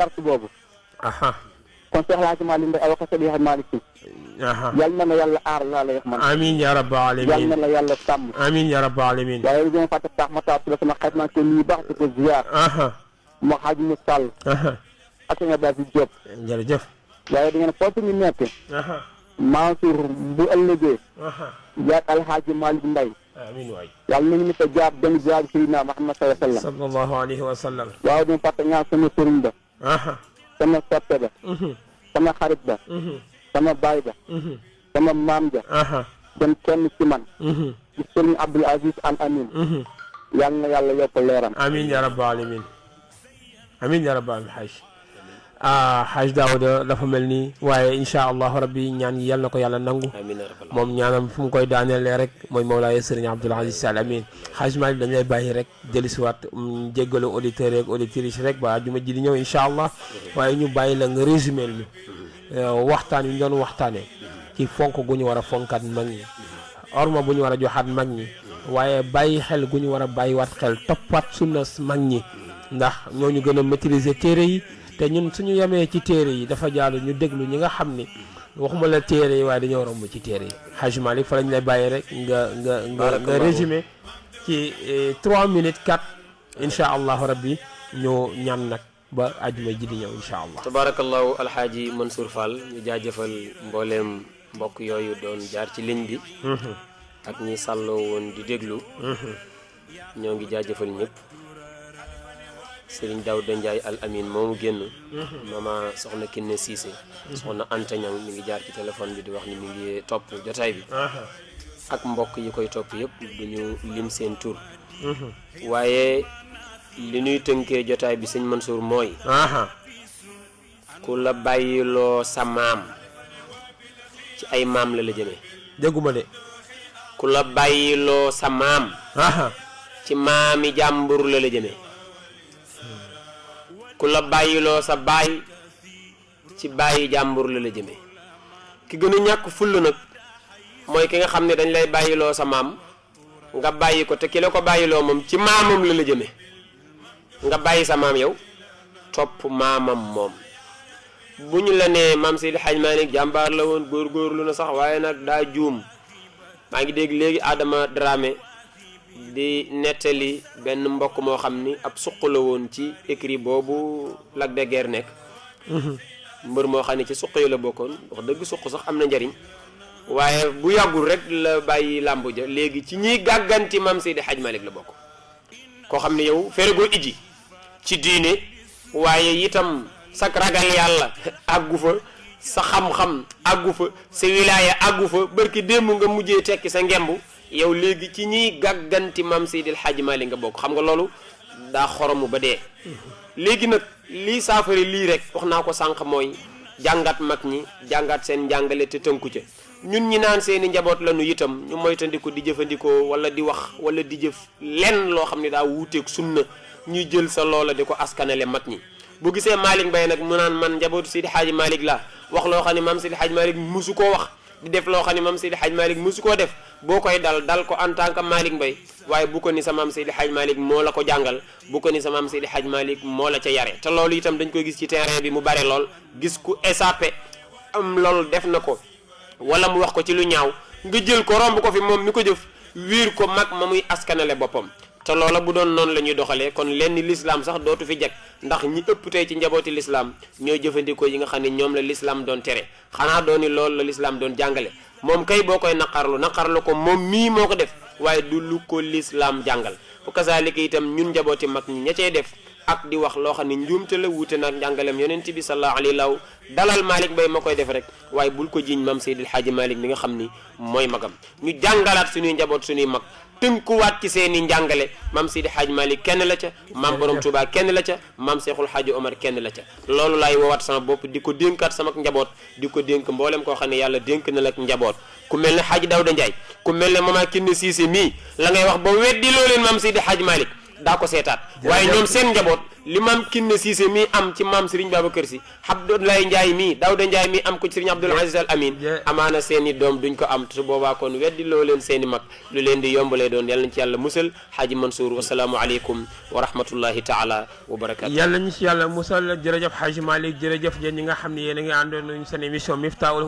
aha kon Cheikh Laaji Malick Mbaye awa xasal yaxe Malick Si na lay wax man ya alamin yal na la yàlla sàmm amiin yaa alamin waaye lu gën a ma taab si sama xarit ko nuyu baax di ko ziar moo ak waaye da ngeen foofu ñu nekk Mansour bu ëllëgee yaag alxaaji Malick Mbaye amiin waay yàlla nañu ni ko jaar dem jaar Seydina Muhammad sallallahu alayhi wa sallam waaye duñu fàtte ñaan sama sëriñ ba sama soppe ba mhm. sama xarit ba mhm. sama baay ba mhm. sama maam ja dem kenn ci man ci sëriñ Abdul Aziz Al Amin yàlla na yàlla yokk leeram amiin ya rabbal alamin amiin ya rabbal alamin xaj ah, daawuda dafa mel ni waaye incha allahu rabbi ñaan yi yal na ko yàlla nangu moom ñaanam fu mu koy daanelee rek mooy Mawlaay Sëriñ Abdul Aziz Sy Al Amine xaj Malick dañ lay bàyyi rek jëlisiwaat mm, jéggalu auditeurs yeeg auditrices rek ba juma ji di ñëw incha allah waaye ñu bàyyi la nga résumé lu euh, waxtaan wi ñu doon waxtaanee ci fonk gu ñu war a fonkaat mag ñi orma bu ñu war a joxaat mag ñi waaye bàyyi xel gu ñu war a bàyyiwaat xel toppaat sunna mag ñi te ñun su ñu yemee ci téere yi dafa jaalu ñu déglu ñi nga xam ni waxuma la téere yi waaye dañoo romb ci téere yi Hajj Malik fa lañu lay bàyyi rek nga nga nga nga résumé ci 3 eh, minutes 4 incha allahu rabbi ñoo ñaan nag ba ajuma ji di ñëw incha allah tabaarakallahu alxaaji Mansour Fall ñu jaajëfal mbooleem mbokk yooyu doon jaar ci ligne bi mm-hmm. ak ñi sàlloo woon di déglu mm-hmm. ñoo ngi jaajëfal ñëpp Serigne Daouda ndjay Al Amin momu genn mama soxna kinne Cissé. soxna antagnang mi ngi jaar ci téléphone bi di wax ni mi ngi top jotay bi. ak mbokk yi koy topp yëpp duñu lim sen tour mhm. waaye li ñuy teunké jotay bi serigne Mansour aha ku la bayilo sa mam ci ay mam la la jëmee. dégguma de. ku la bayilo sa aha ci mami jambour la la ku la bàyyiloo sa baay ci bàyyi jàmbur la la jëmee ki gën a ñàkk full nag mooy ki nga xam ne dañ lay bàyyiloo sa maam nga bàyyi ko te ki la ko bàyyiloo moom ci maamam la la jëmee nga bàyyi sa maam yow topp maamam moom bu ñu la nee maam Seydi Hadj Malick jàmbaar la woon góorgóorlu na sax waaye nag daa juum maa ngi dégg léegi aadama Dramé di nettali benn mbokk moo xam ni ab suq la woon ci écrit boobu Lac de nekk mhm. mbër moo xam ne ci suq yi la bokkoon wax dëgg suq sax am na njariñ waaye bu yàggul rek la bàyyi làmb léegi ci ñuy gàgganti mam Seydi Hadj Malick la bokk koo xam ne yow ferego iji ci diine waaye itam sak ragal yàlla àggu fa sa xam-xam àggu fa sa wilaaya àggu fa bërki démb nga mujjee tekki sa ngemb yow léegi ci ñiy gàgganti maam Seydil Hadji Malick nga bokk xam nga loolu daa xoromu ba dee léegi nag lii saafara lii rek wax naa ko sànq mooy jàngat mag ñi jàngat seen njàngale te tënku ca ñun ñi naan seeni njaboot lañu itam ñu moytandiku di jëfandikoo wala di wax wala di jëf lenn loo xam ne daa wuuteeg na ñuy jël sa loola di ko askanale mag ñi bu gisee Malick Mbaye nag mu naan man njabootu Seydi Hadji Malick la wax loo xam ne maam Seydi Hadji Malick musu koo wax di def loo xam ne maam si Hadj Malick mosu koo def boo koy dal dal ko en tant que Malick Mbaye waaye bu ko ni sa maam Seydi Hadj Malick moo la ko jàngal bu ko ni sa maam Seydi Hadj Malick moo la ca yare te loolu itam dañ koy gis ci terrain bi mu bare lool gis ku échappé am loolu def na ko wala mu wax ko ci lu ñaaw nga jël ko romb ko fi moom ni ko jëf wiir ko mag ma muy askanale boppam te loola bu doon noonu la ñuy doxalee kon lenn lislaam sax dootu fi jag ndax ñi ëpp tey ci njabooti lislaam ñooy jëfandikoo yi nga xam ne ñoom la lislaam doon tere xanaa dooni loolu la lislaam doon jàngale moom kay boo koy naqarlu naqarlu ko moom mii moo ko def waaye du lu ko lislaam jàngal bu kasaalika itam ñun njabooti mag ñi ña cey def ak di wax loo xam ne njuumte la wute nag njàngalem yonent bi sallallahu alayhi law dalal Malick Mbaye ma koy def rek waaye bul ko jiiñ maam Seydil Xaaji Malick mi nga xam ni mooy magam ñu jàngalaat suñuy njaboot suñuy mag tënkuwaat ci seen i njàngale maam Sidi Hadj Malick kenn la ca maam Borom Touba kenn la ca maam Seexul Hadj Omar kenn la ca loolu laay woowaat sama bopp di ko dénkaat sama njaboot di ko dénk mboolem koo xam ne yàlla dénk na la njaboot ku mel ne Hadj da Ndiaye ku mel ne Mama Kine Cissé mii la ngay wax ba weddi loo leen maam Sidi Hadj Malick daa ko seetaat waaye ñoom seen njaboot li maam Kiné Cissé mii am ci maam Serigne Babacar Sy Abdoulaye Ndiaye mii Daouda Ndiaye mii am ko ci Serigne Amin amaana seen doom duñ ko am su boobaa kon weddi loo leen mag lu leen di yombalee doon yàlla nañ ci yàlla musal Xaaji Mansour wasalaamu aleykum wa rahmatullahi taala wa barakaatu yàlla yàlla musal jërëjëf Xaaji Malick jërëjëf yéen ñi nga xam ne yéen a ngi àndoon nañu seen émission Miftaahul